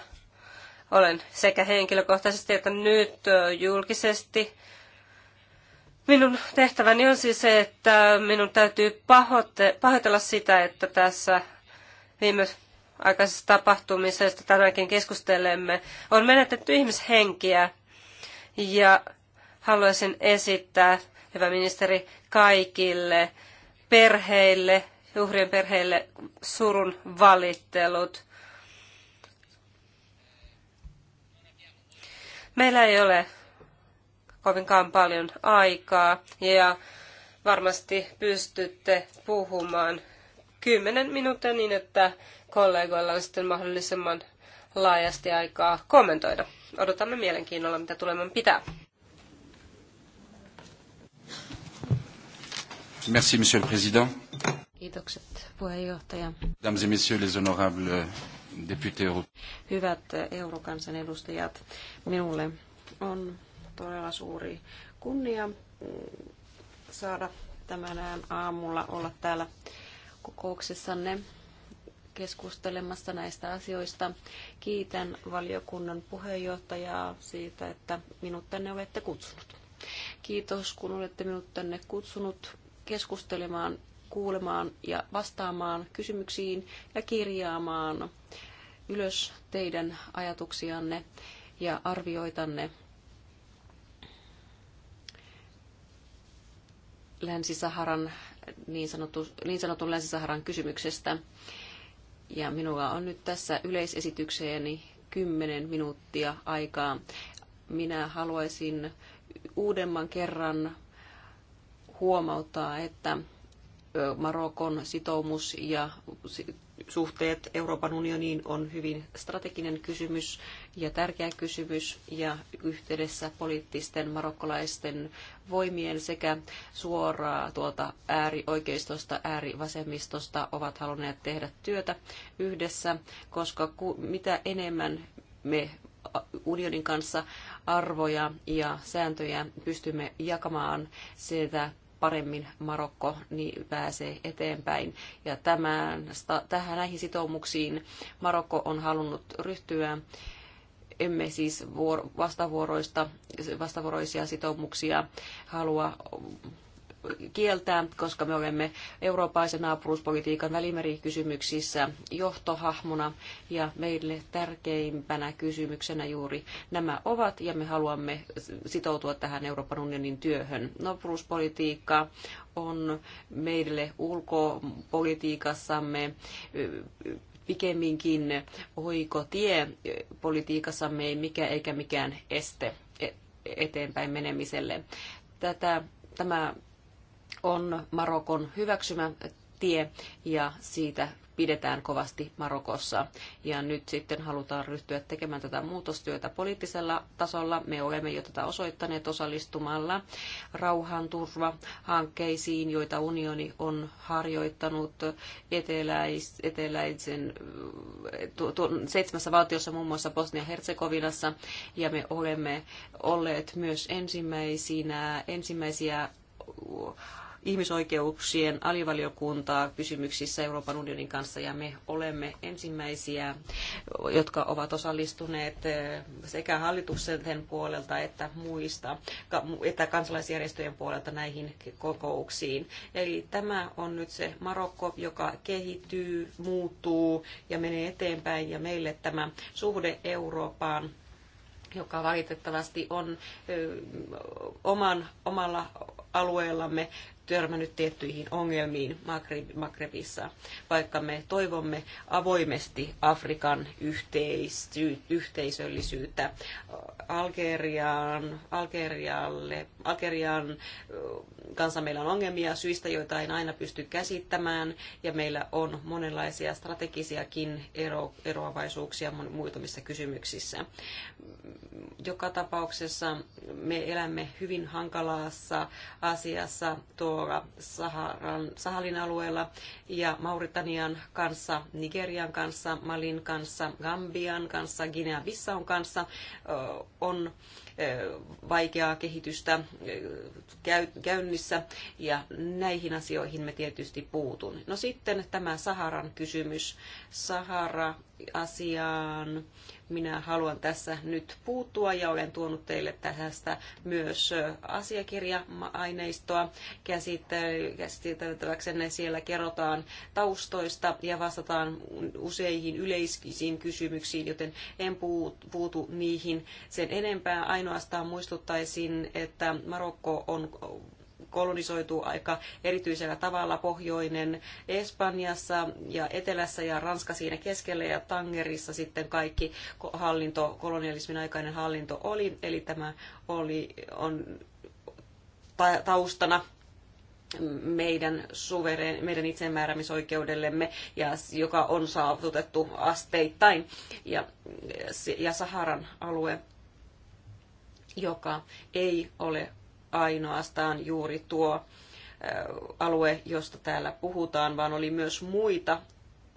olen sekä henkilökohtaisesti että nyt julkisesti Minun tehtäväni on siis se, että minun täytyy pahoitella sitä, että tässä viime aikaisessa tapahtumissa, josta tänäänkin keskustelemme, on menetetty ihmishenkiä. Ja haluaisin esittää, hyvä ministeri, kaikille perheille, uhrien perheille surun valittelut. Meillä ei ole kovinkaan paljon aikaa ja varmasti pystytte puhumaan kymmenen minuuttia niin, että kollegoilla on sitten mahdollisimman laajasti aikaa kommentoida. Odotamme mielenkiinnolla, mitä tuleman pitää. Merci, monsieur le président. Kiitokset, puheenjohtaja. Mesdames et messieurs les honorables députés. Hyvät eurokansanedustajat, minulle on todella suuri kunnia saada tämän aamulla olla täällä kokouksessanne keskustelemassa näistä asioista. Kiitän valiokunnan puheenjohtajaa siitä, että minut tänne olette kutsunut. Kiitos, kun olette minut tänne kutsunut keskustelemaan, kuulemaan ja vastaamaan kysymyksiin ja kirjaamaan ylös teidän ajatuksianne ja arvioitanne Länsi-Saharan, niin, sanottu, niin sanotun Länsi-Saharan kysymyksestä. Ja minulla on nyt tässä yleisesitykseeni 10 minuuttia aikaa. Minä haluaisin uudemman kerran huomauttaa, että Marokon sitoumus ja suhteet Euroopan unioniin on hyvin strateginen kysymys ja tärkeä kysymys ja yhteydessä poliittisten marokkolaisten voimien sekä suoraa tuolta äärioikeistosta, äärivasemmistosta ovat halunneet tehdä työtä yhdessä, koska mitä enemmän me unionin kanssa arvoja ja sääntöjä pystymme jakamaan, sitä paremmin Marokko niin pääsee eteenpäin. Ja tämän, tähän näihin sitoumuksiin Marokko on halunnut ryhtyä. Emme siis vastavuoroista, vastavuoroisia sitoumuksia halua kieltää, koska me olemme eurooppalaisen naapuruuspolitiikan välimerikysymyksissä johtohahmona ja meille tärkeimpänä kysymyksenä juuri nämä ovat ja me haluamme sitoutua tähän Euroopan unionin työhön. Naapuruuspolitiikka on meille ulkopolitiikassamme pikemminkin oikotie politiikassamme ei mikä eikä mikään este eteenpäin menemiselle. Tätä, tämä on Marokon hyväksymä tie ja siitä pidetään kovasti Marokossa. Ja nyt sitten halutaan ryhtyä tekemään tätä muutostyötä poliittisella tasolla. Me olemme jo tätä osoittaneet osallistumalla rauhanturvahankkeisiin, joita unioni on harjoittanut eteläis, eteläisen tu, tu, seitsemässä valtiossa, muun muassa Bosnia-Herzegovinassa. Ja me olemme olleet myös ensimmäisinä, ensimmäisiä ihmisoikeuksien alivaliokuntaa kysymyksissä Euroopan unionin kanssa ja me olemme ensimmäisiä, jotka ovat osallistuneet eh, sekä hallituksen puolelta että muista, että kansalaisjärjestöjen puolelta näihin kokouksiin. Eli tämä on nyt se Marokko, joka kehittyy, muuttuu ja menee eteenpäin ja meille tämä suhde Eurooppaan joka valitettavasti on eh, oman, omalla alueellamme törmännyt tiettyihin ongelmiin Magrebissa, vaikka me toivomme avoimesti Afrikan yhteisöllisyyttä. Algeriaan, Algerialle, Algerian kanssa meillä on ongelmia syistä, joita en aina pysty käsittämään, ja meillä on monenlaisia strategisiakin ero, eroavaisuuksia muutamissa kysymyksissä. Joka tapauksessa me elämme hyvin hankalassa asiassa tuo Sahora, Saharan, Sahalin alueella ja Mauritanian kanssa, Nigerian kanssa, Malin kanssa, Gambian kanssa, Guinea-Bissaun kanssa on vaikeaa kehitystä käynnissä ja näihin asioihin me tietysti puutun. No sitten tämä Saharan kysymys. Sahara-asiaan minä haluan tässä nyt puuttua ja olen tuonut teille tästä myös asiakirja-aineistoa käsiteltäväksenne. Siellä kerrotaan taustoista ja vastataan useihin yleisiin kysymyksiin, joten en puutu niihin sen enempää. Ainoastaan muistuttaisin, että Marokko on kolonisoituu aika erityisellä tavalla pohjoinen Espanjassa ja etelässä ja Ranska siinä keskellä ja Tangerissa sitten kaikki hallinto, kolonialismin aikainen hallinto oli. Eli tämä oli, on taustana meidän, suvereen, meidän itsemääräämisoikeudellemme, ja, joka on saavutettu asteittain, ja, ja Saharan alue, joka ei ole ainoastaan juuri tuo alue, josta täällä puhutaan, vaan oli myös muita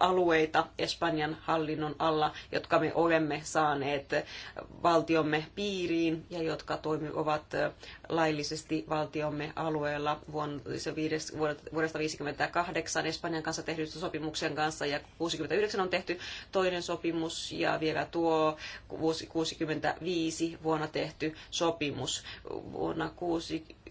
alueita Espanjan hallinnon alla, jotka me olemme saaneet valtiomme piiriin ja jotka toimivat ovat laillisesti valtiomme alueella vuodesta 1958 Espanjan kanssa tehdystä sopimuksen kanssa ja 69 on tehty toinen sopimus ja vielä tuo 65 vuonna tehty sopimus. Vuonna 60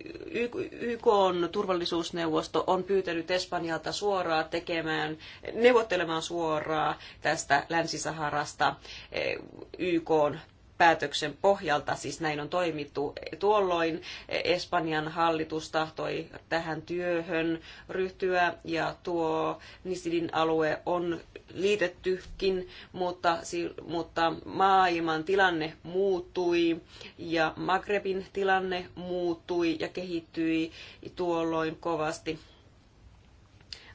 YK on turvallisuusneuvosto on pyytänyt Espanjalta suoraa tekemään, neuvottelemaan suoraa tästä Länsi-Saharasta e, YK on päätöksen pohjalta, siis näin on toimittu. Tuolloin Espanjan hallitus tahtoi tähän työhön ryhtyä ja tuo Nisidin alue on liitettykin, mutta, mutta maailman tilanne muuttui ja Magrebin tilanne muuttui ja kehittyi tuolloin kovasti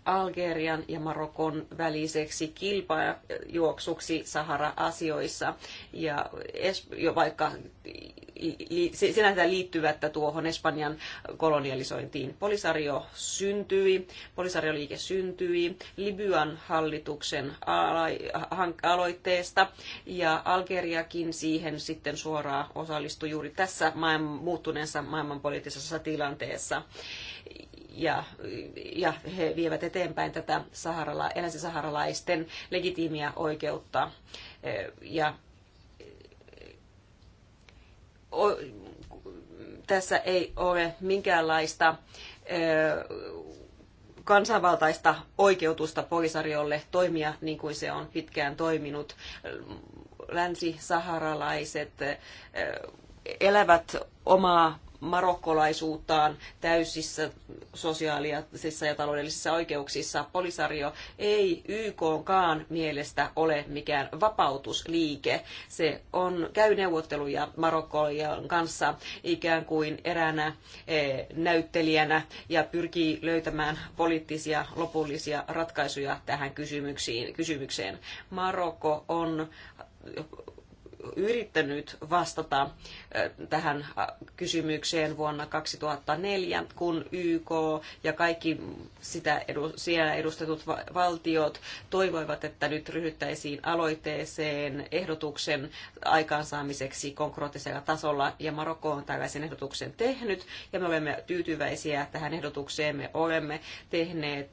Algerian ja Marokon väliseksi kilpajuoksuksi Sahara-asioissa. Ja jo vaikka sinänsä liittyvättä tuohon Espanjan kolonialisointiin. Polisario syntyi, Polisarioliike syntyi Libyan hallituksen aloitteesta ja Algeriakin siihen sitten suoraan osallistui juuri tässä maailman, muuttuneessa maailmanpoliittisessa tilanteessa ja, ja he vievät eteenpäin tätä saharala, saharalaisten legitiimiä oikeutta. E, ja o, tässä ei ole minkäänlaista e, kansanvaltaista oikeutusta Polisariolle toimia niin kuin se on pitkään toiminut. Länsi-Saharalaiset e, elävät omaa marokkolaisuuttaan täysissä sosiaalisissa ja taloudellisissa oikeuksissa. Polisario ei YKkaan mielestä ole mikään vapautusliike. Se on, käy neuvotteluja Marokkojen kanssa ikään kuin eräänä eh, näyttelijänä ja pyrkii löytämään poliittisia lopullisia ratkaisuja tähän kysymykseen. Marokko on yrittänyt vastata tähän kysymykseen vuonna 2004, kun YK ja kaikki sitä edu, siellä edustetut valtiot toivoivat, että nyt ryhdyttäisiin aloitteeseen ehdotuksen aikaansaamiseksi konkreettisella tasolla, ja Marokko on tällaisen ehdotuksen tehnyt, ja me olemme tyytyväisiä tähän ehdotukseen. Me olemme tehneet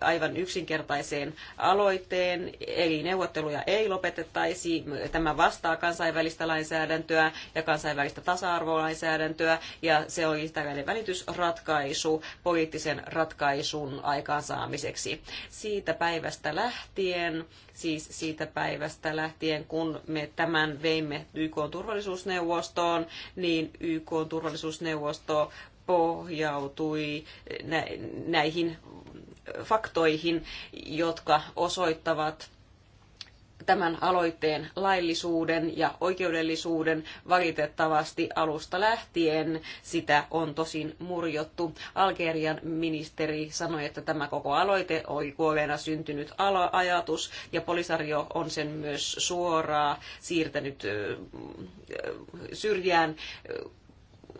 aivan yksinkertaiseen aloitteen, eli neuvotteluja ei lopetettaisi. Tämä vastaa kansainvälistä lainsäädäntöä ja kansainvälistä tasa-arvolainsäädäntöä, ja se oli tällainen välitysratkaisu poliittisen ratkaisun aikaansaamiseksi. Siitä päivästä lähtien, siis siitä päivästä lähtien, kun me tämän veimme YK turvallisuusneuvostoon, niin YK turvallisuusneuvosto pohjautui näihin faktoihin, jotka osoittavat tämän aloitteen laillisuuden ja oikeudellisuuden valitettavasti alusta lähtien. Sitä on tosin murjottu. Algerian ministeri sanoi, että tämä koko aloite oli kuolleena syntynyt ajatus ja polisario on sen myös suoraan siirtänyt syrjään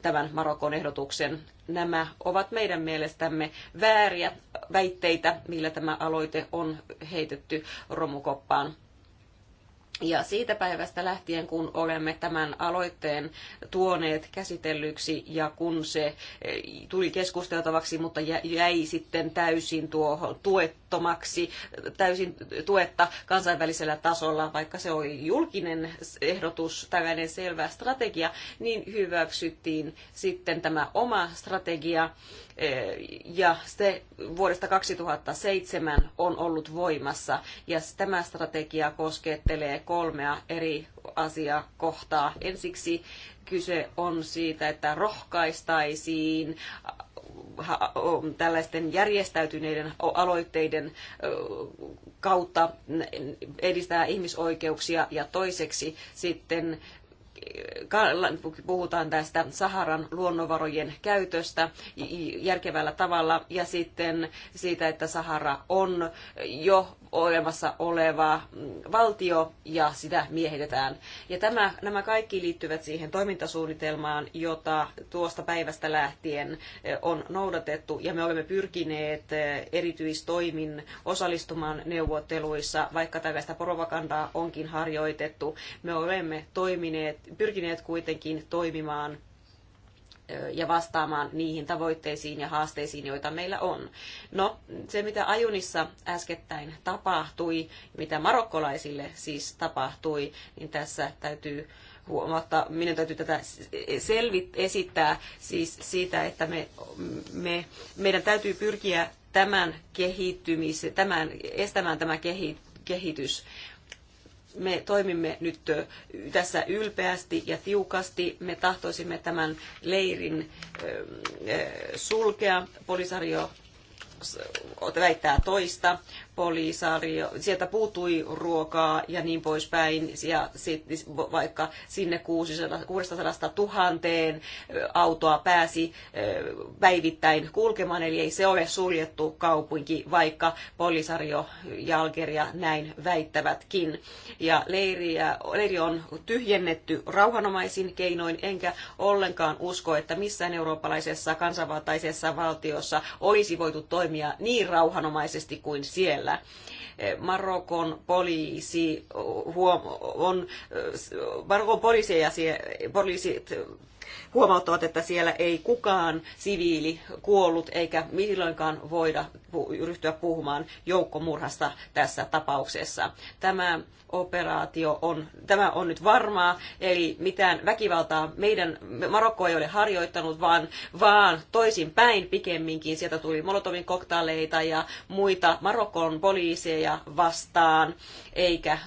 tämän Marokon ehdotuksen. Nämä ovat meidän mielestämme vääriä väitteitä, millä tämä aloite on heitetty romukoppaan. Ja siitä päivästä lähtien, kun olemme tämän aloitteen tuoneet käsitellyksi ja kun se eh, tuli keskusteltavaksi, mutta jäi sitten täysin tuohon tuettu, maksuttomaksi täysin tuetta kansainvälisellä tasolla, vaikka se oli julkinen ehdotus, tällainen selvä strategia, niin hyväksyttiin sitten tämä oma strategia eh, ja se vuodesta 2007 on ollut voimassa ja tämä strategia koskettelee kolmea eri asiakohtaa. Ensiksi kyse on siitä, että rohkaistaisiin tällaisten järjestäytyneiden aloitteiden kautta edistää ihmisoikeuksia ja toiseksi sitten puhutaan tästä Saharan luonnonvarojen käytöstä järkevällä tavalla ja sitten siitä, että Sahara on jo olemassa oleva mm, valtio ja sitä miehitetään. Ja tämä, nämä kaikki liittyvät siihen toimintasuunnitelmaan, jota tuosta päivästä lähtien eh, on noudatettu ja me olemme pyrkineet eh, erityistoimin osallistumaan neuvotteluissa, vaikka tällaista propagandaa onkin harjoitettu. Me olemme toimineet, pyrkineet kuitenkin toimimaan ja vastaamaan niihin tavoitteisiin ja haasteisiin, joita meillä on. No, se mitä Ajunissa äskettäin tapahtui, mitä marokkolaisille siis tapahtui, niin tässä täytyy huomata, minun täytyy tätä selvit, esittää siis siitä, että me, me, meidän täytyy pyrkiä tämän kehittymisen, tämän, estämään tämä kehitys me toimimme nyt tässä ylpeästi ja tiukasti. Me tahtoisimme tämän leirin sulkea. Polisario väittää toista polisario, sieltä puutui ruokaa ja niin poispäin, ja sitten siis vaikka sinne 600 000 autoa pääsi päivittäin kulkemaan, eli ei se ole suljettu kaupunki, vaikka polisario ja Algeria näin väittävätkin. Ja leiriä, leiri on tyhjennetty rauhanomaisin keinoin, enkä ollenkaan usko, että missään eurooppalaisessa kansanvaltaisessa valtiossa olisi voitu toimia niin rauhanomaisesti kuin siellä siellä. Marokon poliisi huom, on, Marokon poliisi ja siellä poliisit huomauttavat, että siellä ei kukaan siviili kuollut eikä milloinkaan voida ryhtyä puhumaan joukkomurhasta tässä tapauksessa. Tämä operaatio on, tämä on nyt varmaa, eli mitään väkivaltaa meidän Marokko ei ole harjoittanut, vaan, vaan toisin päin pikemminkin. Sieltä tuli Molotovin koktaaleita ja muita Marokon poliiseja vastaan, eikä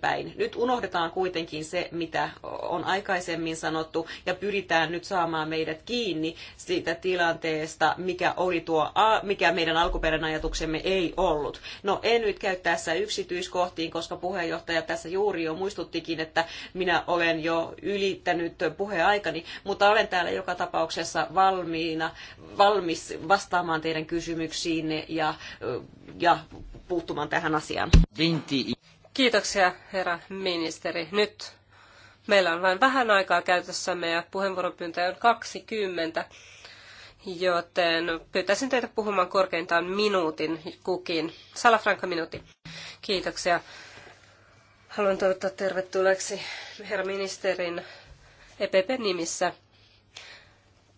päin. Nyt unohdetaan kuitenkin se, mitä on aikaisemmin sanottu, ja pyy pyritään nyt saamaan meidät kiinni siitä tilanteesta, mikä oli tuo, mikä meidän alkuperäinen ajatuksemme ei ollut. No en nyt käy tässä yksityiskohtiin, koska puheenjohtaja tässä juuri jo muistuttikin, että minä olen jo ylittänyt puheaikani, mutta olen täällä joka tapauksessa valmiina, valmis vastaamaan teidän kysymyksiinne ja, ja puuttumaan tähän asiaan. Kiitoksia, herra ministeri. Nyt Meillä on vain vähän aikaa käytössämme ja puheenvuoropyyntöjä on 20, joten pyytäisin teitä puhumaan korkeintaan minuutin kukin. Salafranka minuutti. Kiitoksia. Haluan toivottaa tervetulleeksi herra ministerin EPP-nimissä.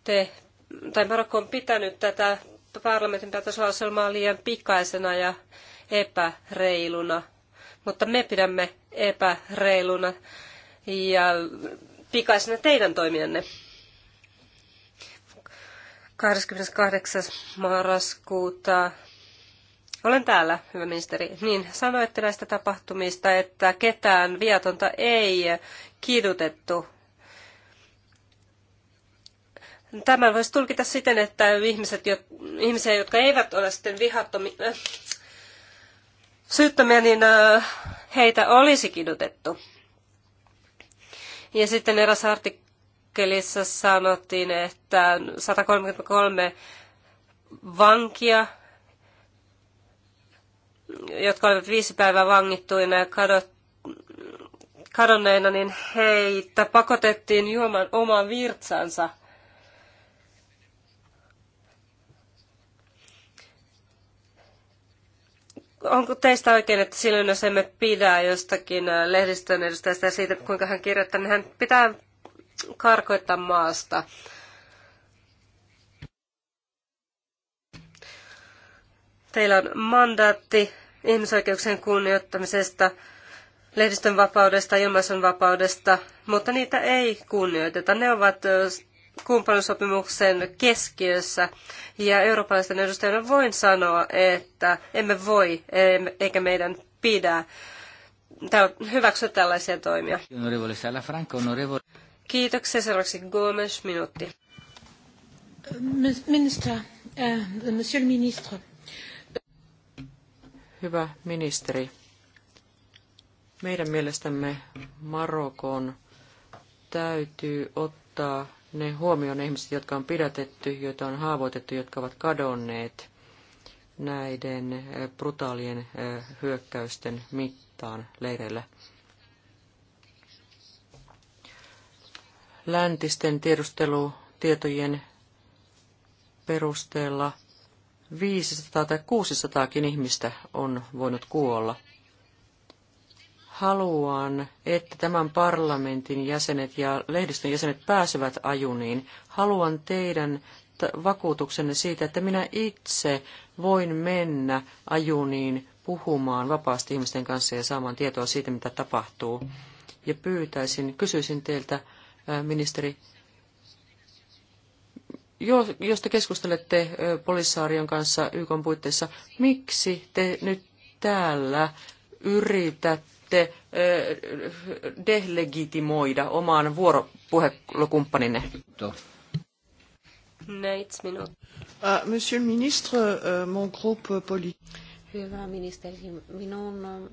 Te, tai Marokko on pitänyt tätä parlamentin päätöslauselmaa liian pikaisena ja epäreiluna, mutta me pidämme epäreiluna ja pikaisena teidän toimijanne. 28. marraskuuta olen täällä, hyvä ministeri. Niin, sanoitte näistä tapahtumista, että ketään viatonta ei kidutettu. Tämän voisi tulkita siten, että ihmiset, jo, ihmisiä, jotka eivät ole sitten vihattomia, äh, syyttömiä, niin äh, heitä olisi kidutettu. Ja sitten eräs artikkelissa sanottiin, että 133 vankia, jotka olivat viisi päivää vangittuina ja kadot, kadonneina, niin heitä pakotettiin juomaan omaan virtsansa – onko teistä oikein, että silloin jos emme pidä jostakin äh, lehdistön edustajasta ja siitä, kuinka hän kirjoittaa, niin hän pitää karkoittaa maasta. Teillä on mandaatti ihmisoikeuksien kunnioittamisesta, lehdistön vapaudesta, ilmaisun vapaudesta, mutta niitä ei kunnioiteta. Ne ovat äh, kumppanuussopimuksen keskiössä. Ja eurooppalaisten edustajana voin sanoa, että emme voi eikä meidän pidä hyväksyä tällaisia toimia. Kiitoksia. Seuraavaksi Gomes, minuutti. Minister, eh, monsieur ministre. Hyvä ministeri, meidän mielestämme Marokon täytyy ottaa ne huomioon ihmiset, jotka on pidätetty, joita on haavoitettu, jotka ovat kadonneet näiden eh, brutaalien eh, hyökkäysten mittaan leireillä. Läntisten tiedustelutietojen perusteella 500 tai 600kin ihmistä on voinut kuolla – haluan, että tämän parlamentin jäsenet ja lehdistön jäsenet pääsevät ajuniin. Haluan teidän vakuutuksenne siitä, että minä itse voin mennä ajuniin puhumaan vapaasti ihmisten kanssa ja saamaan tietoa siitä, mitä tapahtuu. Ja pyytäisin, kysyisin teiltä, ministeri, jos te keskustelette polisaarion kanssa YK puitteissa, miksi te nyt täällä yritätte voitte delegitimoida oman vuoropuhekumppaninne? Neits uh, Monsieur le ministre, uh, mon groupe poli. Hyvä ministeri, minun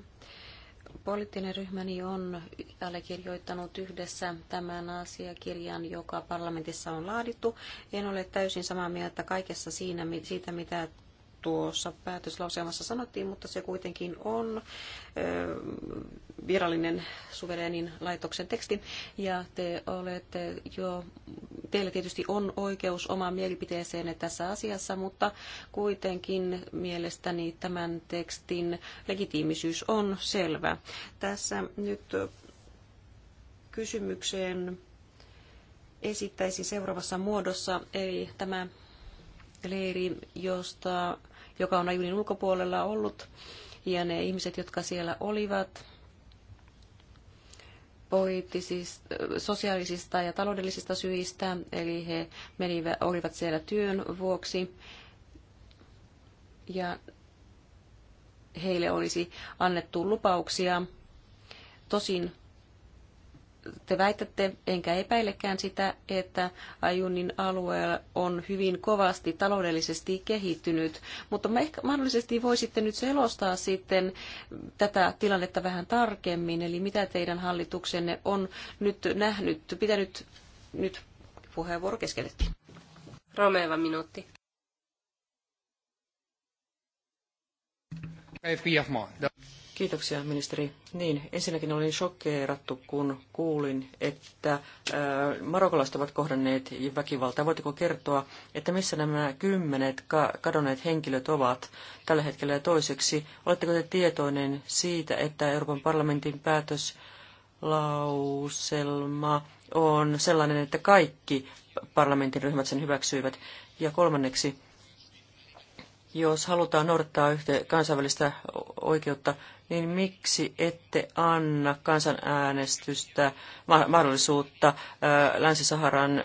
poliittinen ryhmäni on allekirjoittanut yhdessä tämän asiakirjan, joka parlamentissa on laadittu. En ole täysin samaa mieltä kaikessa siinä, siitä, mitä tuossa päätöslauselmassa sanottiin, mutta se kuitenkin on virallinen suvereenin laitoksen teksti. Ja te olette jo, teillä tietysti on oikeus omaan mielipiteeseen tässä asiassa, mutta kuitenkin mielestäni tämän tekstin legitiimisyys on selvä. Tässä nyt kysymykseen esittäisin seuraavassa muodossa, eli tämä leiri, josta joka on Ajunin ulkopuolella ollut. Ja ne ihmiset, jotka siellä olivat, poliittisista, sosiaalisista ja taloudellisista syistä, eli he menivät, olivat siellä työn vuoksi. Ja heille olisi annettu lupauksia. Tosin te väitätte, enkä epäilekään sitä, että Ajunnin alue on hyvin kovasti taloudellisesti kehittynyt, mutta ehkä mahdollisesti voisitte nyt selostaa sitten tätä tilannetta vähän tarkemmin, eli mitä teidän hallituksenne on nyt nähnyt, pitänyt nyt puheenvuoro keskeytettiin. Romeva minuutti. Kiitoksia, ministeri. Niin, ensinnäkin olin shokkeerattu, kun kuulin, että äh, marokolaiset ovat kohdanneet väkivaltaa. Voitteko kertoa, että missä nämä kymmenet kadonneet henkilöt ovat tällä hetkellä ja toiseksi? Oletteko te tietoinen siitä, että Euroopan parlamentin päätöslauselma on sellainen, että kaikki parlamentin ryhmät sen hyväksyivät? Ja kolmanneksi, jos halutaan noudattaa yhtä kansainvälistä oikeutta, niin miksi ette anna kansanäänestystä mahdollisuutta Länsi-Saharan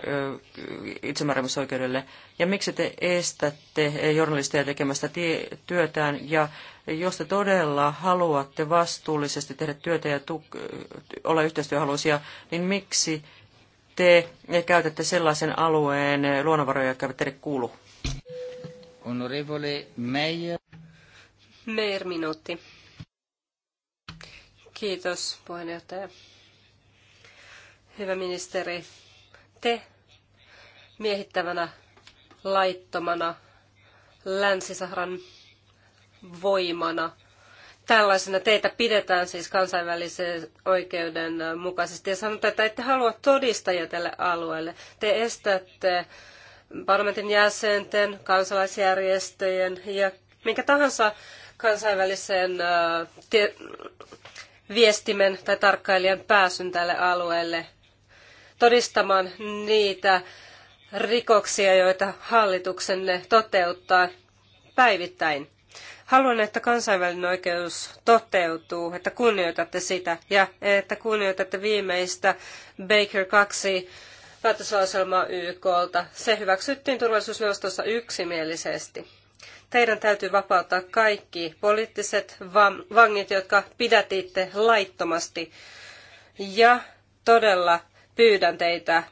itsemääräämisoikeudelle? Ja miksi te estätte journalisteja tekemästä työtään? Ja jos te todella haluatte vastuullisesti tehdä työtä ja olla yhteistyöhaluisia, niin miksi te käytätte sellaisen alueen luonnonvaroja, jotka eivät teille kuulu? Onorevole Meijer. Meijer minuutti. Kiitos puheenjohtaja. Hyvä ministeri, te miehittävänä laittomana Länsi-Saharan voimana. Tällaisena teitä pidetään siis kansainvälisen oikeuden mukaisesti ja sanotaan, että ette halua todistajia tälle alueelle. Te estätte parlamentin jäsenten, kansalaisjärjestöjen ja minkä tahansa kansainvälisen viestimen tai tarkkailijan pääsyn tälle alueelle todistamaan niitä rikoksia, joita hallituksenne toteuttaa päivittäin. Haluan, että kansainvälinen oikeus toteutuu, että kunnioitatte sitä ja että kunnioitatte viimeistä Baker 2 päätöslauselmaa YKlta. Se hyväksyttiin turvallisuusneuvostossa yksimielisesti. Teidän täytyy vapauttaa kaikki poliittiset vangit, jotka pidätitte laittomasti. Ja todella pyydän teitä,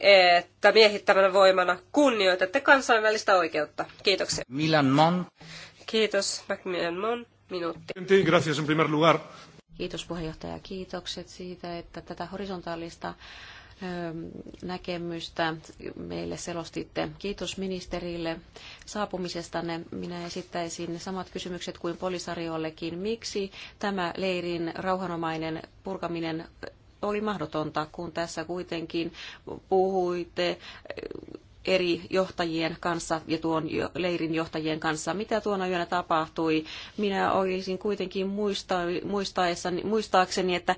että miehittävänä voimana kunnioitatte kansainvälistä oikeutta. Kiitoksia. Milan Mon. Kiitos, Macmillan Mon. Minuutti. Kiitos puheenjohtaja. Kiitokset siitä, että tätä horisontaalista Ähm, näkemystä meille selostitte. Kiitos ministerille saapumisestanne. Minä esittäisin samat kysymykset kuin polisariollekin. Miksi tämä leirin rauhanomainen purkaminen oli mahdotonta, kun tässä kuitenkin puhuitte äh, eri johtajien kanssa ja tuon leirin johtajien kanssa, mitä tuona yönä tapahtui. Minä olisin kuitenkin muista, muistaessani, muistaakseni, että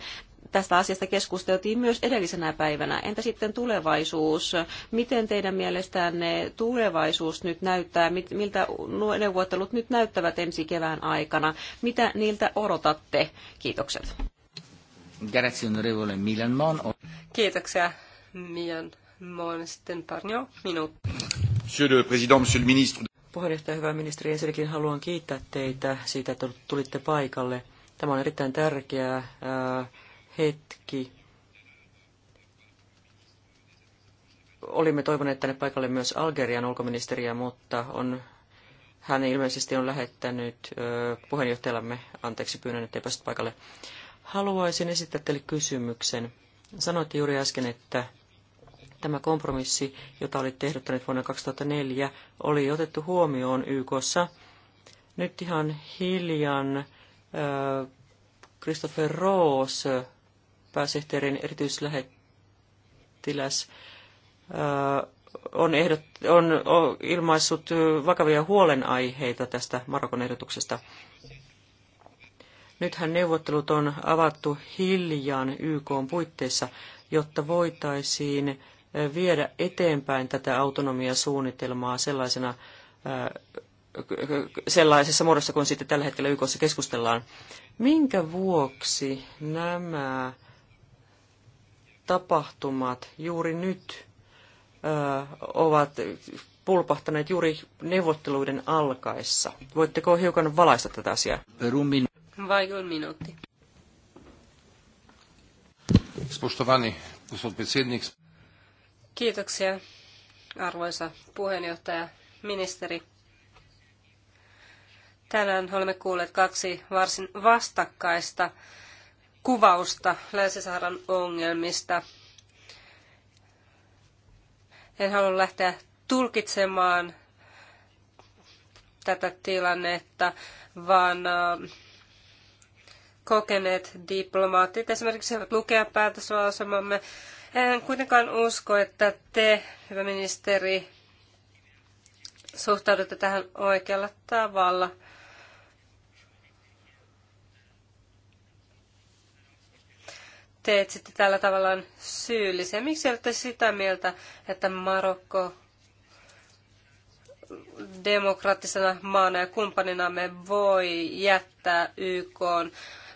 tästä asiasta keskusteltiin myös edellisenä päivänä. Entä sitten tulevaisuus? Miten teidän mielestänne tulevaisuus nyt näyttää? Miltä nuo neuvottelut nyt näyttävät ensi kevään aikana? Mitä niiltä odotatte? Kiitokset. Kiitoksia, Milan Mon. Sitten Parnio, minuutti. Monsieur le Président, Monsieur le Ministre. Puheenjohtaja, hyvä ministeri, ensinnäkin haluan kiittää teitä siitä, että tulitte paikalle. Tämä on erittäin tärkeää äh, hetki. Olimme toivoneet tänne paikalle myös Algerian ulkoministeriä, mutta on, hän ilmeisesti on lähettänyt puheenjohtajallamme anteeksi pyynnön, ettei päästä paikalle. Haluaisin esittää teille kysymyksen. Sanoitte juuri äsken, että tämä kompromissi, jota olitte ehdottaneet vuonna 2004, oli otettu huomioon YKssa. Nyt ihan hiljan Christopher Rose pääsihteerin erityislähettiläs on, ehdot, on, ilmaissut vakavia huolenaiheita tästä Marokon ehdotuksesta. Nythän neuvottelut on avattu hiljaan YK puitteissa, jotta voitaisiin viedä eteenpäin tätä autonomiasuunnitelmaa sellaisena, sellaisessa muodossa, kun sitten tällä hetkellä YKssa keskustellaan. Minkä vuoksi nämä tapahtumat juuri nyt ovat pulpahtaneet juuri neuvotteluiden alkaessa. Voitteko hiukan valaista tätä asiaa? Rumin. Vajun minuutti. Spoštovani Kiitoksia, arvoisa puheenjohtaja, ministeri. Tänään olemme kuulleet kaksi varsin vastakkaista kuvausta Länsi-Saharan ongelmista. En halua lähteä tulkitsemaan tätä tilannetta, vaan äh, kokeneet diplomaatit esimerkiksi eivät lukea päätöslausemamme. En kuitenkaan usko, että te, hyvä ministeri, suhtaudutte tähän oikealla tavalla – teet sitten tällä tavallaan syyllisiä? Miksi olette sitä mieltä, että Marokko demokraattisena maana ja me voi jättää YK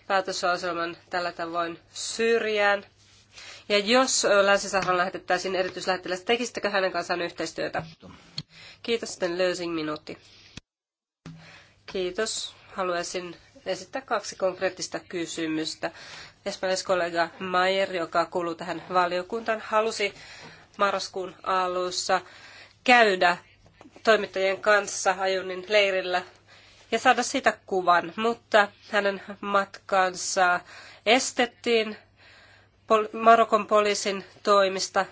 päätösohjelman tällä tavoin syrjään? Ja jos Länsi-Saharan lähetettäisiin erityislähettiläs, tekisittekö hänen kanssaan yhteistyötä? Kiitos, sitten löysin minuutti. Kiitos. Haluaisin esittää kaksi konkreettista kysymystä espanjalaiskollega Mayer, joka kuuluu tähän valiokuntaan, halusi marraskuun alussa käydä toimittajien kanssa Ajunin leirillä ja saada sitä kuvan, mutta hänen matkansa estettiin Marokon poliisin toimista.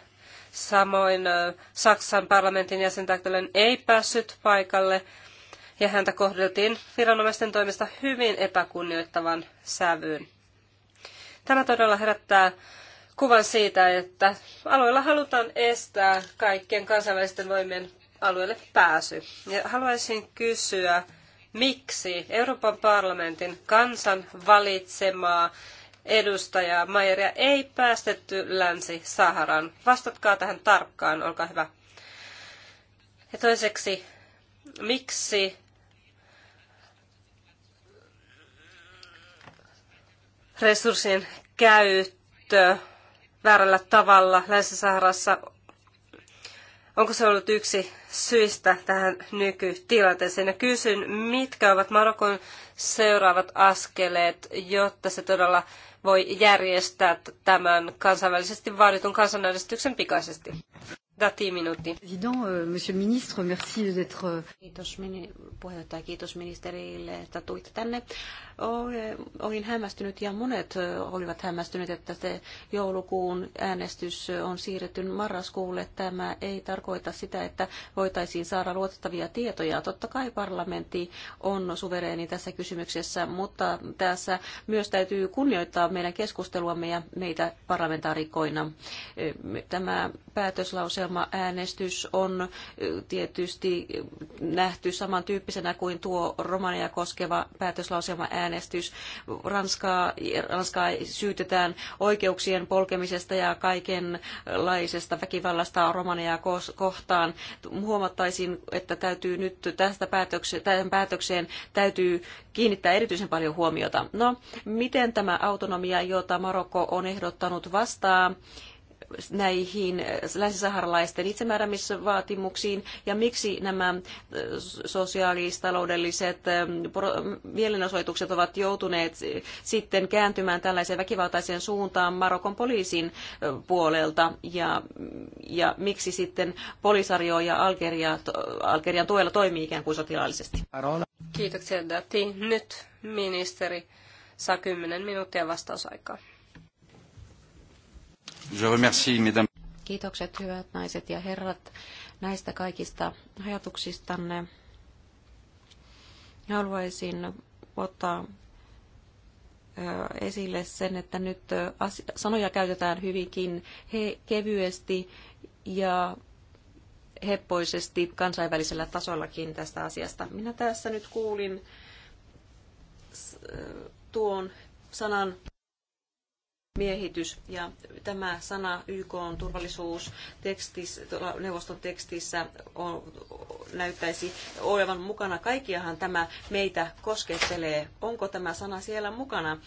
Samoin Saksan parlamentin jäsen ei päässyt paikalle ja häntä kohdeltiin viranomaisten toimesta hyvin epäkunnioittavan sävyyn. Tämä todella herättää kuvan siitä, että alueella halutaan estää kaikkien kansainvälisten voimien alueelle pääsy. Ja haluaisin kysyä, miksi Euroopan parlamentin kansan valitsemaa edustajaa Maieria ei päästetty Länsi-Saharan. Vastatkaa tähän tarkkaan, olkaa hyvä. Ja toiseksi, miksi resurssien käyttö väärällä tavalla Länsi-Saharassa, onko se ollut yksi syistä tähän nykytilanteeseen? Ja kysyn, mitkä ovat Marokon seuraavat askeleet, jotta se todella voi järjestää tämän kansainvälisesti vaaditun kansanäänestyksen pikaisesti? Dati minuutti. Euh, monsieur le ministre, merci d'être... Euh, kiitos puheenjohtaja, kiitos ministerille, että tuitte tänne. Eh, olin hämmästynyt ja monet eh, olivat hämmästyneet, että se joulukuun äänestys on siirretty marraskuulle. Tämä ei tarkoita sitä, että voitaisiin saada luotettavia tietoja. Totta kai parlamentti on suvereeni tässä kysymyksessä, mutta tässä myös täytyy kunnioittaa meidän keskusteluamme ja meitä parlamentaarikoina. Eh, tämä päätöslauselma Äänestys on tietysti nähty samantyyppisenä kuin tuo Romania koskeva päätöslauselmaäänestys. Ranskaa, Ranskaa syytetään oikeuksien polkemisesta ja kaikenlaisesta väkivallasta Romaniaa kohtaan. Huomattaisin, että täytyy nyt tästä päätökse, tämän päätökseen täytyy kiinnittää erityisen paljon huomiota. No, miten tämä autonomia, jota Marokko on ehdottanut vastaa näihin länsisaharalaisten itsemääräämisvaatimuksiin ja miksi nämä äh, sosiaalistaloudelliset ähm, mielenosoitukset ovat joutuneet äh, sitten kääntymään tällaiseen väkivaltaiseen suuntaan Marokon poliisin äh, puolelta ja, ja miksi sitten polisario ja Algeria, Algerian tuella toimii ikään kuin sotilaallisesti. Kiitoksia Dati. Nyt ministeri saa 10 minuuttia vastausaikaa. Kiitokset hyvät naiset ja herrat näistä kaikista ajatuksistanne. Haluaisin ottaa esille sen, että nyt sanoja käytetään hyvinkin he, kevyesti ja heppoisesti kansainvälisellä tasollakin tästä asiasta. Minä tässä nyt kuulin tuon sanan miehitys. Ja tämä sana YK on turvallisuus tekstis, neuvoston tekstissä on, näyttäisi olevan mukana. Kaikkiahan tämä meitä koskettelee. Onko tämä sana siellä mukana?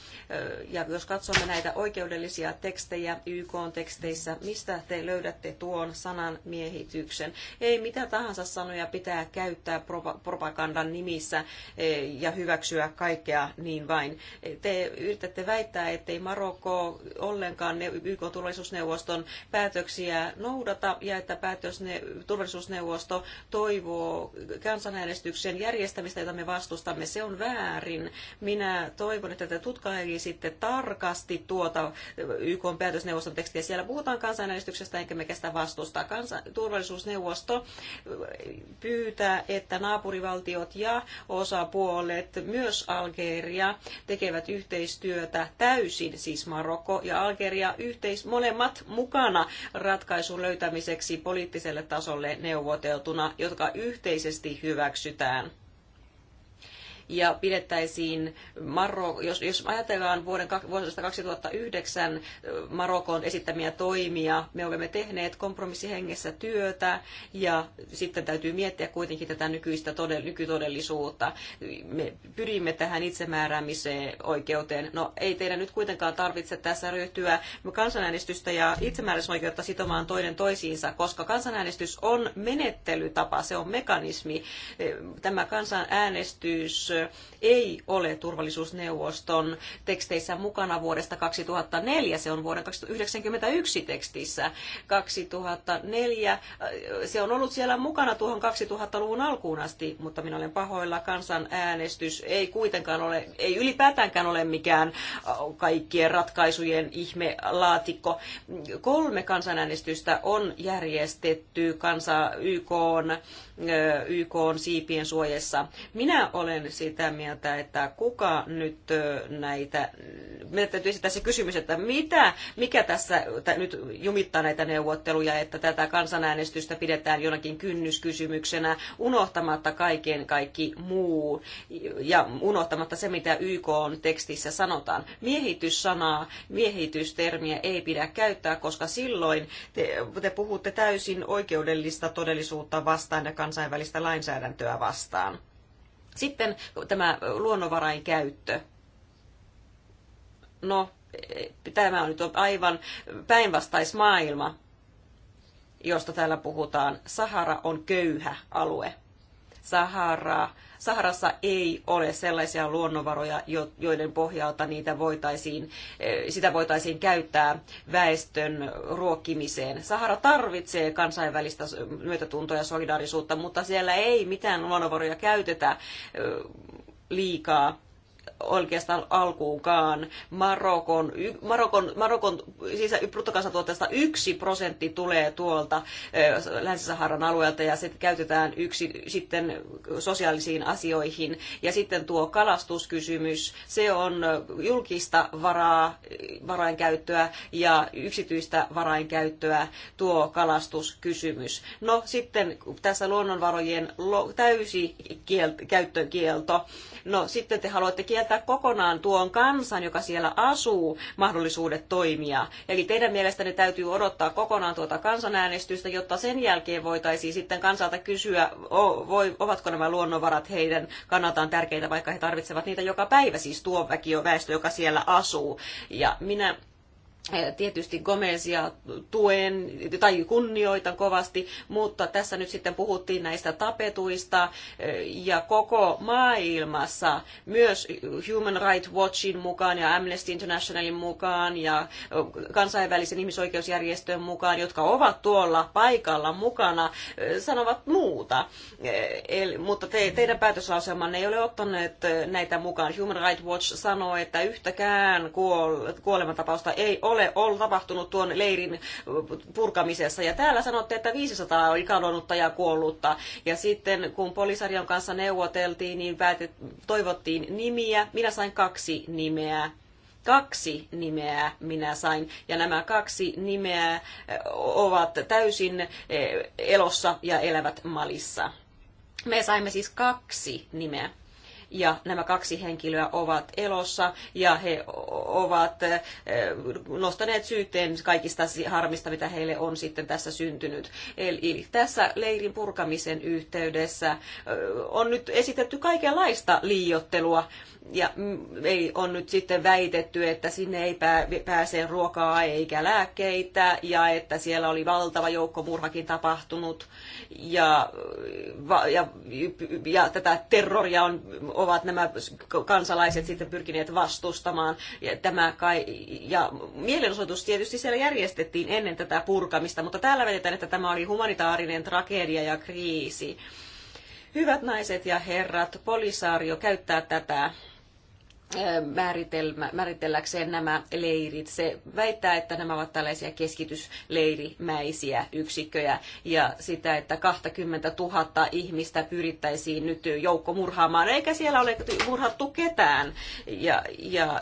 Ja jos katsomme näitä oikeudellisia tekstejä YK on teksteissä, mistä te löydätte tuon sanan miehityksen? Ei mitä tahansa sanoja pitää käyttää propagandan nimissä e, ja hyväksyä kaikkea niin vain. Te yritätte väittää, ettei Marokko ollenkaan YK turvallisuusneuvoston päätöksiä noudata ja että päätösne, turvallisuusneuvosto toivoo kansanäänestyksen järjestämistä, jota me vastustamme. Se on väärin. Minä toivon, että te tutkailisitte tarkasti tuota YK päätösneuvoston tekstiä. Siellä puhutaan kansanäänestyksestä enkä me sitä vastusta. Kansa, turvallisuusneuvosto pyytää, että naapurivaltiot ja osapuolet, myös Algeria, tekevät yhteistyötä täysin, siis Marokko Marokko ja Algeria yhteis molemmat mukana ratkaisun löytämiseksi poliittiselle tasolle neuvoteltuna, jotka yhteisesti hyväksytään ja pidettäisiin Marro, jos, jos ajatellaan vuoden vuodesta 2009 Marokon esittämiä toimia, me olemme tehneet kompromissihengessä työtä ja sitten täytyy miettiä kuitenkin tätä nykyistä todell, nykytodellisuutta. Me pyrimme tähän itsemääräämiseen oikeuteen. No ei teidän nyt kuitenkaan tarvitse tässä ryhtyä kansanäänestystä ja itsemääräämisoikeutta sitomaan toinen toisiinsa, koska kansanäänestys on menettelytapa, se on mekanismi. Tämä kansanäänestys ei ole turvallisuusneuvoston teksteissä mukana vuodesta 2004. Se on vuoden 1991 tekstissä. 2004, äh, se on ollut siellä mukana tuohon 2000-luvun alkuun asti, mutta minä olen pahoilla. Kansanäänestys ei kuitenkaan ole, ei ylipäätäänkään ole mikään äh, kaikkien ratkaisujen ihmelaatikko. Kolme kansanäänestystä on järjestetty kansa YK on YK on siipien suojessa. Minä olen sitä mieltä, että kuka nyt näitä, meidän täytyy esittää se kysymys, että mitä, mikä tässä nyt jumittaa näitä neuvotteluja, että tätä kansanäänestystä pidetään jonakin kynnyskysymyksenä, unohtamatta kaiken kaikki muu ja unohtamatta se, mitä YK on tekstissä sanotaan. Miehityssanaa, miehitystermiä ei pidä käyttää, koska silloin te, te puhutte täysin oikeudellista todellisuutta vastaan ja kansainvälistä lainsäädäntöä vastaan. Sitten tämä luonnonvarain käyttö. No, tämä on nyt aivan päinvastaismaailma, josta täällä puhutaan. Sahara on köyhä alue. Sahara Saharassa ei ole sellaisia luonnonvaroja, joiden pohjalta niitä voitaisiin, eh, sitä voitaisiin käyttää väestön ruokkimiseen. Sahara tarvitsee kansainvälistä myötätuntoa ja solidaarisuutta, mutta siellä ei mitään luonnonvaroja käytetä eh, liikaa oikeastaan alkuunkaan. Marokon, Marokon, Marokon siis bruttokansantuotteesta yksi prosentti tulee tuolta Länsi-Saharan alueelta ja se käytetään yksi, sitten sosiaalisiin asioihin. Ja sitten tuo kalastuskysymys, se on julkista varaa, varainkäyttöä ja yksityistä varainkäyttöä tuo kalastuskysymys. No sitten tässä luonnonvarojen täysi kiel, käyttökielto No sitten te haluatte kieltää kokonaan tuon kansan, joka siellä asuu, mahdollisuudet toimia. Eli teidän mielestänne täytyy odottaa kokonaan tuota kansanäänestystä, jotta sen jälkeen voitaisiin sitten kansalta kysyä, ovatko nämä luonnonvarat heidän kannaltaan tärkeitä, vaikka he tarvitsevat niitä joka päivä, siis tuo väestö, joka siellä asuu. Ja minä Tietysti Gomezia tuen tai kunnioitan kovasti, mutta tässä nyt sitten puhuttiin näistä tapetuista ja koko maailmassa myös Human Rights Watchin mukaan ja Amnesty Internationalin mukaan ja kansainvälisen ihmisoikeusjärjestön mukaan, jotka ovat tuolla paikalla mukana, sanovat muuta. Eli, mutta te, teidän päätöslauselmanne ei ole ottanut näitä mukaan. Human Rights Watch sanoo, että yhtäkään kuol, kuolemantapausta ei ole ole ollut tapahtunut tuon leirin äh, purkamisessa. Ja täällä sanotte, että 500 oli kadonnutta ja kuollutta. Ja sitten kun Polisarion kanssa neuvoteltiin, niin päätet, toivottiin nimiä. Minä sain kaksi nimeä kaksi nimeä minä sain, ja nämä kaksi nimeä äh, ovat täysin äh, elossa ja elävät Malissa. Me saimme siis kaksi nimeä ja nämä kaksi henkilöä ovat elossa ja he ovat eh, nostaneet syytteen kaikista harmista, mitä heille on sitten tässä syntynyt. Eli tässä leirin purkamisen yhteydessä eh, on nyt esitetty kaikenlaista liiottelua ja ei on nyt sitten väitetty, että sinne ei pääse ruokaa eikä lääkkeitä ja että siellä oli valtava murhakin tapahtunut ja, ja, ja tätä terroria on, ovat nämä kansalaiset sitten pyrkineet vastustamaan. Ja, tämä kai, ja mielenosoitus tietysti siellä järjestettiin ennen tätä purkamista, mutta täällä vedetään, että tämä oli humanitaarinen tragedia ja kriisi. Hyvät naiset ja herrat, polisaario käyttää tätä määritelläkseen nämä leirit. Se väittää, että nämä ovat tällaisia keskitysleirimäisiä yksikköjä ja sitä, että 20 000 ihmistä pyrittäisiin nyt joukkomurhaamaan, eikä siellä ole murhattu ketään. Ja, ja,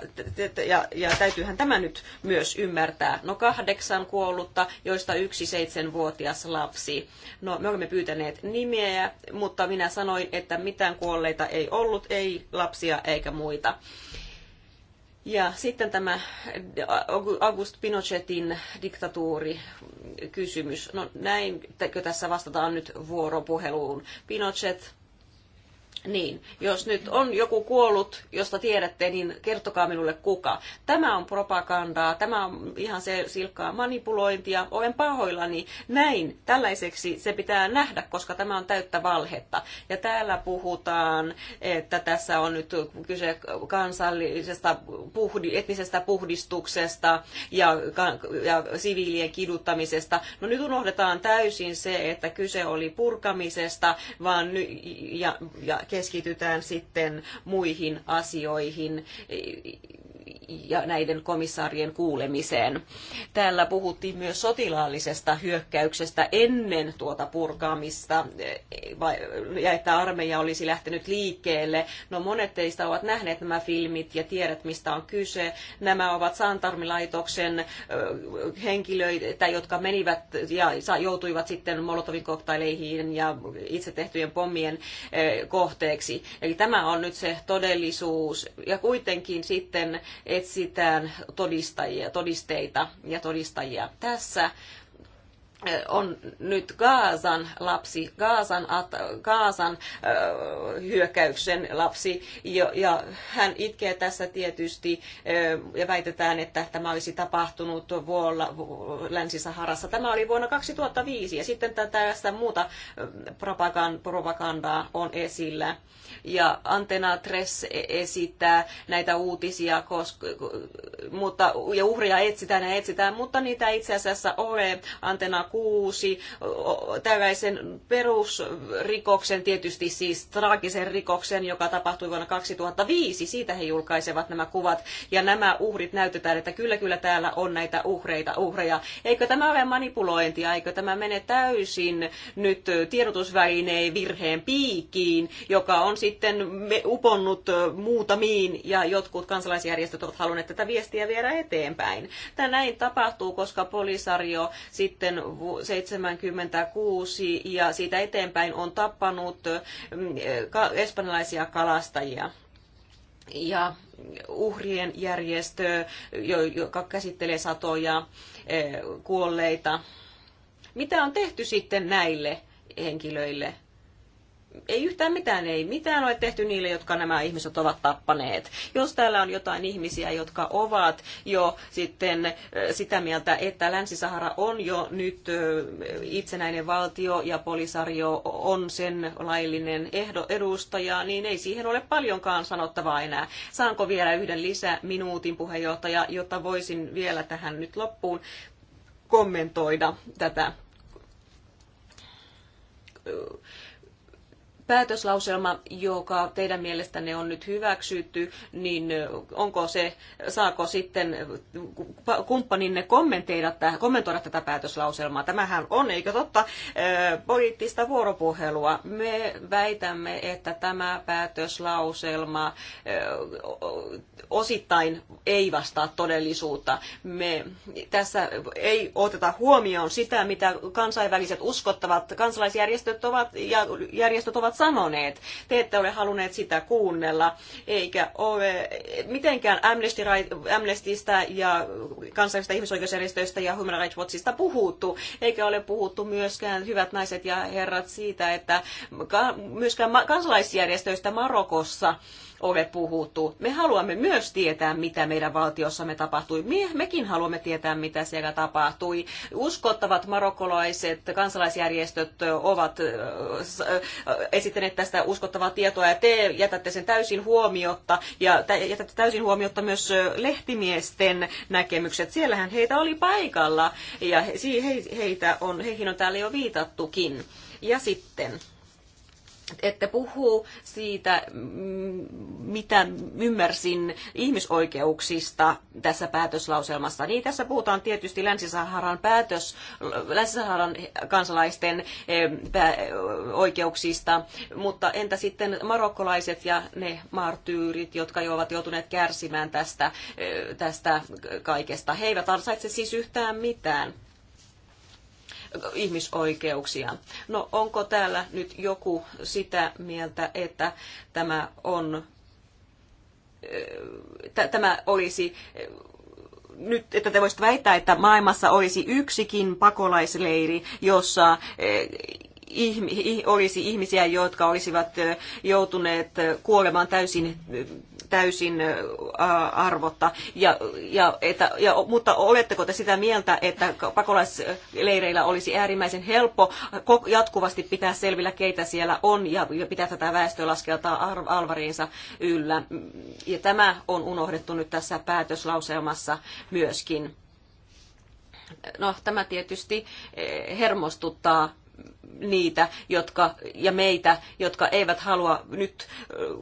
ja, ja täytyyhän tämä nyt myös ymmärtää. No kahdeksan kuollutta, joista yksi seitsemänvuotias lapsi. No me olemme pyytäneet nimeä, mutta minä sanoin, että mitään kuolleita ei ollut, ei lapsia eikä muita. Ja sitten tämä August Pinochetin diktatuuri kysymys. No näin, tässä vastataan nyt vuoropuheluun? Pinochet niin, jos nyt on joku kuollut, josta tiedätte, niin kertokaa minulle kuka. Tämä on propagandaa, tämä on ihan se silkkaa manipulointia. Olen pahoillani. Näin, tällaiseksi se pitää nähdä, koska tämä on täyttä valhetta. Ja täällä puhutaan, että tässä on nyt kyse kansallisesta puhdi, etnisestä puhdistuksesta ja, ja siviilien kiduttamisesta. No nyt unohdetaan täysin se, että kyse oli purkamisesta vaan ny, ja, ja keskitytään sitten muihin asioihin ja näiden komissaarien kuulemiseen. Täällä puhuttiin myös sotilaallisesta hyökkäyksestä ennen tuota purkaamista ja että armeija olisi lähtenyt liikkeelle. No monet teistä ovat nähneet nämä filmit ja tiedät mistä on kyse. Nämä ovat Santarmilaitoksen henkilöitä, jotka menivät ja joutuivat sitten Molotovin koktaileihin ja itse tehtyjen pommien kohteeksi. Eli tämä on nyt se todellisuus. Ja kuitenkin sitten etsitään todistajia, todisteita ja todistajia. Tässä on nyt Gaasan lapsi, Gaasan, Gaasan hyökkäyksen lapsi, ja, ja hän itkee tässä tietysti, ja väitetään, että tämä olisi tapahtunut vuolla Länsi-Saharassa. Tämä oli vuonna 2005, ja sitten tästä muuta propagandaa on esillä. Ja Antena Tress e-, esittää näitä uutisia, koska, mutta, ja uhria etsitään ja etsitään, mutta niitä itse asiassa ole. Antena kuusi tällaisen perusrikoksen, tietysti siis traagisen rikoksen, joka tapahtui vuonna 2005. Siitä he julkaisevat nämä kuvat ja nämä uhrit näytetään, että kyllä kyllä täällä on näitä uhreita, uhreja. Eikö tämä ole manipulointia, eikö tämä mene täysin nyt tiedotusvälineen virheen piikkiin, joka on sitten uponnut muutamiin ja jotkut kansalaisjärjestöt ovat halunneet tätä viestiä viedä eteenpäin. Tämä näin tapahtuu, koska polisario sitten 76 ja siitä eteenpäin on tappanut mm, espanjalaisia kalastajia. Ja uhrien järjestö, joka käsittelee satoja eh, kuolleita. Mitä on tehty sitten näille henkilöille? ei yhtään mitään, ei mitään ole tehty niille, jotka nämä ihmiset ovat tappaneet. Jos täällä on jotain ihmisiä, jotka ovat jo sitten sitä mieltä, että Länsi-Sahara on jo nyt itsenäinen valtio ja polisario on sen laillinen ehdo, edustaja, niin ei siihen ole paljonkaan sanottavaa enää. Saanko vielä yhden lisä minuutin puheenjohtaja, jotta voisin vielä tähän nyt loppuun kommentoida tätä päätöslauselma, joka teidän mielestänne on nyt hyväksytty, niin onko se, saako sitten kumppaninne kommentoida, kommentoida tätä päätöslauselmaa? Tämähän on, eikö totta, poliittista vuoropuhelua. Me väitämme, että tämä päätöslauselma osittain ei vastaa todellisuutta. Me tässä ei oteta huomioon sitä, mitä kansainväliset uskottavat kansalaisjärjestöt ovat ja järjestöt ovat sanoneet. Te ette ole halunneet sitä kuunnella, eikä ole mitenkään Amnestystä ja kansallisista ihmisoikeusjärjestöistä ja Human Rights Watchista puhuttu, eikä ole puhuttu myöskään, hyvät naiset ja herrat, siitä, että myöskään kansalaisjärjestöistä Marokossa ole puhuttu. Me haluamme myös tietää, mitä meidän valtiossamme tapahtui. Me, mekin haluamme tietää, mitä siellä tapahtui. Uskottavat marokkolaiset kansalaisjärjestöt ovat äh, äh, esittäneet tästä uskottavaa tietoa ja te jätätte sen täysin huomiotta ja jätätte täysin huomiotta myös äh, lehtimiesten näkemykset. Siellähän heitä oli paikalla ja heitä on, heihin on täällä jo viitattukin. Ja sitten ette puhuu siitä, mm, mitä ymmärsin ihmisoikeuksista tässä päätöslauselmassa. Niin tässä puhutaan tietysti Länsi-Saharan, päätös, Länsi-Saharan kansalaisten oikeuksista, mutta entä sitten marokkolaiset ja ne martyyrit, jotka jo ovat joutuneet kärsimään tästä, tästä kaikesta? He eivät ansaitse siis yhtään mitään ihmisoikeuksia. No onko täällä nyt joku sitä mieltä, että tämä on eh, tämä olisi eh, nyt, että te voisitte väittää, että maailmassa olisi yksikin pakolaisleiri, jossa eh, olisi ihmisiä, jotka olisivat joutuneet kuolemaan täysin, täysin arvotta. Ja, ja, että, ja, mutta oletteko te sitä mieltä, että pakolaisleireillä olisi äärimmäisen helppo jatkuvasti pitää selvillä, keitä siellä on, ja, pitää tätä väestölaskeltaa alvariinsa yllä. Ja tämä on unohdettu nyt tässä päätöslauselmassa myöskin. No, tämä tietysti e, hermostuttaa niitä jotka, ja meitä, jotka eivät halua nyt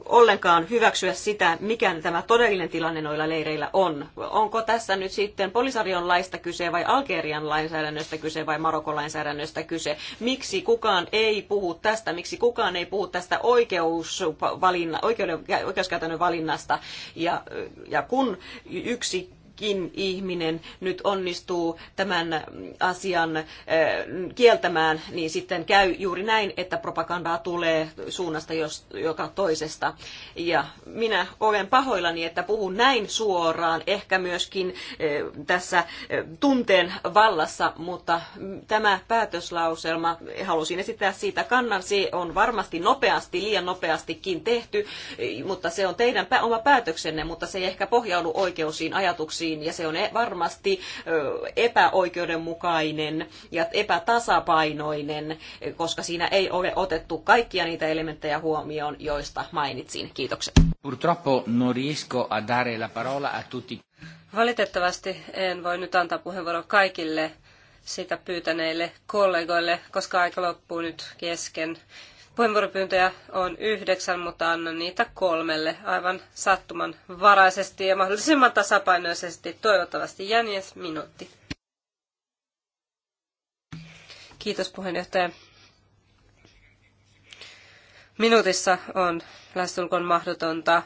ollenkaan hyväksyä sitä, mikä tämä todellinen tilanne noilla leireillä on. Onko tässä nyt sitten Polisarion laista kyse vai Algerian lainsäädännöstä kyse vai Marokon lainsäädännöstä kyse? Miksi kukaan ei puhu tästä? Miksi kukaan ei puhu tästä oikeusvalinna, oikeuden, oikeuskäytännön valinnasta? Ja, ja kun yksi kukin ihminen nyt onnistuu tämän mm, asian äh, kieltämään, niin sitten käy juuri näin, että propagandaa tulee suunnasta jos, joka toisesta. Ja minä olen pahoillani, että puhun näin suoraan, ehkä myöskin äh, tässä äh, tunteen vallassa, mutta mm, tämä päätöslauselma, halusin esittää siitä kannan, se on varmasti nopeasti, liian nopeastikin tehty, mutta se on teidän oma päätöksenne, mutta se ei ehkä pohjaudu oikeusiin ajatuksiin osin ja se on e- varmasti epäoikeudenmukainen ja epätasapainoinen, koska siinä ei ole otettu kaikkia niitä elementtejä huomioon, joista mainitsin. Kiitokset. Purtroppo non riesco a dare la parola a tutti. Valitettavasti en voi nyt antaa puheenvuoron kaikille sitä pyytäneille kollegoille, koska aika loppuu nyt kesken. Puheenvuoropyyntöjä on yhdeksän, mutta annan niitä kolmelle aivan sattumanvaraisesti ja mahdollisimman tasapainoisesti. Toivottavasti jänies minuutti. Kiitos puheenjohtaja. Minuutissa on lähestulkoon mahdotonta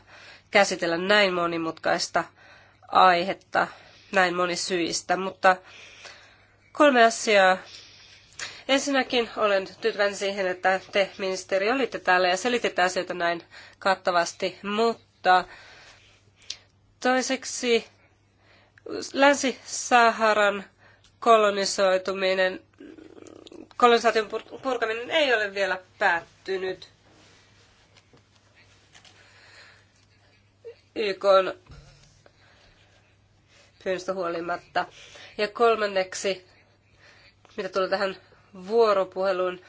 käsitellä näin monimutkaista aihetta näin monisyistä, mutta kolme asiaa Ensinnäkin olen tyytyväinen siihen, että te, ministeri, olitte täällä ja selititte asioita näin kattavasti, mutta toiseksi Länsi-Saharan kolonisoituminen, kolonisaation purkaminen ei ole vielä päättynyt. YK on pyynnöstä huolimatta. Ja kolmanneksi, mitä tulee tähän vuoropuhelun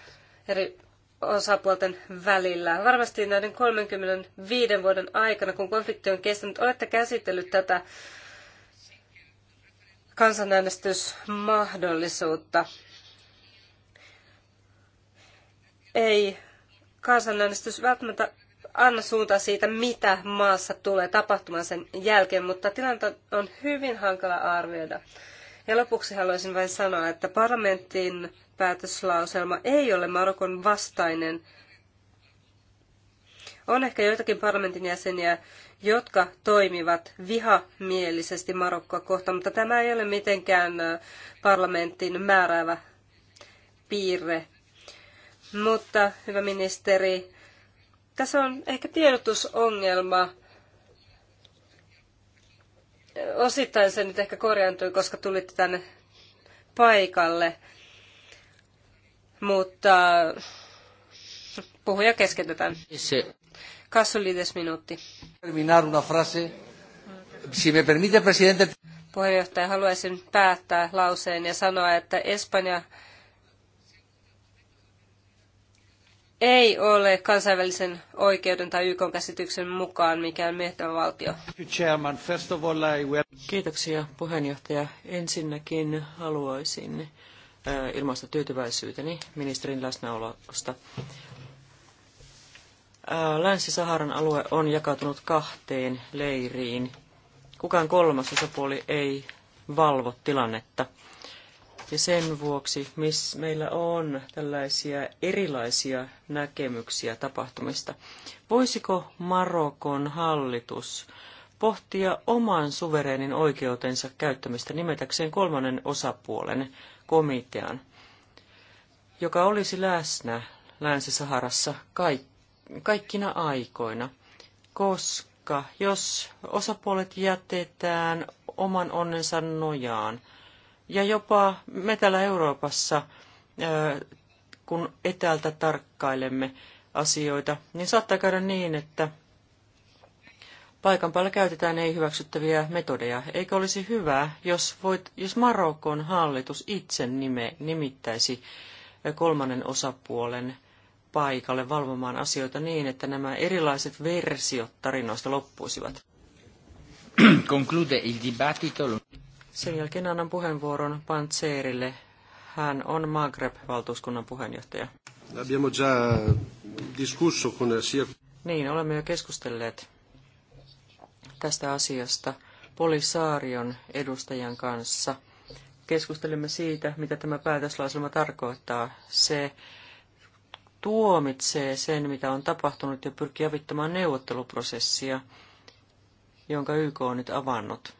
eri osapuolten välillä. Varmasti näiden 35 vuoden aikana, kun konflikti on kestänyt, olette käsitellyt tätä kansanäänestysmahdollisuutta. Ei kansanäänestys välttämättä anna suuntaa siitä, mitä maassa tulee tapahtumaan sen jälkeen, mutta tilanta on hyvin hankala arvioida. Ja lopuksi haluaisin vain sanoa, että parlamentin päätöslauselma ei ole Marokon vastainen. On ehkä joitakin parlamentin jäseniä, jotka toimivat vihamielisesti Marokkoa kohtaan, mutta tämä ei ole mitenkään parlamentin määräävä piirre. Mutta, hyvä ministeri, tässä on ehkä tiedotusongelma osittain se nyt ehkä korjaantui, koska tulitte tänne paikalle, mutta puhuja keskeytetään. Kassulides minuutti. Terminar una frase. Si me permite, presidente. Puheenjohtaja, haluaisin päättää lauseen ja sanoa, että Espanja ei ole kansainvälisen oikeuden tai YK käsityksen mukaan mikään mietintövaltio. Kiitoksia puheenjohtaja. Ensinnäkin haluaisin ilmaista tyytyväisyyteni ministerin läsnäolosta. Länsi-Saharan alue on jakautunut kahteen leiriin. Kukaan kolmas osapuoli ei valvo tilannetta. Ja sen vuoksi miss meillä on tällaisia erilaisia näkemyksiä tapahtumista. Voisiko Marokon hallitus pohtia oman suvereenin oikeutensa käyttämistä nimetäkseen kolmannen osapuolen komitean, joka olisi läsnä Länsi-Saharassa kaik- kaikkina aikoina, koska jos osapuolet jätetään oman onnensa nojaan – ja jopa me täällä Euroopassa, kun etäältä tarkkailemme asioita, niin saattaa käydä niin, että paikan päällä käytetään ei-hyväksyttäviä metodeja. Eikö olisi hyvä, jos, voit, jos Marokon hallitus itse nime, nimittäisi kolmannen osapuolen paikalle valvomaan asioita niin, että nämä erilaiset versiot tarinoista loppuisivat? Conclude il dibattito. Sen jälkeen annan puheenvuoron Pantseerille. Hän on Maghreb-valtuuskunnan puheenjohtaja. Abbiamo già discusso con sia... Niin, olemme jo keskustelleet tästä asiasta Polisaarion edustajan kanssa. Keskustelimme siitä, mitä tämä päätöslauselma tarkoittaa. Se tuomitsee sen, mitä on tapahtunut ja pyrkii avittamaan neuvotteluprosessia, jonka YK on nyt avannut.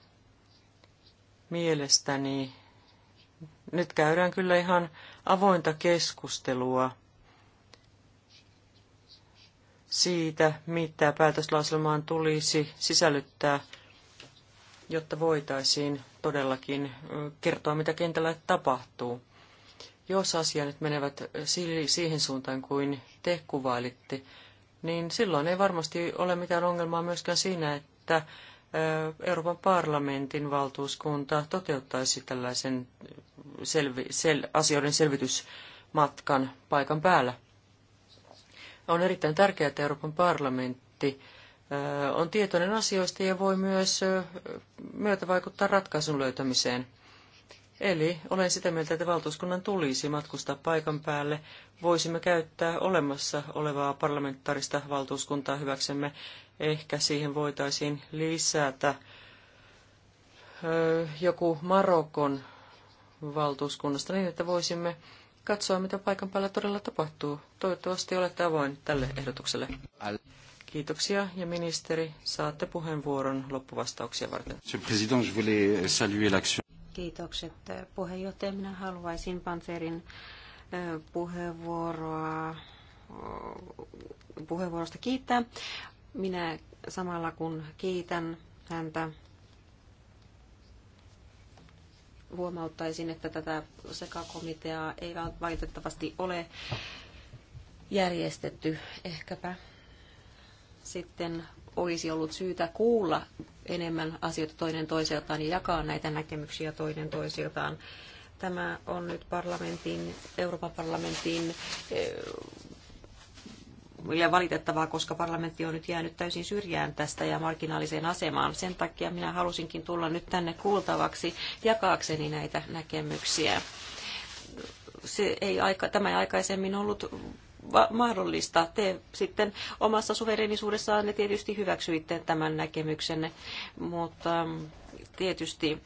Mielestäni nyt käydään kyllä ihan avointa keskustelua siitä, mitä päätöslauselmaan tulisi sisällyttää, jotta voitaisiin todellakin kertoa, mitä kentällä tapahtuu. Jos asiat menevät siihen suuntaan kuin te kuvailitte, niin silloin ei varmasti ole mitään ongelmaa myöskään siinä, että Euroopan parlamentin valtuuskunta toteuttaisi tällaisen selvi, sel, asioiden selvitysmatkan paikan päällä. On erittäin tärkeää, että Euroopan parlamentti on tietoinen asioista ja voi myös vaikuttaa ratkaisun löytämiseen – Eli olen sitä mieltä, että valtuuskunnan tulisi matkustaa paikan päälle. Voisimme käyttää olemassa olevaa parlamentaarista valtuuskuntaa hyväksemme. Ehkä siihen voitaisiin lisätä joku Marokon valtuuskunnasta niin, että voisimme katsoa, mitä paikan päällä todella tapahtuu. Toivottavasti olette avoin tälle ehdotukselle. Kiitoksia ja ministeri, saatte puheenvuoron loppuvastauksia varten. Monsieur je voulais saluer l'action. Kiitokset eh, puheenjohtaja. Minä haluaisin Panzerin eh, puheenvuoroa, eh, puheenvuorosta kiittää. Minä samalla kun kiitän häntä, huomauttaisin, että tätä sekakomiteaa ei valitettavasti ole järjestetty. Ehkäpä sitten olisi ollut syytä kuulla enemmän asioita toinen toiseltaan ja jakaa näitä näkemyksiä toinen toiseltaan. Tämä on nyt parlamentin, Euroopan parlamentin eh, ja valitettavaa, koska parlamentti on nyt jäänyt täysin syrjään tästä ja marginaaliseen asemaan. Sen takia minä halusinkin tulla nyt tänne kuultavaksi jakaakseni näitä näkemyksiä. Se ei aika, tämä ei aikaisemmin ollut mahdollista. Te sitten omassa suverenisuudessaan ne tietysti hyväksyitte tämän näkemyksenne, mutta mm, tietysti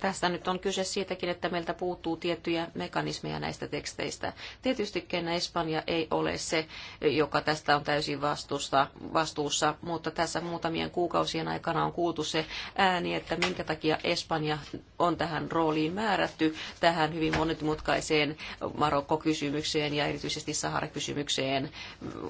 tässä nyt on kyse siitäkin, että meiltä puuttuu tiettyjä mekanismeja näistä teksteistä. Tietystikään Espanja ei ole se, joka tästä on täysin vastuussa, vastuussa, mutta tässä muutamien kuukausien aikana on kuultu se ääni, että minkä takia Espanja on tähän rooliin määrätty, tähän hyvin monimutkaiseen Marokko-kysymykseen ja erityisesti Sahara-kysymykseen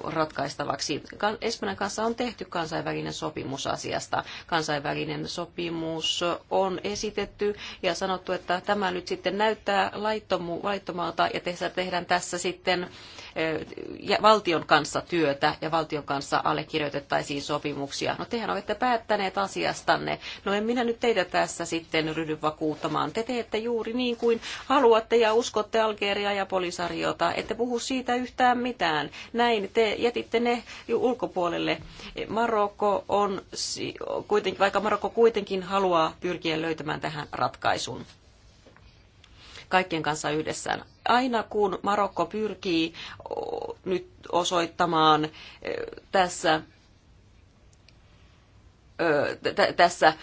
ratkaistavaksi. Espanjan kanssa on tehty kansainvälinen sopimus asiasta. Kansainvälinen sopimus on esitetty ja sanottu, että tämä nyt sitten näyttää laittomu, laittomalta ja tehdään tässä sitten valtion kanssa työtä ja valtion kanssa allekirjoitettaisiin sopimuksia. No tehän olette päättäneet asiastanne. No en minä nyt teitä tässä sitten ryhdy vakuuttamaan. Te teette juuri niin kuin haluatte ja uskotte Algeriaa ja Polisariota. Ette puhu siitä yhtään mitään. Näin te jätitte ne ulkopuolelle. Marokko on kuitenkin, vaikka Marokko kuitenkin haluaa pyrkiä löytämään tähän ratkaisun kaikkien kanssa yhdessä. Aina kun Marokko pyrkii nyt osoittamaan e, tässä e, tässä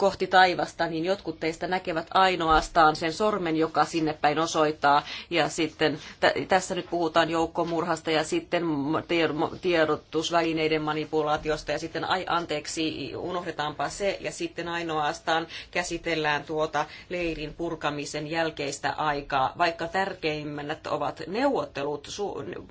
kohti taivasta, niin jotkut teistä näkevät ainoastaan sen sormen, joka sinne päin osoittaa. Ja sitten tässä nyt puhutaan joukkomurhasta ja sitten tiedotusvälineiden manipulaatiosta ja sitten ai anteeksi, unohdetaanpa se ja sitten ainoastaan käsitellään tuota leirin purkamisen jälkeistä aikaa, vaikka tärkeimmät ovat neuvottelut.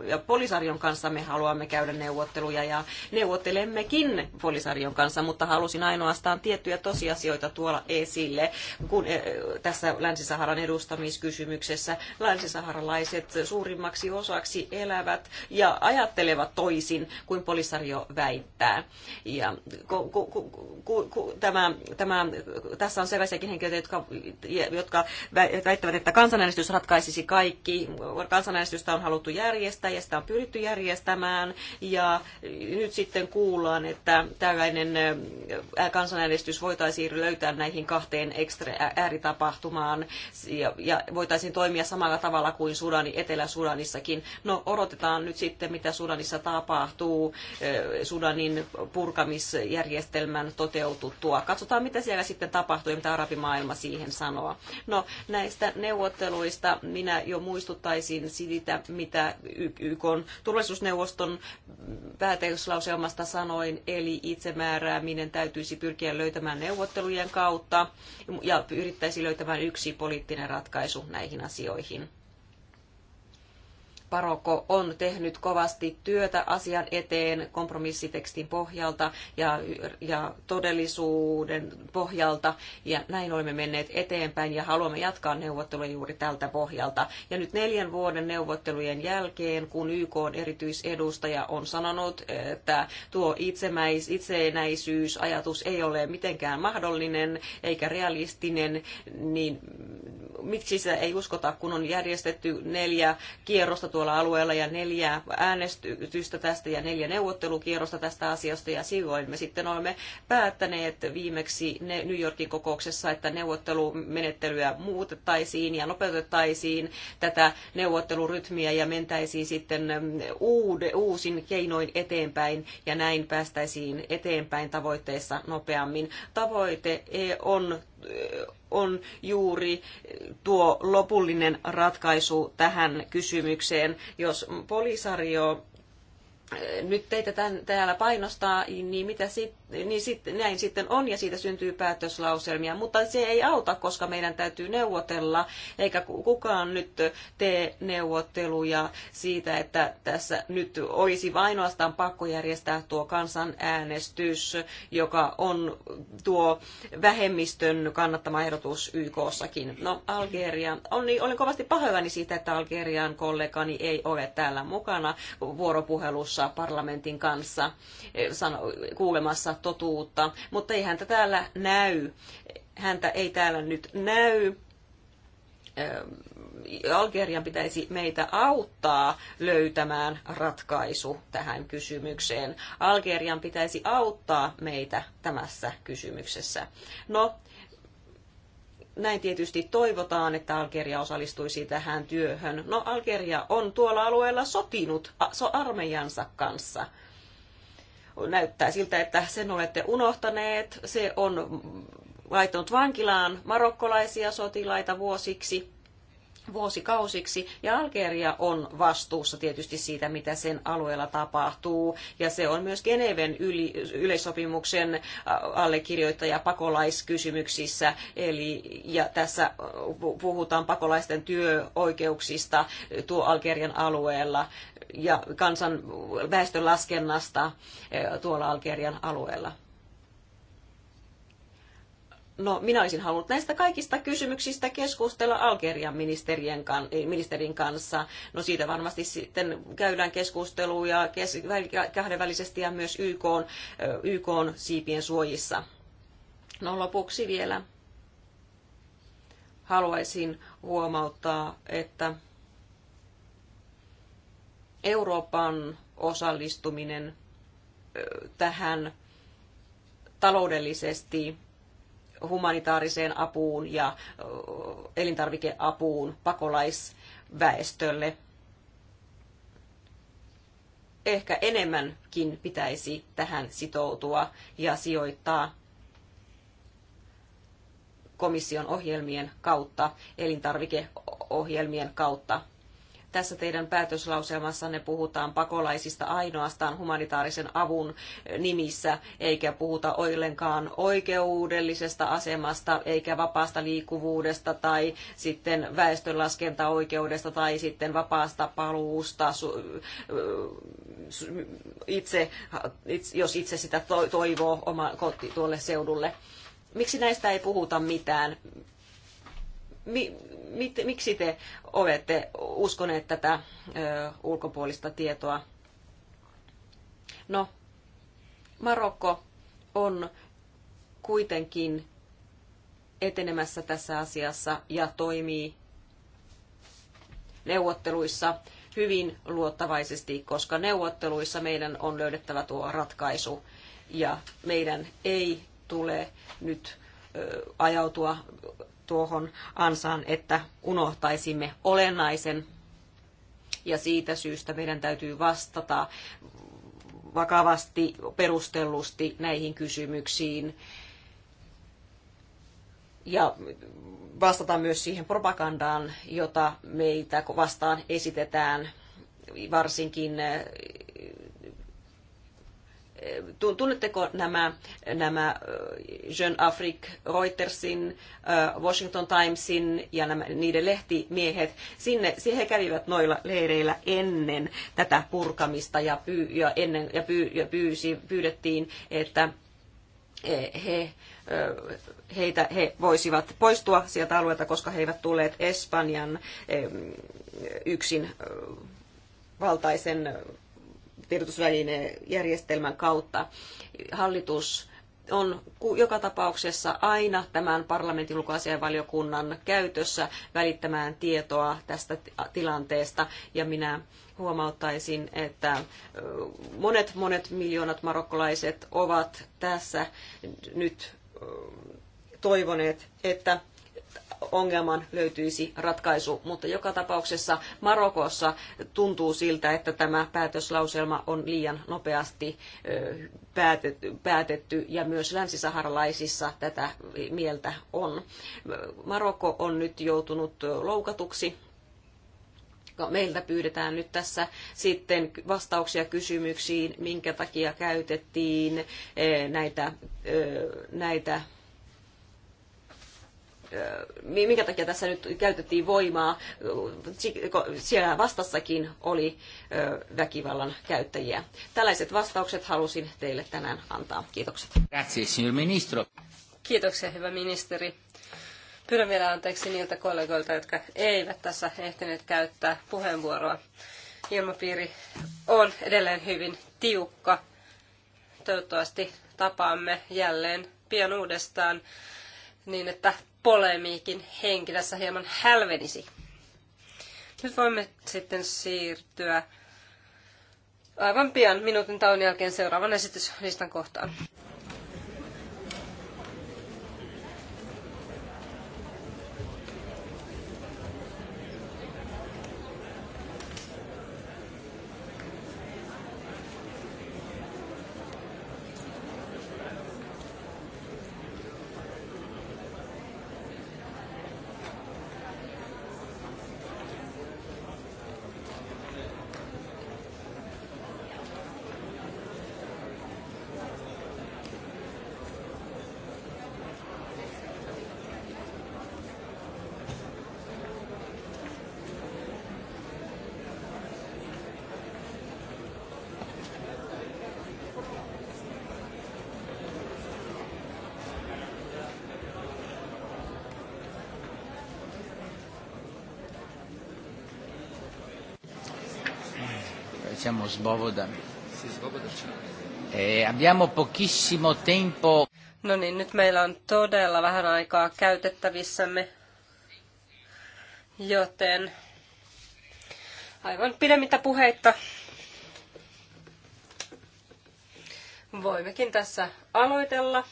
ja Polisarion kanssa me haluamme käydä neuvotteluja ja neuvottelemmekin Polisarion kanssa, mutta halusin ainoastaan tiettyjä tosiasioita asioita tuolla esille, kun eh, tässä Länsi-Saharan edustamiskysymyksessä länsisaharalaiset suurimmaksi osaksi elävät ja ajattelevat toisin kuin Polisario väittää. Ja ku, ku, ku, ku, tämä, tämä, tässä on sellaisiakin henkilöitä, jotka, jotka väittävät, että kansanäänestys ratkaisisi kaikki. Kansanäänestystä on haluttu järjestää ja sitä on pyritty järjestämään. Ja nyt sitten kuullaan, että tällainen eh, kansanäänestys voitaisiin löytää näihin kahteen ekstra ääritapahtumaan ja, ja voitaisiin toimia samalla tavalla kuin Sudani, Etelä-Sudanissakin. No odotetaan nyt sitten, mitä Sudanissa tapahtuu Sudanin purkamisjärjestelmän toteututtua. Katsotaan, mitä siellä sitten tapahtuu ja mitä arabimaailma siihen sanoo. No näistä neuvotteluista minä jo muistuttaisin siitä, mitä YK turvallisuusneuvoston päätöslauselmasta sanoin, eli itsemäärääminen täytyisi pyrkiä löytämään neuvotteluja neuvottelujen kautta ja pyrittäisiin löytämään yksi poliittinen ratkaisu näihin asioihin. Paroko on tehnyt kovasti työtä asian eteen kompromissitekstin pohjalta ja, ja todellisuuden pohjalta. Ja näin olemme menneet eteenpäin ja haluamme jatkaa neuvotteluja juuri tältä pohjalta. Ja nyt neljän vuoden neuvottelujen jälkeen, kun YK on erityisedustaja on sanonut, että tuo itsemäis, itsenäisyysajatus ei ole mitenkään mahdollinen eikä realistinen, niin miksi sitä ei uskota, kun on järjestetty neljä kierrosta tuo tuolla alueella ja neljä äänestystä tästä ja neljä neuvottelukierrosta tästä asiasta ja silloin me sitten olemme päättäneet viimeksi New Yorkin kokouksessa, että neuvottelumenettelyä muutettaisiin ja nopeutettaisiin tätä neuvottelurytmiä ja mentäisiin sitten uusin keinoin eteenpäin ja näin päästäisiin eteenpäin tavoitteessa nopeammin. Tavoite on on juuri tuo lopullinen ratkaisu tähän kysymykseen. Jos polisario nyt teitä tämän, täällä painostaa, niin, mitä sit, niin sit, näin sitten on ja siitä syntyy päätöslauselmia. Mutta se ei auta, koska meidän täytyy neuvotella, eikä kukaan nyt tee neuvotteluja siitä, että tässä nyt olisi ainoastaan pakko järjestää tuo kansanäänestys, joka on tuo vähemmistön kannattama ehdotus YKssakin. No Algeria, on, niin, olen kovasti pahoillani siitä, että Algerian kollegani ei ole täällä mukana vuoropuhelussa tuossa parlamentin kanssa eh, kuulemassa totuutta, mutta ei häntä täällä näy. Häntä ei täällä nyt näy. Algerian pitäisi meitä auttaa löytämään ratkaisu tähän kysymykseen. Algerian pitäisi auttaa meitä tämässä kysymyksessä. No, näin tietysti toivotaan, että Algeria osallistuisi tähän työhön. No Algeria on tuolla alueella sotinut armeijansa kanssa näyttää siltä, että sen olette unohtaneet. Se on laittanut vankilaan marokkolaisia sotilaita vuosiksi vuosikausiksi. Ja Algeria on vastuussa tietysti siitä, mitä sen alueella tapahtuu. Ja se on myös Geneven yli, yleissopimuksen äh, allekirjoittaja pakolaiskysymyksissä. Eli, ja tässä äh, puhutaan pakolaisten työoikeuksista äh, tuo Algerian alueella ja kansan väestön laskennasta tuolla Algerian alueella. No, minä olisin halunnut näistä kaikista kysymyksistä keskustella Algerian ministerien kan, ministerin kanssa. No siitä varmasti sitten käydään keskusteluja kes, kahdenvälisesti ja myös YK, YK siipien suojissa. No lopuksi vielä haluaisin huomauttaa, että Euroopan osallistuminen tähän taloudellisesti humanitaariseen apuun ja elintarvikeapuun pakolaisväestölle. Ehkä enemmänkin pitäisi tähän sitoutua ja sijoittaa komission ohjelmien kautta, elintarvikeohjelmien kautta tässä teidän päätöslauselmassanne puhutaan pakolaisista ainoastaan humanitaarisen avun nimissä, eikä puhuta ollenkaan oikeudellisesta asemasta, eikä vapaasta liikkuvuudesta tai sitten väestönlaskentaoikeudesta tai sitten vapaasta paluusta itse, jos itse sitä toivoo oma koti tuolle seudulle. Miksi näistä ei puhuta mitään? mi, mit, miksi te olette uskoneet tätä ö, ulkopuolista tietoa? No, Marokko on kuitenkin etenemässä tässä asiassa ja toimii neuvotteluissa hyvin luottavaisesti, koska neuvotteluissa meidän on löydettävä tuo ratkaisu ja meidän ei tule nyt ajautua tuohon ansaan, että unohtaisimme olennaisen. Ja siitä syystä meidän täytyy vastata vakavasti, perustellusti näihin kysymyksiin ja vastata myös siihen propagandaan, jota meitä vastaan esitetään varsinkin Tunnetteko nämä, nämä Jeune Afrique, Reutersin, Washington Timesin ja nämä, niiden lehtimiehet? Sinne, he kävivät noilla leireillä ennen tätä purkamista ja, pyy, ja, ennen, ja, pyy, ja pyysi, pyydettiin, että e, he, heitä, he voisivat poistua sieltä alueelta, koska he eivät tulleet Espanjan yksin valtaisen tiedotusvälinejärjestelmän kautta. Hallitus on joka tapauksessa aina tämän parlamentin ulkoasianvaliokunnan käytössä välittämään tietoa tästä tilanteesta. Ja minä huomauttaisin, että monet, monet miljoonat marokkolaiset ovat tässä nyt toivoneet, että ongelman löytyisi ratkaisu. Mutta joka tapauksessa Marokossa tuntuu siltä, että tämä päätöslauselma on liian nopeasti päätetty ja myös länsisaharalaisissa tätä mieltä on. Marokko on nyt joutunut loukatuksi no, meiltä pyydetään nyt tässä sitten vastauksia kysymyksiin, minkä takia käytettiin näitä, näitä minkä takia tässä nyt käytettiin voimaa. Siellä vastassakin oli väkivallan käyttäjiä. Tällaiset vastaukset halusin teille tänään antaa. Kiitokset. Grazie, signor ministro. Kiitoksia, hyvä ministeri. Pyydän vielä anteeksi niiltä kollegoilta, jotka eivät tässä ehtineet käyttää puheenvuoroa. Ilmapiiri on edelleen hyvin tiukka. Toivottavasti tapaamme jälleen pian uudestaan niin, että polemiikin henki tässä hieman hälvenisi. Nyt voimme sitten siirtyä aivan pian minuutin taun jälkeen seuraavan esityslistan kohtaan. siamo Svoboda. Eh, abbiamo pochissimo tempo. No niin, nyt meillä on todella vähän aikaa käytettävissämme, joten aivan pidemmittä puheitta voimmekin tässä aloitella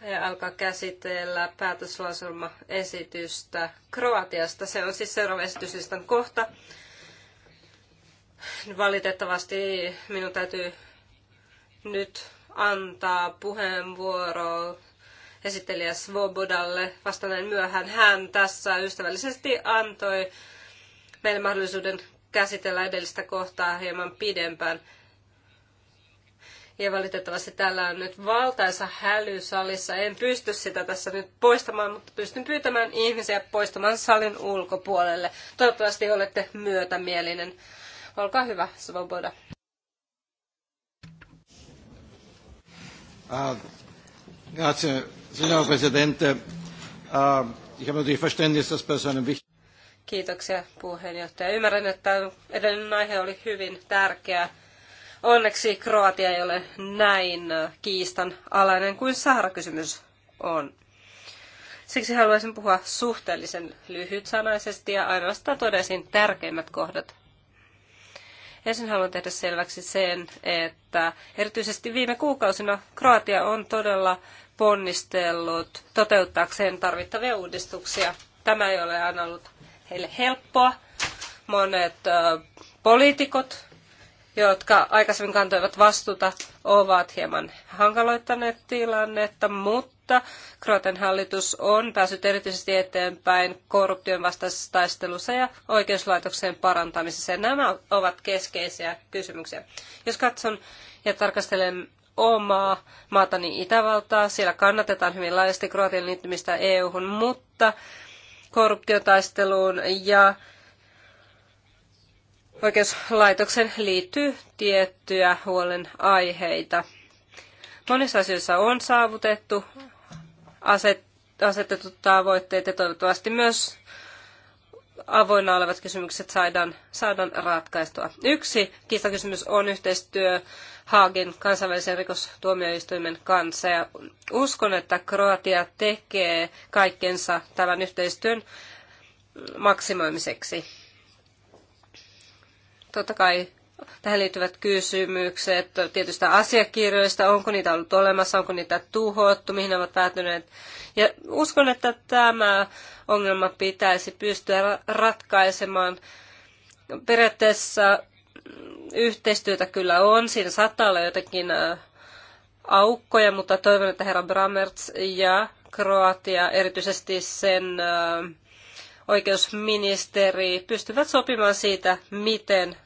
ja alkaa käsitellä päätöslauselmaesitystä Kroatiasta. Se on siis seuraava esitys, kohta. Valitettavasti minun täytyy nyt antaa puheenvuoro esittelijä Svobodalle. Vasta näin myöhään hän tässä ystävällisesti antoi meille mahdollisuuden käsitellä edellistä kohtaa hieman pidempään. Ja valitettavasti täällä on nyt valtaisa häly salissa. En pysty sitä tässä nyt poistamaan, mutta pystyn pyytämään ihmisiä poistamaan salin ulkopuolelle. Toivottavasti olette myötämielinen. Olkaa hyvä, Svoboda. Uh, ah, grazie, signor Presidente. Uh, ich habe natürlich Verständnis, dass bei so einem wichtigen Kiitoksia puheenjohtaja. Ymmärrän, että edellinen aihe oli hyvin tärkeä. Onneksi Kroatia ei ole näin kiistan alainen kuin Sahara-kysymys on. Siksi haluaisin puhua suhteellisen lyhytsanaisesti ja ainoastaan todesin tärkeimmät kohdat. Ensin haluan tehdä selväksi sen, että erityisesti viime kuukausina Kroatia on todella ponnistellut toteuttaakseen tarvittavia uudistuksia. Tämä ei ole aina ollut heille helppoa. Monet poliitikot, jotka aikaisemmin kantoivat vastuuta, ovat hieman hankaloittaneet tilannetta, mutta mutta Kroatian hallitus on päässyt erityisesti eteenpäin korruption vastaisessa taistelussa ja oikeuslaitoksen parantamisessa. Ja nämä ovat keskeisiä kysymyksiä. Jos katson ja tarkastelen omaa maatani Itävaltaa, siellä kannatetaan hyvin laajasti Kroatian liittymistä EU-hun, mutta korruptiotaisteluun ja oikeuslaitoksen liittyy tiettyjä huolenaiheita. Monissa asioissa on saavutettu asetetut tavoitteet ja toivottavasti myös avoinna olevat kysymykset saadaan, saadaan ratkaistua. Yksi kiistakysymys on yhteistyö Haagin kansainvälisen rikostuomioistuimen kanssa ja uskon, että Kroatia tekee kaikkensa tämän yhteistyön maksimoimiseksi. Totta kai tähän liittyvät kysymykset tietystä asiakirjoista, onko niitä ollut olemassa, onko niitä tuhottu, mihin ne ovat päätyneet. Ja uskon, että tämä ongelma pitäisi pystyä ratkaisemaan. Periaatteessa yhteistyötä kyllä on, siinä saattaa olla jotenkin äh, aukkoja, mutta toivon, että herra Bramertz ja Kroatia, erityisesti sen äh, oikeusministeri, pystyvät sopimaan siitä, miten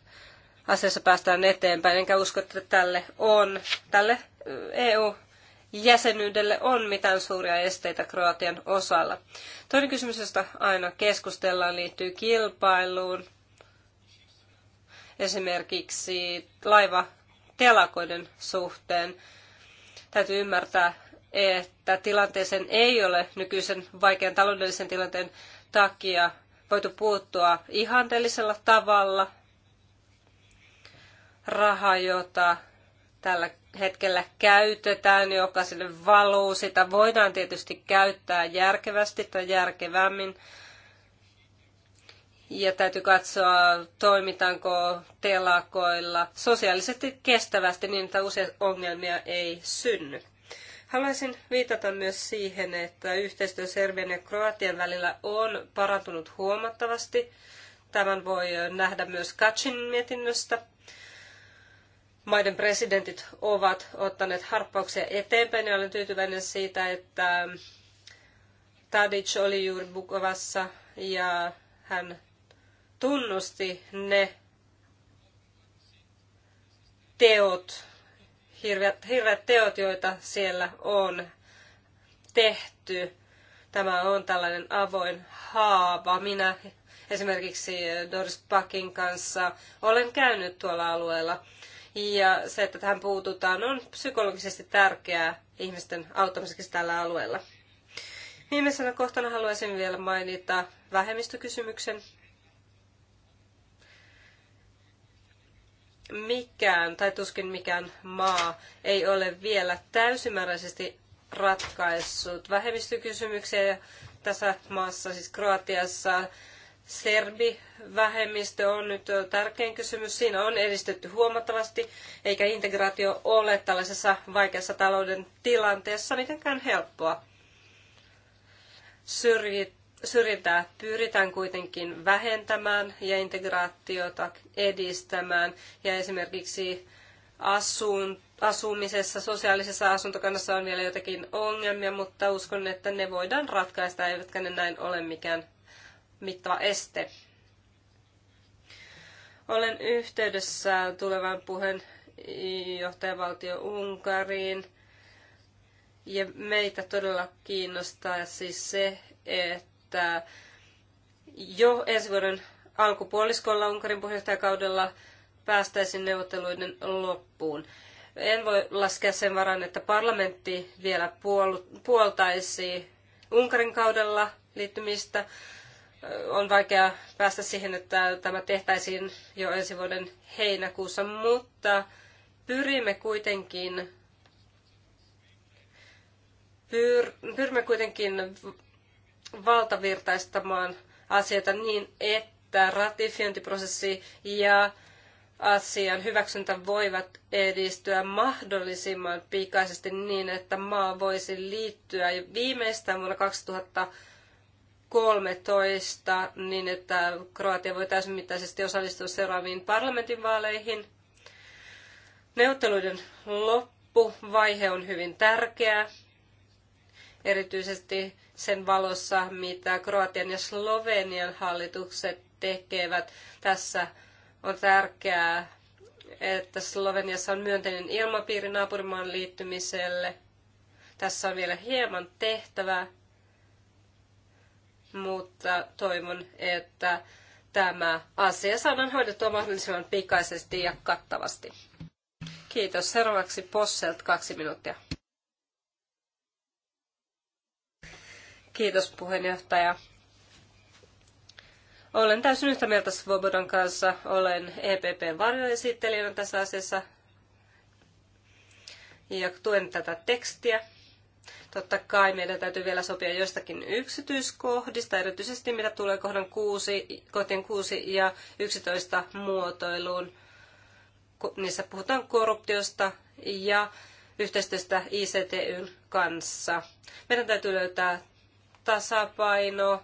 asiassa päästään eteenpäin, enkä usko, että tälle on, tälle EU-jäsenyydelle on mitään suuria esteitä Kroatian osalla. Toinen kysymys, josta aina keskustellaan, liittyy kilpailuun. Esimerkiksi laiva telakoiden suhteen. Täytyy ymmärtää, että tilanteeseen ei ole nykyisen vaikean taloudellisen tilanteen takia voitu puuttua ihanteellisella tavalla, raha, jota tällä hetkellä käytetään, joka sille valuu. Sitä voidaan tietysti käyttää järkevästi tai järkevämmin. Ja täytyy katsoa, toimitaanko telakoilla sosiaalisesti kestävästi niin, että usein ongelmia ei synny. Haluaisin viitata myös siihen, että yhteistyö Serbian ja Kroatian välillä on parantunut huomattavasti. Tämän voi nähdä myös Kacin mietinnöstä maiden presidentit ovat ottaneet harppauksia eteenpäin ja olen tyytyväinen siitä, että Tadic oli juuri Bukovassa ja hän tunnusti ne teot, hirveät, hirveät teot, joita siellä on tehty. Tämä on tällainen avoin haava. Minä esimerkiksi Doris Pakin kanssa olen käynyt tuolla alueella ja se, että tähän puututaan, on psykologisesti tärkeää ihmisten auttamiseksi tällä alueella. Viimeisenä kohtana haluaisin vielä mainita vähemmistökysymyksen. Mikään, tai tuskin mikään maa, ei ole vielä täysimääräisesti ratkaissut vähemmistökysymyksiä. tässä maassa, siis Kroatiassa, Serbi vähemmistö on nyt tärkein kysymys. Siinä on edistetty huomattavasti, eikä integraatio ole tällaisessa vaikeassa talouden tilanteessa mitenkään helppoa. Syrjintää pyritään kuitenkin vähentämään ja integraatiota edistämään. Ja esimerkiksi asun, asumisessa, sosiaalisessa asuntokannassa on vielä jotakin ongelmia, mutta uskon, että ne voidaan ratkaista, eivätkä ne näin ole mikään mittava este. Olen yhteydessä tulevan puheen johtajavaltio Unkariin. Ja meitä todella kiinnostaa siis se, että jo ensi vuoden alkupuoliskolla Unkarin puheenjohtajakaudella päästäisiin neuvotteluiden loppuun. En voi laskea sen varan, että parlamentti vielä puoltaisi Unkarin kaudella liittymistä, on vaikea päästä siihen, että tämä tehtäisiin jo ensi vuoden heinäkuussa, mutta pyrimme kuitenkin pyr, pyrimme kuitenkin valtavirtaistamaan asioita niin, että ratifiointiprosessi ja asian hyväksyntä voivat edistyä mahdollisimman pikaisesti niin, että maa voisi liittyä viimeistään vuonna 2000 2013 niin, että Kroatia voi täysimittaisesti osallistua seuraaviin parlamentinvaaleihin. Neuvotteluiden loppuvaihe on hyvin tärkeä, erityisesti sen valossa, mitä Kroatian ja Slovenian hallitukset tekevät. Tässä on tärkeää, että Sloveniassa on myönteinen ilmapiiri naapurimaan liittymiselle. Tässä on vielä hieman tehtävää, mutta toivon, että tämä asia saadaan hoidettua mahdollisimman pikaisesti ja kattavasti. Kiitos. Seuraavaksi Posselt kaksi minuuttia. Kiitos puheenjohtaja. Olen täysin yhtä mieltä Svobodan kanssa. Olen EPPn varjoesittelijänä tässä asiassa ja tuen tätä tekstiä. Totta kai meidän täytyy vielä sopia jostakin yksityiskohdista, erityisesti mitä tulee kohdan 6, kohtien 6 ja 11 muotoiluun. Niissä puhutaan korruptiosta ja yhteistyöstä ICTYn kanssa. Meidän täytyy löytää tasapaino,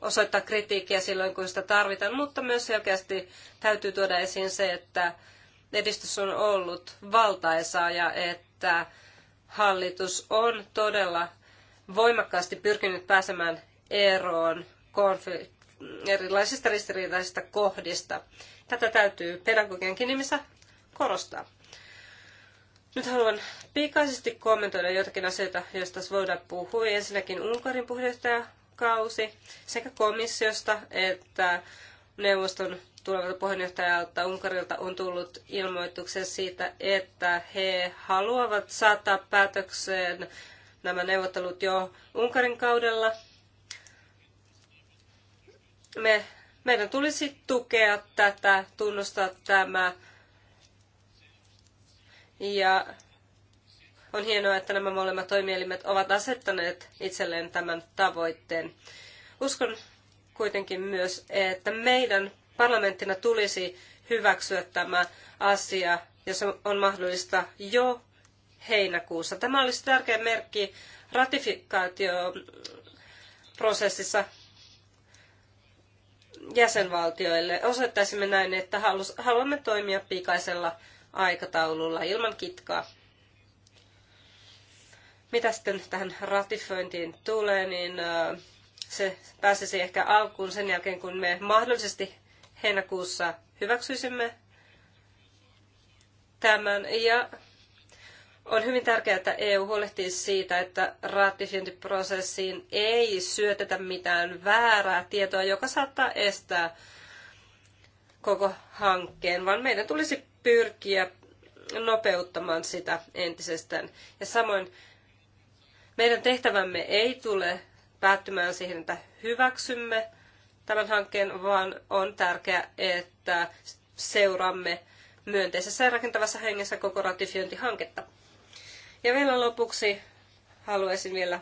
osoittaa kritiikkiä silloin, kun sitä tarvitaan, mutta myös selkeästi täytyy tuoda esiin se, että edistys on ollut valtaisaa ja että hallitus on todella voimakkaasti pyrkinyt pääsemään eroon erilaisista ristiriitaisista kohdista. Tätä täytyy pedagogiankin nimissä korostaa. Nyt haluan pikaisesti kommentoida jotakin asioita, joista voidaan puhua Ensinnäkin Unkarin puheenjohtajakausi sekä komissiosta että neuvoston tulevalta puheenjohtajalta Unkarilta on tullut ilmoituksen siitä, että he haluavat saattaa päätökseen nämä neuvottelut jo Unkarin kaudella. Me, meidän tulisi tukea tätä, tunnustaa tämä. Ja on hienoa, että nämä molemmat toimielimet ovat asettaneet itselleen tämän tavoitteen. Uskon kuitenkin myös, että meidän parlamenttina tulisi hyväksyä tämä asia, ja se on mahdollista jo heinäkuussa. Tämä olisi tärkeä merkki ratifikaatioprosessissa jäsenvaltioille. Osoittaisimme näin, että haluamme toimia pikaisella aikataululla ilman kitkaa. Mitä sitten tähän ratifiointiin tulee, niin se pääsisi ehkä alkuun sen jälkeen, kun me mahdollisesti heinäkuussa hyväksyisimme tämän. Ja on hyvin tärkeää, että EU huolehtii siitä, että ratifiointiprosessiin ei syötetä mitään väärää tietoa, joka saattaa estää koko hankkeen, vaan meidän tulisi pyrkiä nopeuttamaan sitä entisestään. Ja samoin meidän tehtävämme ei tule päättymään siihen, että hyväksymme tämän hankkeen, vaan on tärkeää, että seuraamme myönteisessä ja rakentavassa hengessä koko ratifiointihanketta. Ja vielä lopuksi haluaisin vielä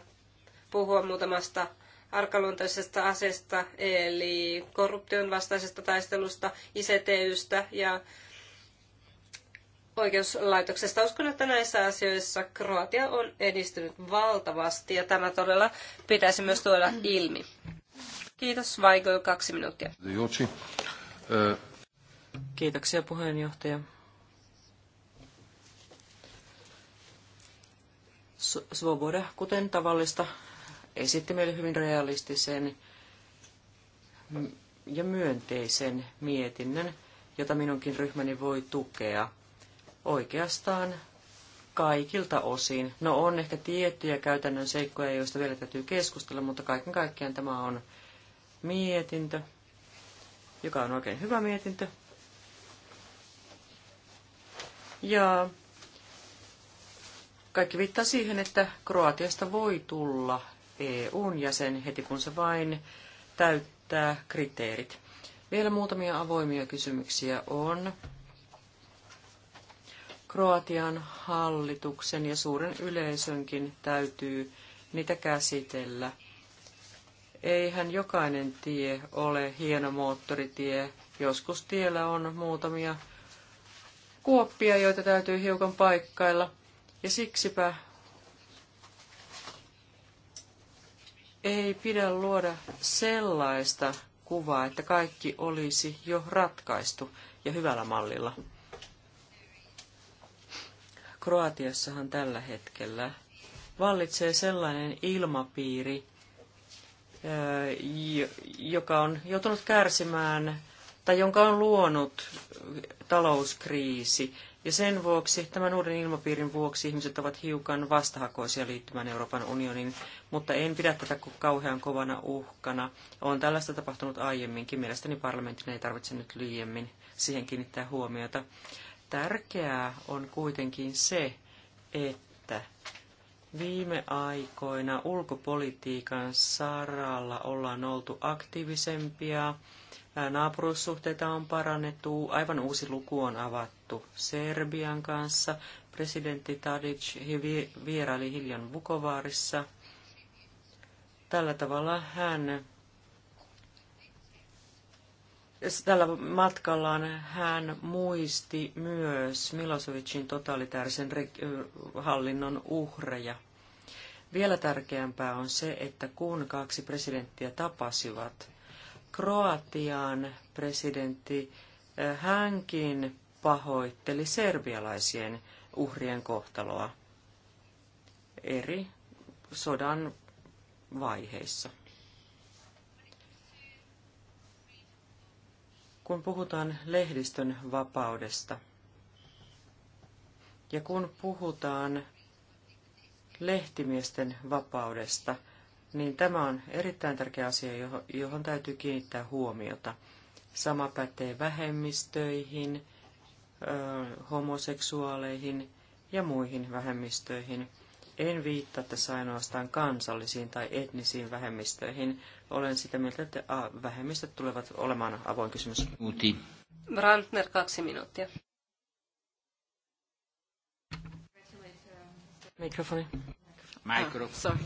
puhua muutamasta arkaluontoisesta asiasta, eli korruption vastaisesta taistelusta, ICTYstä ja oikeuslaitoksesta. Uskon, että näissä asioissa Kroatia on edistynyt valtavasti ja tämä todella pitäisi myös tuoda ilmi. Kiitos. Vaiko kaksi minuuttia. Kiitoksia puheenjohtaja. Svoboda, kuten tavallista, esitti meille hyvin realistisen ja myönteisen mietinnön, jota minunkin ryhmäni voi tukea. Oikeastaan kaikilta osin. No on ehkä tiettyjä käytännön seikkoja, joista vielä täytyy keskustella, mutta kaiken kaikkiaan tämä on mietintö, joka on oikein hyvä mietintö. Ja kaikki viittaa siihen, että Kroatiasta voi tulla EUn jäsen heti kun se vain täyttää kriteerit. Vielä muutamia avoimia kysymyksiä on. Kroatian hallituksen ja suuren yleisönkin täytyy niitä käsitellä – Eihän jokainen tie ole hieno moottoritie. Joskus tiellä on muutamia kuoppia, joita täytyy hiukan paikkailla. Ja siksipä ei pidä luoda sellaista kuvaa, että kaikki olisi jo ratkaistu ja hyvällä mallilla. Kroatiassahan tällä hetkellä vallitsee sellainen ilmapiiri, joka on joutunut kärsimään tai jonka on luonut talouskriisi. Ja sen vuoksi, tämän uuden ilmapiirin vuoksi, ihmiset ovat hiukan vastahakoisia liittymään Euroopan unionin, mutta en pidä tätä kauhean kovana uhkana. On tällaista tapahtunut aiemminkin. Mielestäni parlamentin ei tarvitse nyt liiemmin siihen kiinnittää huomiota. Tärkeää on kuitenkin se, että Viime aikoina ulkopolitiikan saralla ollaan oltu aktiivisempia, naapuruussuhteita on parannettu, aivan uusi luku on avattu Serbian kanssa. Presidentti Tadic vieraili hiljan Vukovaarissa. Tällä tavalla hän tällä matkallaan hän muisti myös Milosevicin totalitaarisen hallinnon uhreja. Vielä tärkeämpää on se, että kun kaksi presidenttiä tapasivat, Kroatian presidentti hänkin pahoitteli serbialaisien uhrien kohtaloa eri sodan vaiheissa. kun puhutaan lehdistön vapaudesta ja kun puhutaan lehtimiesten vapaudesta, niin tämä on erittäin tärkeä asia, johon, täytyy kiinnittää huomiota. Sama pätee vähemmistöihin, homoseksuaaleihin ja muihin vähemmistöihin. En viittaa tässä ainoastaan kansallisiin tai etnisiin vähemmistöihin. Olen sitä mieltä, että vähemmistöt tulevat olemaan avoin kysymys. Uti. Brandner, kaksi minuuttia. Mikrofoni. Mikrofoni. Ah, sorry.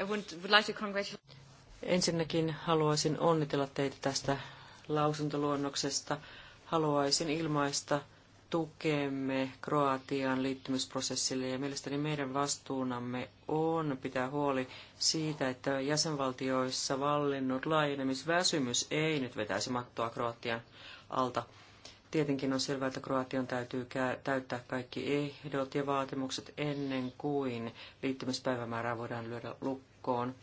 I would, like to congratulate... Ensinnäkin haluaisin onnitella teitä tästä lausuntoluonnoksesta. Haluaisin ilmaista tukemme Kroatian liittymisprosessille ja mielestäni meidän vastuunamme on pitää huoli siitä, että jäsenvaltioissa vallinnut laajenemisväsymys ei nyt vetäisi mattoa Kroatian alta. Tietenkin on selvää, että Kroatian täytyy täyttää kaikki ehdot ja vaatimukset ennen kuin liittymispäivämäärää voidaan lyödä lukkoon.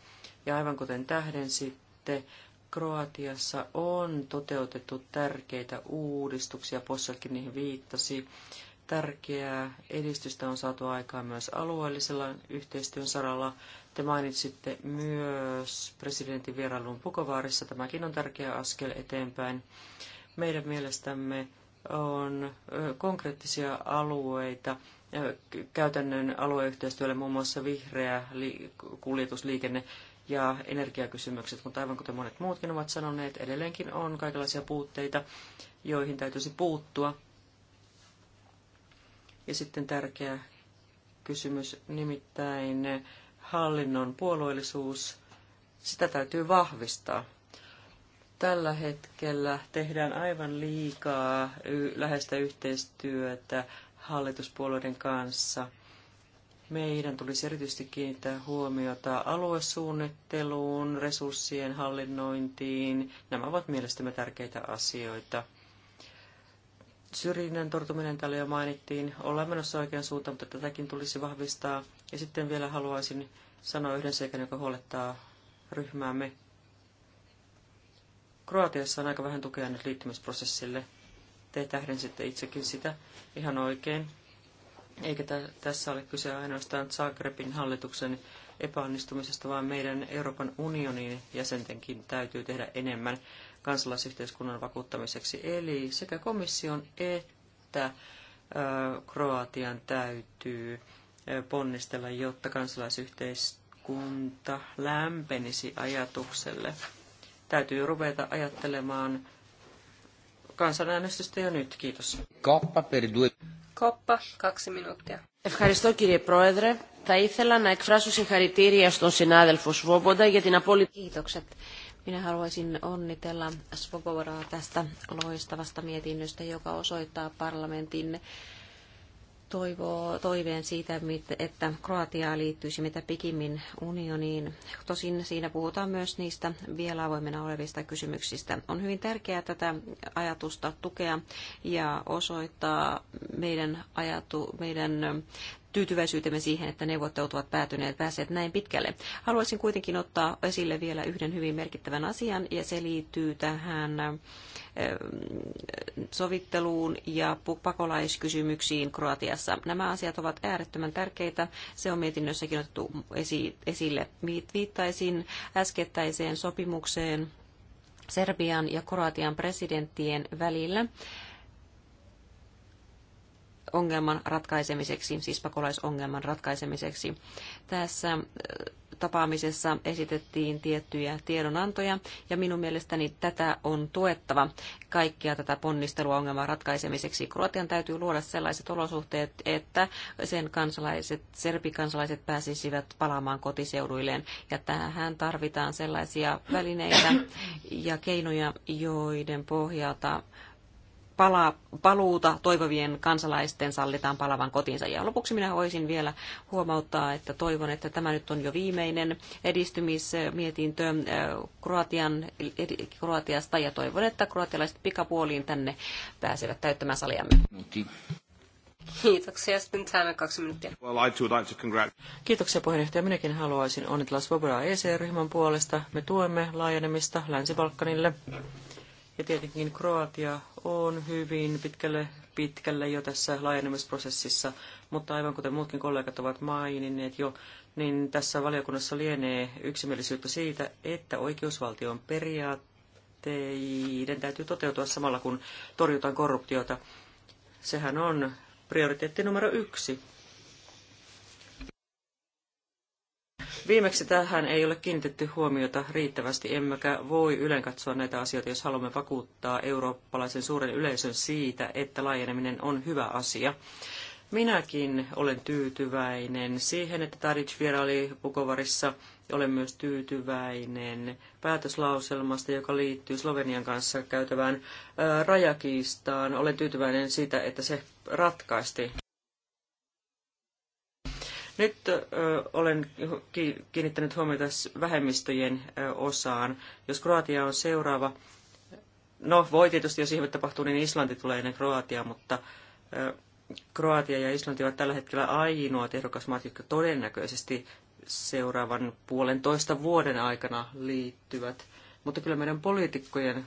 Ja aivan kuten tähden sitten, Kroatiassa on toteutettu tärkeitä uudistuksia, Posselkin niihin viittasi. Tärkeää edistystä on saatu aikaan myös alueellisella yhteistyön saralla. Te mainitsitte myös presidentin vierailun Pukovaarissa. Tämäkin on tärkeä askel eteenpäin. Meidän mielestämme on konkreettisia alueita käytännön alueyhteistyölle, muun muassa vihreä kuljetusliikenne, ja energiakysymykset, mutta aivan kuten monet muutkin ovat sanoneet, edelleenkin on kaikenlaisia puutteita, joihin täytyisi puuttua. Ja sitten tärkeä kysymys, nimittäin hallinnon puolueellisuus, sitä täytyy vahvistaa. Tällä hetkellä tehdään aivan liikaa läheistä yhteistyötä hallituspuolueiden kanssa – meidän tulisi erityisesti kiinnittää huomiota aluesuunnitteluun, resurssien hallinnointiin. Nämä ovat mielestämme tärkeitä asioita. Syrjinnän tortuminen täällä jo mainittiin. Ollaan menossa oikean suuntaan, mutta tätäkin tulisi vahvistaa. Ja sitten vielä haluaisin sanoa yhden seikan, joka huolettaa ryhmäämme. Kroatiassa on aika vähän tukea nyt liittymisprosessille. Te sitten itsekin sitä ihan oikein. Eikä tässä ole kyse ainoastaan Zagrebin hallituksen epäonnistumisesta, vaan meidän Euroopan unionin jäsentenkin täytyy tehdä enemmän kansalaisyhteiskunnan vakuuttamiseksi. Eli sekä komission että Kroatian täytyy ponnistella, jotta kansalaisyhteiskunta lämpenisi ajatukselle. Täytyy ruveta ajattelemaan kansanäänestystä jo nyt. Kiitos. Koppa, kaksi minuuttia. Ευχαριστώ κύριε Πρόεδρε. Θα ήθελα να εκφράσω συγχαρητήρια στον συνάδελφο Σβόμποντα για την απόλυτη... Kiitokset. Minä haluaisin onnitella Svobodaa tästä loistavasta mietinnöstä, joka osoittaa parlamentin toivoo toiveen siitä, että Kroatiaa liittyisi mitä pikimmin unioniin. Tosin siinä puhutaan myös niistä vielä avoimena olevista kysymyksistä. On hyvin tärkeää tätä ajatusta tukea ja osoittaa meidän, ajatu, meidän tyytyväisyytemme siihen, että neuvottelut ovat päätyneet päässeet näin pitkälle. Haluaisin kuitenkin ottaa esille vielä yhden hyvin merkittävän asian, ja se liittyy tähän ähm, sovitteluun ja pakolaiskysymyksiin Kroatiassa. Nämä asiat ovat äärettömän tärkeitä. Se on mietinnössäkin otettu esille. Viittaisin äskettäiseen sopimukseen Serbian ja Kroatian presidenttien välillä ongelman ratkaisemiseksi, siis pakolaisongelman ratkaisemiseksi. Tässä äh, tapaamisessa esitettiin tiettyjä tiedonantoja ja minun mielestäni tätä on tuettava kaikkia tätä ponnistelua ongelman ratkaisemiseksi. Kroatian täytyy luoda sellaiset olosuhteet, että sen kansalaiset, serbikansalaiset pääsisivät palaamaan kotiseuduilleen ja tähän tarvitaan sellaisia välineitä ja keinoja, joiden pohjalta pala, paluuta toivovien kansalaisten sallitaan palavan kotiinsa. Ja lopuksi minä voisin vielä huomauttaa, että toivon, että tämä nyt on jo viimeinen edistymismietintö äh, Kroatian, Kroatiasta ja toivon, että kroatialaiset pikapuoliin tänne pääsevät täyttämään saliamme. Kiitoksia. Sitten kaksi minuuttia. Well, I too like to Kiitoksia puheenjohtaja. Minäkin haluaisin onnitella Svoboda EC-ryhmän puolesta. Me tuemme laajenemista Länsi-Balkanille. Ja tietenkin Kroatia on hyvin pitkälle, pitkälle jo tässä laajenemisprosessissa, mutta aivan kuten muutkin kollegat ovat maininneet jo, niin tässä valiokunnassa lienee yksimielisyyttä siitä, että oikeusvaltion periaatteiden täytyy toteutua samalla kun torjutaan korruptiota. Sehän on prioriteetti numero yksi Viimeksi tähän ei ole kiinnitetty huomiota riittävästi, emmekä voi ylenkatsoa näitä asioita, jos haluamme vakuuttaa eurooppalaisen suuren yleisön siitä, että laajeneminen on hyvä asia. Minäkin olen tyytyväinen siihen, että Tadic vieraili Pukovarissa. Olen myös tyytyväinen päätöslauselmasta, joka liittyy Slovenian kanssa käytävään rajakiistaan. Olen tyytyväinen siitä, että se ratkaisti. Nyt olen kiinnittänyt huomiota vähemmistöjen osaan. Jos Kroatia on seuraava, no voi tietysti, jos ihme tapahtuu, niin Islanti tulee ennen Kroatiaa, mutta Kroatia ja Islanti ovat tällä hetkellä ainoat ehdokasmaat, jotka todennäköisesti seuraavan puolentoista vuoden aikana liittyvät. Mutta kyllä meidän poliitikkojen,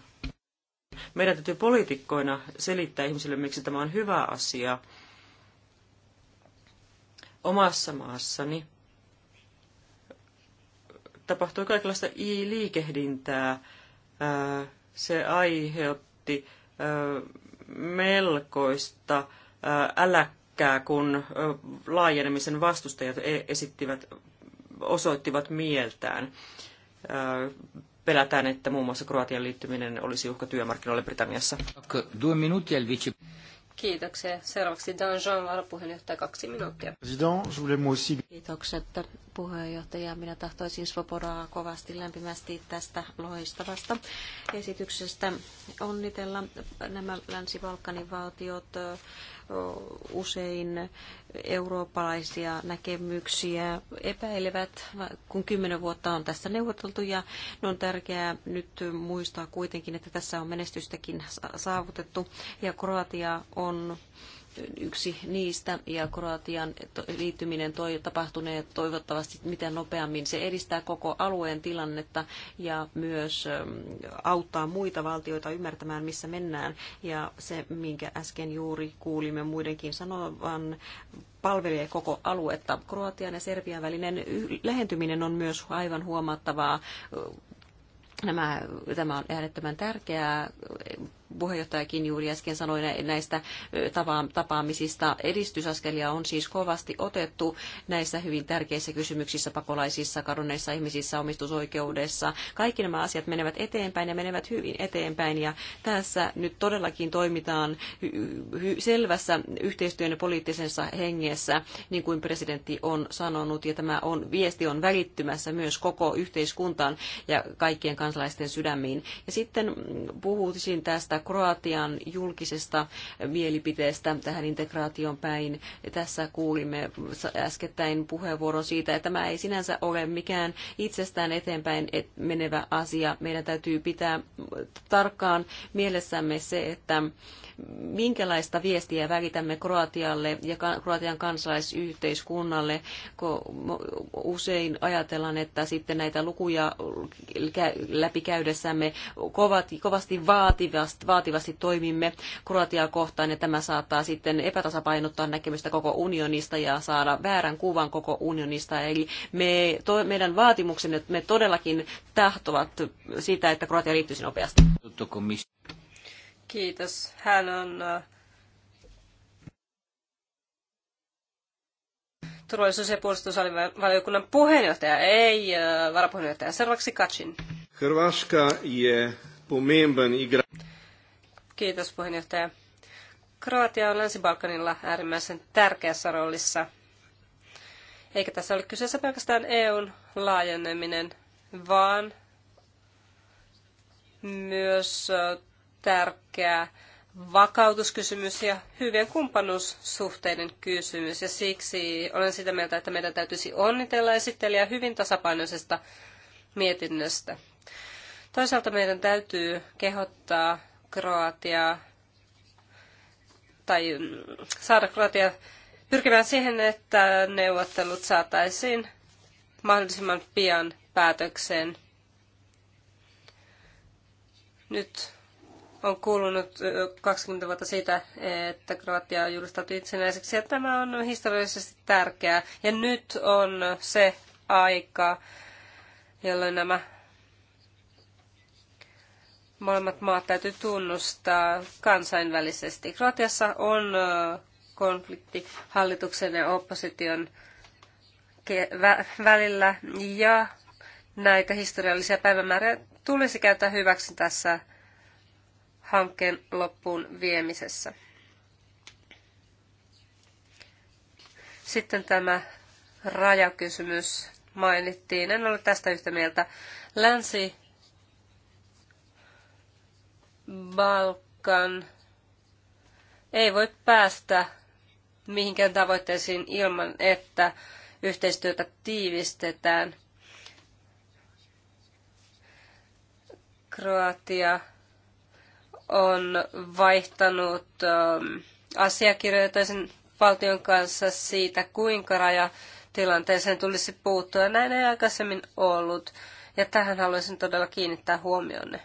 meidän täytyy poliitikkoina selittää ihmisille, miksi tämä on hyvä asia omassa maassani tapahtui kaikenlaista liikehdintää. Se aiheutti melkoista äläkkää, kun laajenemisen vastustajat e-, esittivät, osoittivat mieltään. Pelätään, että muun muassa Kroatian liittyminen olisi uhka työmarkkinoille Britanniassa. Kiitoksia. Seuraavaksi Danjean varapuheenjohtaja kaksi minuuttia. Kiitokset puheenjohtaja. Minä tahtoisin Svobodaa kovasti lämpimästi tästä loistavasta esityksestä onnitella nämä Länsi-Balkanin valtiot usein eurooppalaisia näkemyksiä epäilevät, kun kymmenen vuotta on tässä neuvoteltu ja on tärkeää nyt muistaa kuitenkin, että tässä on menestystäkin saavutettu ja Kroatia on yksi niistä ja Kroatian liittyminen toi, tapahtuneet toivottavasti miten nopeammin. Se edistää koko alueen tilannetta ja myös ähm, auttaa muita valtioita ymmärtämään, missä mennään. Ja se, minkä äsken juuri kuulimme muidenkin sanovan, palvelee koko aluetta. Kroatian ja Serbian välinen lähentyminen on myös aivan huomattavaa äh, Nämä, tämä on äärettömän tärkeää puheenjohtajakin juuri äsken sanoi näistä tapaamisista. Edistysaskelia on siis kovasti otettu näissä hyvin tärkeissä kysymyksissä, pakolaisissa, kadonneissa ihmisissä, omistusoikeudessa. Kaikki nämä asiat menevät eteenpäin ja menevät hyvin eteenpäin ja tässä nyt todellakin toimitaan selvässä yhteistyön ja poliittisessa hengessä, niin kuin presidentti on sanonut ja tämä on, viesti on välittymässä myös koko yhteiskuntaan ja kaikkien kansalaisten sydämiin. Ja sitten puhuisin tästä Kroatian julkisesta mielipiteestä tähän integraation päin. Tässä kuulimme äskettäin puheenvuoron siitä, että tämä ei sinänsä ole mikään itsestään eteenpäin menevä asia. Meidän täytyy pitää tarkkaan mielessämme se, että minkälaista viestiä välitämme Kroatialle ja Kroatian kansalaisyhteiskunnalle. Usein ajatellaan, että sitten näitä lukuja läpikäydessämme kovasti vaativasti, vaativasti toimimme Kroatiaa kohtaan ja tämä saattaa sitten epätasapainottaa näkemystä koko unionista ja saada väärän kuvan koko unionista. Eli me, to, meidän vaatimuksemme me todellakin tahtovat sitä, että Kroatia liittyisi nopeasti. Kiitos. Hän on äh, turvallisuus- ja puolustusvaliokunnan puheenjohtaja, ei äh, varapuheenjohtaja. Seuraavaksi Kacin. Hrvatska je pomemben igra... Kiitos puheenjohtaja. Kroatia on Länsi-Balkanilla äärimmäisen tärkeässä roolissa. Eikä tässä ole kyseessä pelkästään EUn laajeneminen, vaan myös tärkeä vakautuskysymys ja hyvien kumppanuussuhteiden kysymys. Ja siksi olen sitä mieltä, että meidän täytyisi onnitella esittelijää hyvin tasapainoisesta mietinnöstä. Toisaalta meidän täytyy kehottaa Kroatia tai mm, saada Kroatia pyrkimään siihen, että neuvottelut saataisiin mahdollisimman pian päätökseen. Nyt on kuulunut 20 vuotta siitä, että Kroatia on julistettu itsenäiseksi ja tämä on historiallisesti tärkeää. Ja nyt on se aika, jolloin nämä molemmat maat täytyy tunnustaa kansainvälisesti. Kroatiassa on konflikti hallituksen ja opposition välillä ja näitä historiallisia päivämääriä tulisi käyttää hyväksi tässä hankkeen loppuun viemisessä. Sitten tämä rajakysymys mainittiin. En ole tästä yhtä mieltä. Länsi Balkan ei voi päästä mihinkään tavoitteisiin ilman, että yhteistyötä tiivistetään. Kroatia on vaihtanut ähm, asiakirjoja toisen valtion kanssa siitä, kuinka tilanteeseen tulisi puuttua. Näin ei aikaisemmin ollut, ja tähän haluaisin todella kiinnittää huomionne.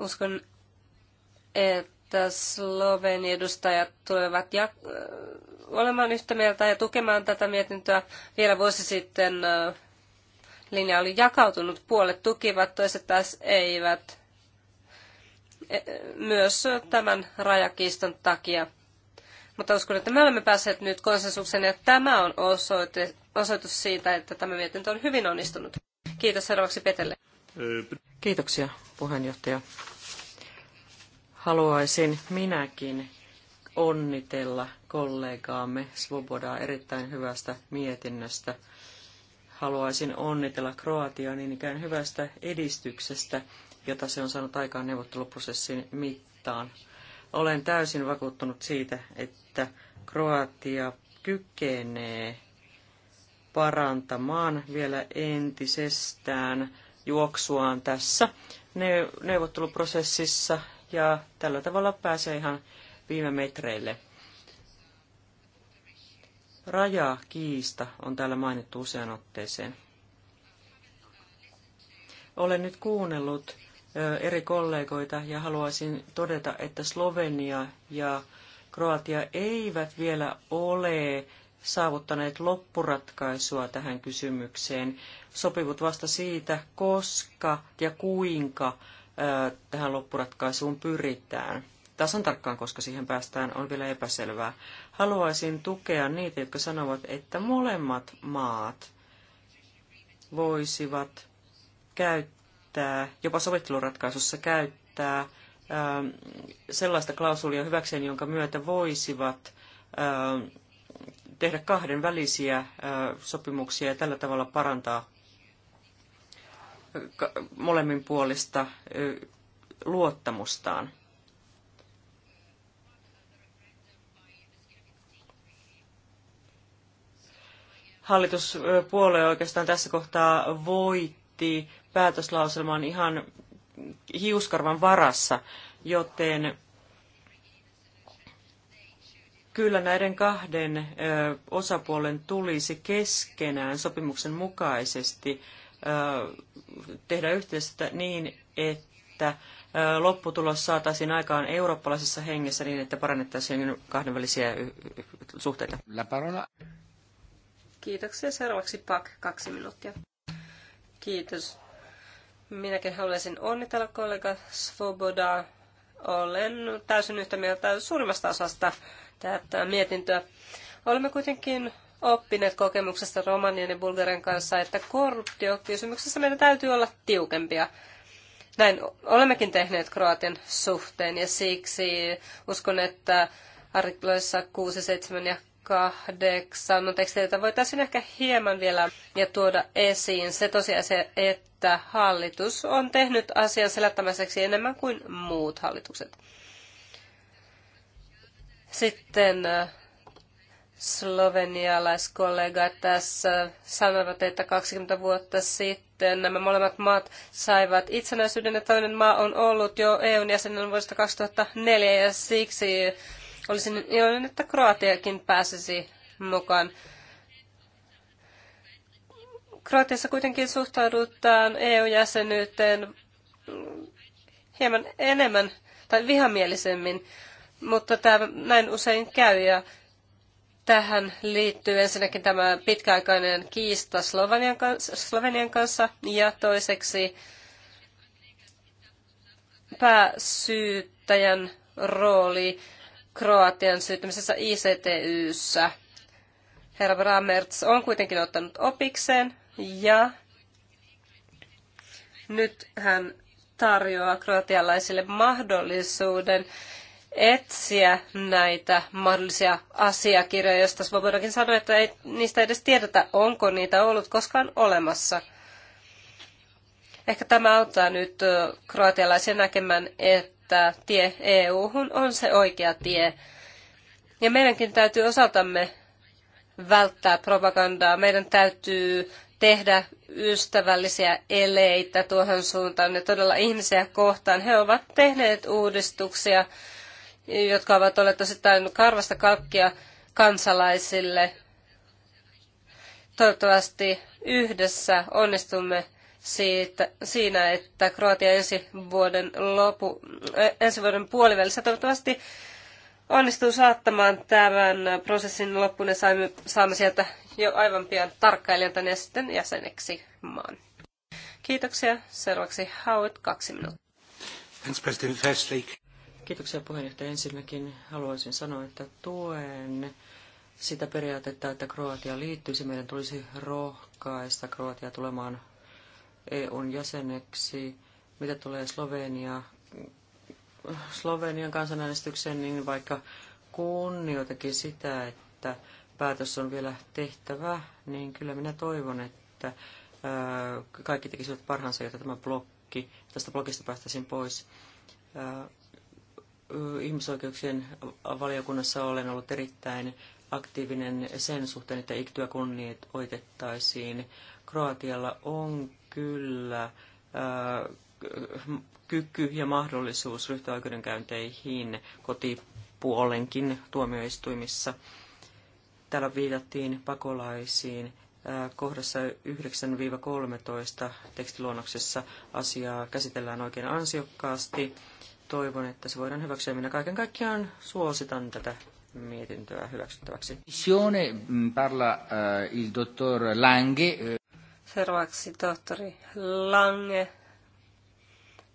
Uskon, että Sloven edustajat tulevat ja, äh, olemaan yhtä mieltä ja tukemaan tätä mietintöä. Vielä vuosi sitten äh, linja oli jakautunut, puolet tukivat, toiset taas eivät. E, myös tämän rajakiiston takia. Mutta uskon, että me olemme päässeet nyt konsensuksen ja tämä on osoite, osoitus siitä, että tämä mietintö on hyvin onnistunut. Kiitos seuraavaksi Petelle. Kiitoksia puheenjohtaja. Haluaisin minäkin onnitella kollegaamme Svobodaa erittäin hyvästä mietinnöstä. Haluaisin onnitella Kroatiaa niin ikään hyvästä edistyksestä, jota se on saanut aikaan neuvotteluprosessin mittaan. Olen täysin vakuuttunut siitä, että Kroatia kykenee parantamaan vielä entisestään juoksuaan tässä neuvotteluprosessissa ja tällä tavalla pääsee ihan viime metreille. Raja kiista on täällä mainittu usean otteeseen. Olen nyt kuunnellut eri kollegoita ja haluaisin todeta, että Slovenia ja Kroatia eivät vielä ole saavuttaneet loppuratkaisua tähän kysymykseen. Sopivut vasta siitä, koska ja kuinka tähän loppuratkaisuun pyritään. Tasan tarkkaan, koska siihen päästään, on vielä epäselvää. Haluaisin tukea niitä, jotka sanovat, että molemmat maat voisivat käyttää, jopa sovitteluratkaisussa käyttää sellaista klausulia hyväkseen, jonka myötä voisivat tehdä kahden välisiä sopimuksia ja tällä tavalla parantaa molemmin puolista luottamustaan. Hallituspuolue oikeastaan tässä kohtaa voitti päätöslauselman ihan hiuskarvan varassa, joten kyllä näiden kahden osapuolen tulisi keskenään sopimuksen mukaisesti tehdä yhteistyötä niin, että lopputulos saataisiin aikaan eurooppalaisessa hengessä niin, että parannettaisiin kahdenvälisiä suhteita. Kiitoksia. Seuraavaksi Pak, kaksi minuuttia. Kiitos. Minäkin haluaisin onnitella kollega Svoboda Olen täysin yhtä mieltä suurimmasta osasta tätä mietintöä. Olemme kuitenkin oppineet kokemuksesta Romanian ja Bulgarian kanssa, että korruptiokysymyksessä meidän täytyy olla tiukempia. Näin olemmekin tehneet Kroatian suhteen ja siksi uskon, että artikloissa 6, 7 ja 8 no teksteitä voitaisiin ehkä hieman vielä ja tuoda esiin se tosiasia, että hallitus on tehnyt asian selättämiseksi enemmän kuin muut hallitukset. Sitten äh, Slovenialaiskollegat tässä sanovat, että 20 vuotta sitten nämä molemmat maat saivat itsenäisyyden ja toinen maa on ollut jo EUn jäsenen vuodesta 2004 ja siksi olisin iloinen, että Kroatiakin pääsisi mukaan. Kroatiassa kuitenkin suhtaudutaan EU-jäsenyyteen hieman enemmän tai vihamielisemmin, mutta tämä näin usein käy ja Tähän liittyy ensinnäkin tämä pitkäaikainen kiista Slovenian kanssa, Slovenian kanssa ja toiseksi pääsyyttäjän rooli Kroatian syyttämisessä ICTYssä. Herra Bramertz on kuitenkin ottanut opikseen ja nyt hän tarjoaa kroatialaisille mahdollisuuden etsiä näitä mahdollisia asiakirjoja, joista Svobodakin sanoi, että ei niistä edes tiedetä, onko niitä ollut koskaan olemassa. Ehkä tämä auttaa nyt kroatialaisia näkemään, että tie EU-hun on se oikea tie. Ja meidänkin täytyy osaltamme välttää propagandaa. Meidän täytyy tehdä ystävällisiä eleitä tuohon suuntaan ja todella ihmisiä kohtaan. He ovat tehneet uudistuksia jotka ovat olleet osittain karvasta kalkkia kansalaisille. Toivottavasti yhdessä onnistumme siitä, siinä, että Kroatia ensi vuoden, lopu, eh, ensi vuoden puolivälissä toivottavasti onnistuu saattamaan tämän prosessin loppuun ja saamme, saamme sieltä jo aivan pian tarkkailijan ja sitten jäseneksi maan. Kiitoksia. Seuraavaksi Howard, kaksi minuuttia. Thanks, President. Kiitoksia puheenjohtaja. Ensinnäkin haluaisin sanoa, että tuen sitä periaatetta, että Kroatia liittyisi. Meidän tulisi rohkaista Kroatia tulemaan EUn jäseneksi. Mitä tulee Slovenia, Slovenian kansanäänestykseen, niin vaikka kunnioitakin sitä, että päätös on vielä tehtävä, niin kyllä minä toivon, että kaikki tekisivät parhaansa, jotta tämä blokki, tästä blokista päästäisiin pois ihmisoikeuksien valiokunnassa olen ollut erittäin aktiivinen sen suhteen, että iktyä oitettaisiin. Kroatialla on kyllä äh, kyky ja mahdollisuus ryhtyä oikeudenkäynteihin kotipuolenkin tuomioistuimissa. Täällä viitattiin pakolaisiin. Äh, kohdassa 9-13 tekstiluonnoksessa asiaa käsitellään oikein ansiokkaasti toivon, että se voidaan hyväksyä. Minä kaiken kaikkiaan suositan tätä mietintöä hyväksyttäväksi. Missione mm, parla uh, il dottor Lange. Eh. Seuraavaksi tohtori Lange.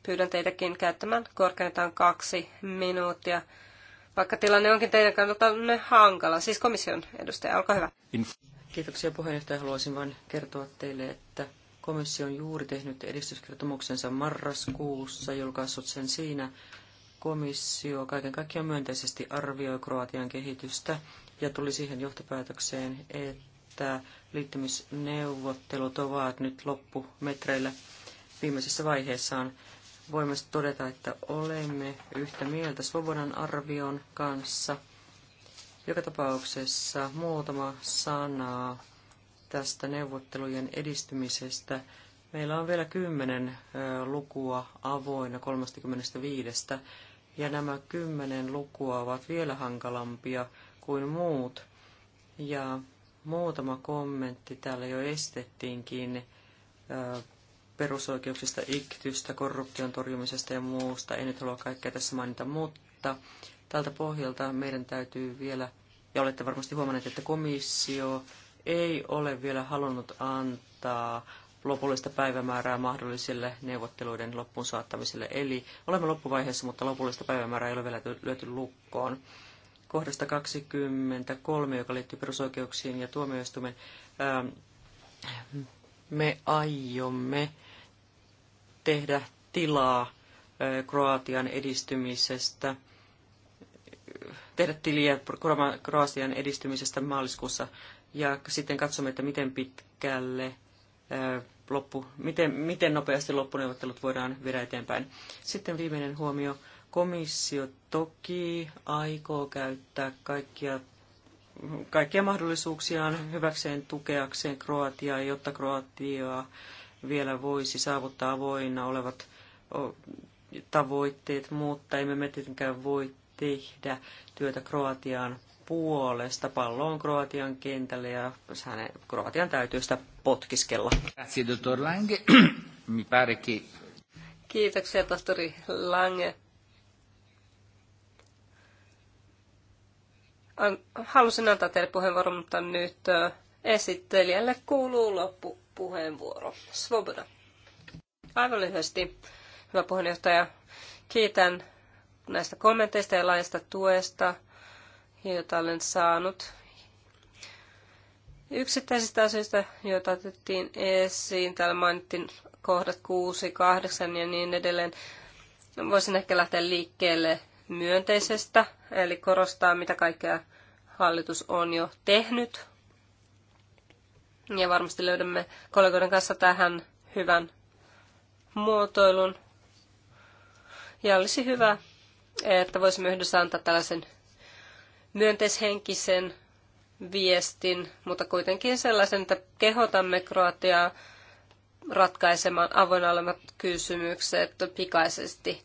Pyydän teitäkin käyttämään korkeintaan kaksi minuuttia, vaikka tilanne onkin teidän kannaltanne hankala. Siis komission edustaja, olkaa hyvä. Kiitoksia puheenjohtaja. Haluaisin vain kertoa teille, että Komissio on juuri tehnyt edistyskertomuksensa marraskuussa, julkaissut sen siinä. Komissio kaiken kaikkiaan myönteisesti arvioi Kroatian kehitystä ja tuli siihen johtopäätökseen, että liittymisneuvottelut ovat nyt loppumetreillä viimeisessä vaiheessaan. Voimme todeta, että olemme yhtä mieltä Svobodan arvion kanssa. Joka tapauksessa muutama sana tästä neuvottelujen edistymisestä. Meillä on vielä kymmenen lukua avoinna 35, ja nämä kymmenen lukua ovat vielä hankalampia kuin muut. Ja muutama kommentti täällä jo estettiinkin perusoikeuksista, iktystä, korruption torjumisesta ja muusta. En nyt halua kaikkea tässä mainita, mutta tältä pohjalta meidän täytyy vielä, ja olette varmasti huomanneet, että komissio ei ole vielä halunnut antaa lopullista päivämäärää mahdollisille neuvotteluiden loppuun saattamiselle. Eli olemme loppuvaiheessa, mutta lopullista päivämäärää ei ole vielä löyty lukkoon. Kohdasta 23, joka liittyy perusoikeuksiin ja tuomioistuimen, ähm, me aiomme tehdä tilaa äh, Kroatian edistymisestä, äh, tehdä tiliä Kroatian edistymisestä maaliskuussa ja sitten katsomme, että miten pitkälle loppu, miten, miten nopeasti loppuneuvottelut voidaan viedä eteenpäin. Sitten viimeinen huomio. Komissio toki aikoo käyttää kaikkia, kaikkia mahdollisuuksiaan hyväkseen tukeakseen Kroatiaa, jotta Kroatiaa vielä voisi saavuttaa avoinna olevat tavoitteet, mutta emme me tietenkään voi tehdä työtä Kroatiaan puolesta. Pallo on Kroatian kentällä ja hänen, Kroatian täytyy sitä potkiskella. Grazie, dottor Lange. [clears throat] Mi pare che... Kiitoksia, tohtori Lange. Halusin antaa teille puheenvuoron, mutta nyt esittelijälle kuuluu loppupuheenvuoro. Svoboda. Aivan lyhyesti, hyvä puheenjohtaja. Kiitän näistä kommenteista ja laajasta tuesta – jota olen saanut. Yksittäisistä asioista, joita otettiin esiin, täällä mainittiin kohdat 6, 8 ja niin edelleen. Voisin ehkä lähteä liikkeelle myönteisestä, eli korostaa, mitä kaikkea hallitus on jo tehnyt. Ja varmasti löydämme kollegoiden kanssa tähän hyvän muotoilun. Ja olisi hyvä, että voisimme yhdessä antaa tällaisen myönteishenkisen viestin, mutta kuitenkin sellaisen, että kehotamme Kroatiaa ratkaisemaan avoinna olevat kysymykset pikaisesti.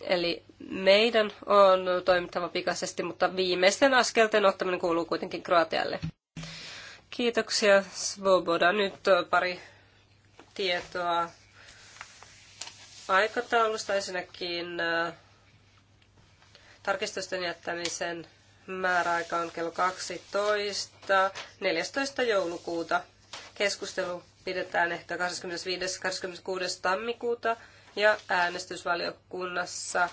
Eli meidän on toimittava pikaisesti, mutta viimeisten askelten ottaminen kuuluu kuitenkin Kroatialle. Kiitoksia Svoboda. Nyt pari tietoa aikataulusta. Ensinnäkin Tarkistusten jättämisen määräaika on kello 12. 14. joulukuuta. Keskustelu pidetään ehkä 25-26. tammikuuta ja äänestysvaliokunnassa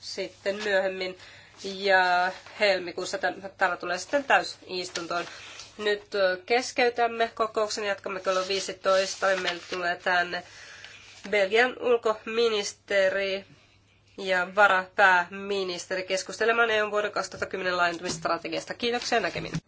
sitten myöhemmin. Ja helmikuussa täällä tulee sitten täysistuntoon. Nyt keskeytämme kokouksen, jatkamme kello 15. Meille tulee tänne Belgian ulkoministeri ja varapääministeri keskustelemaan EUn vuoden 2010 laajentumisstrategiasta. Kiitoksia näkeminen.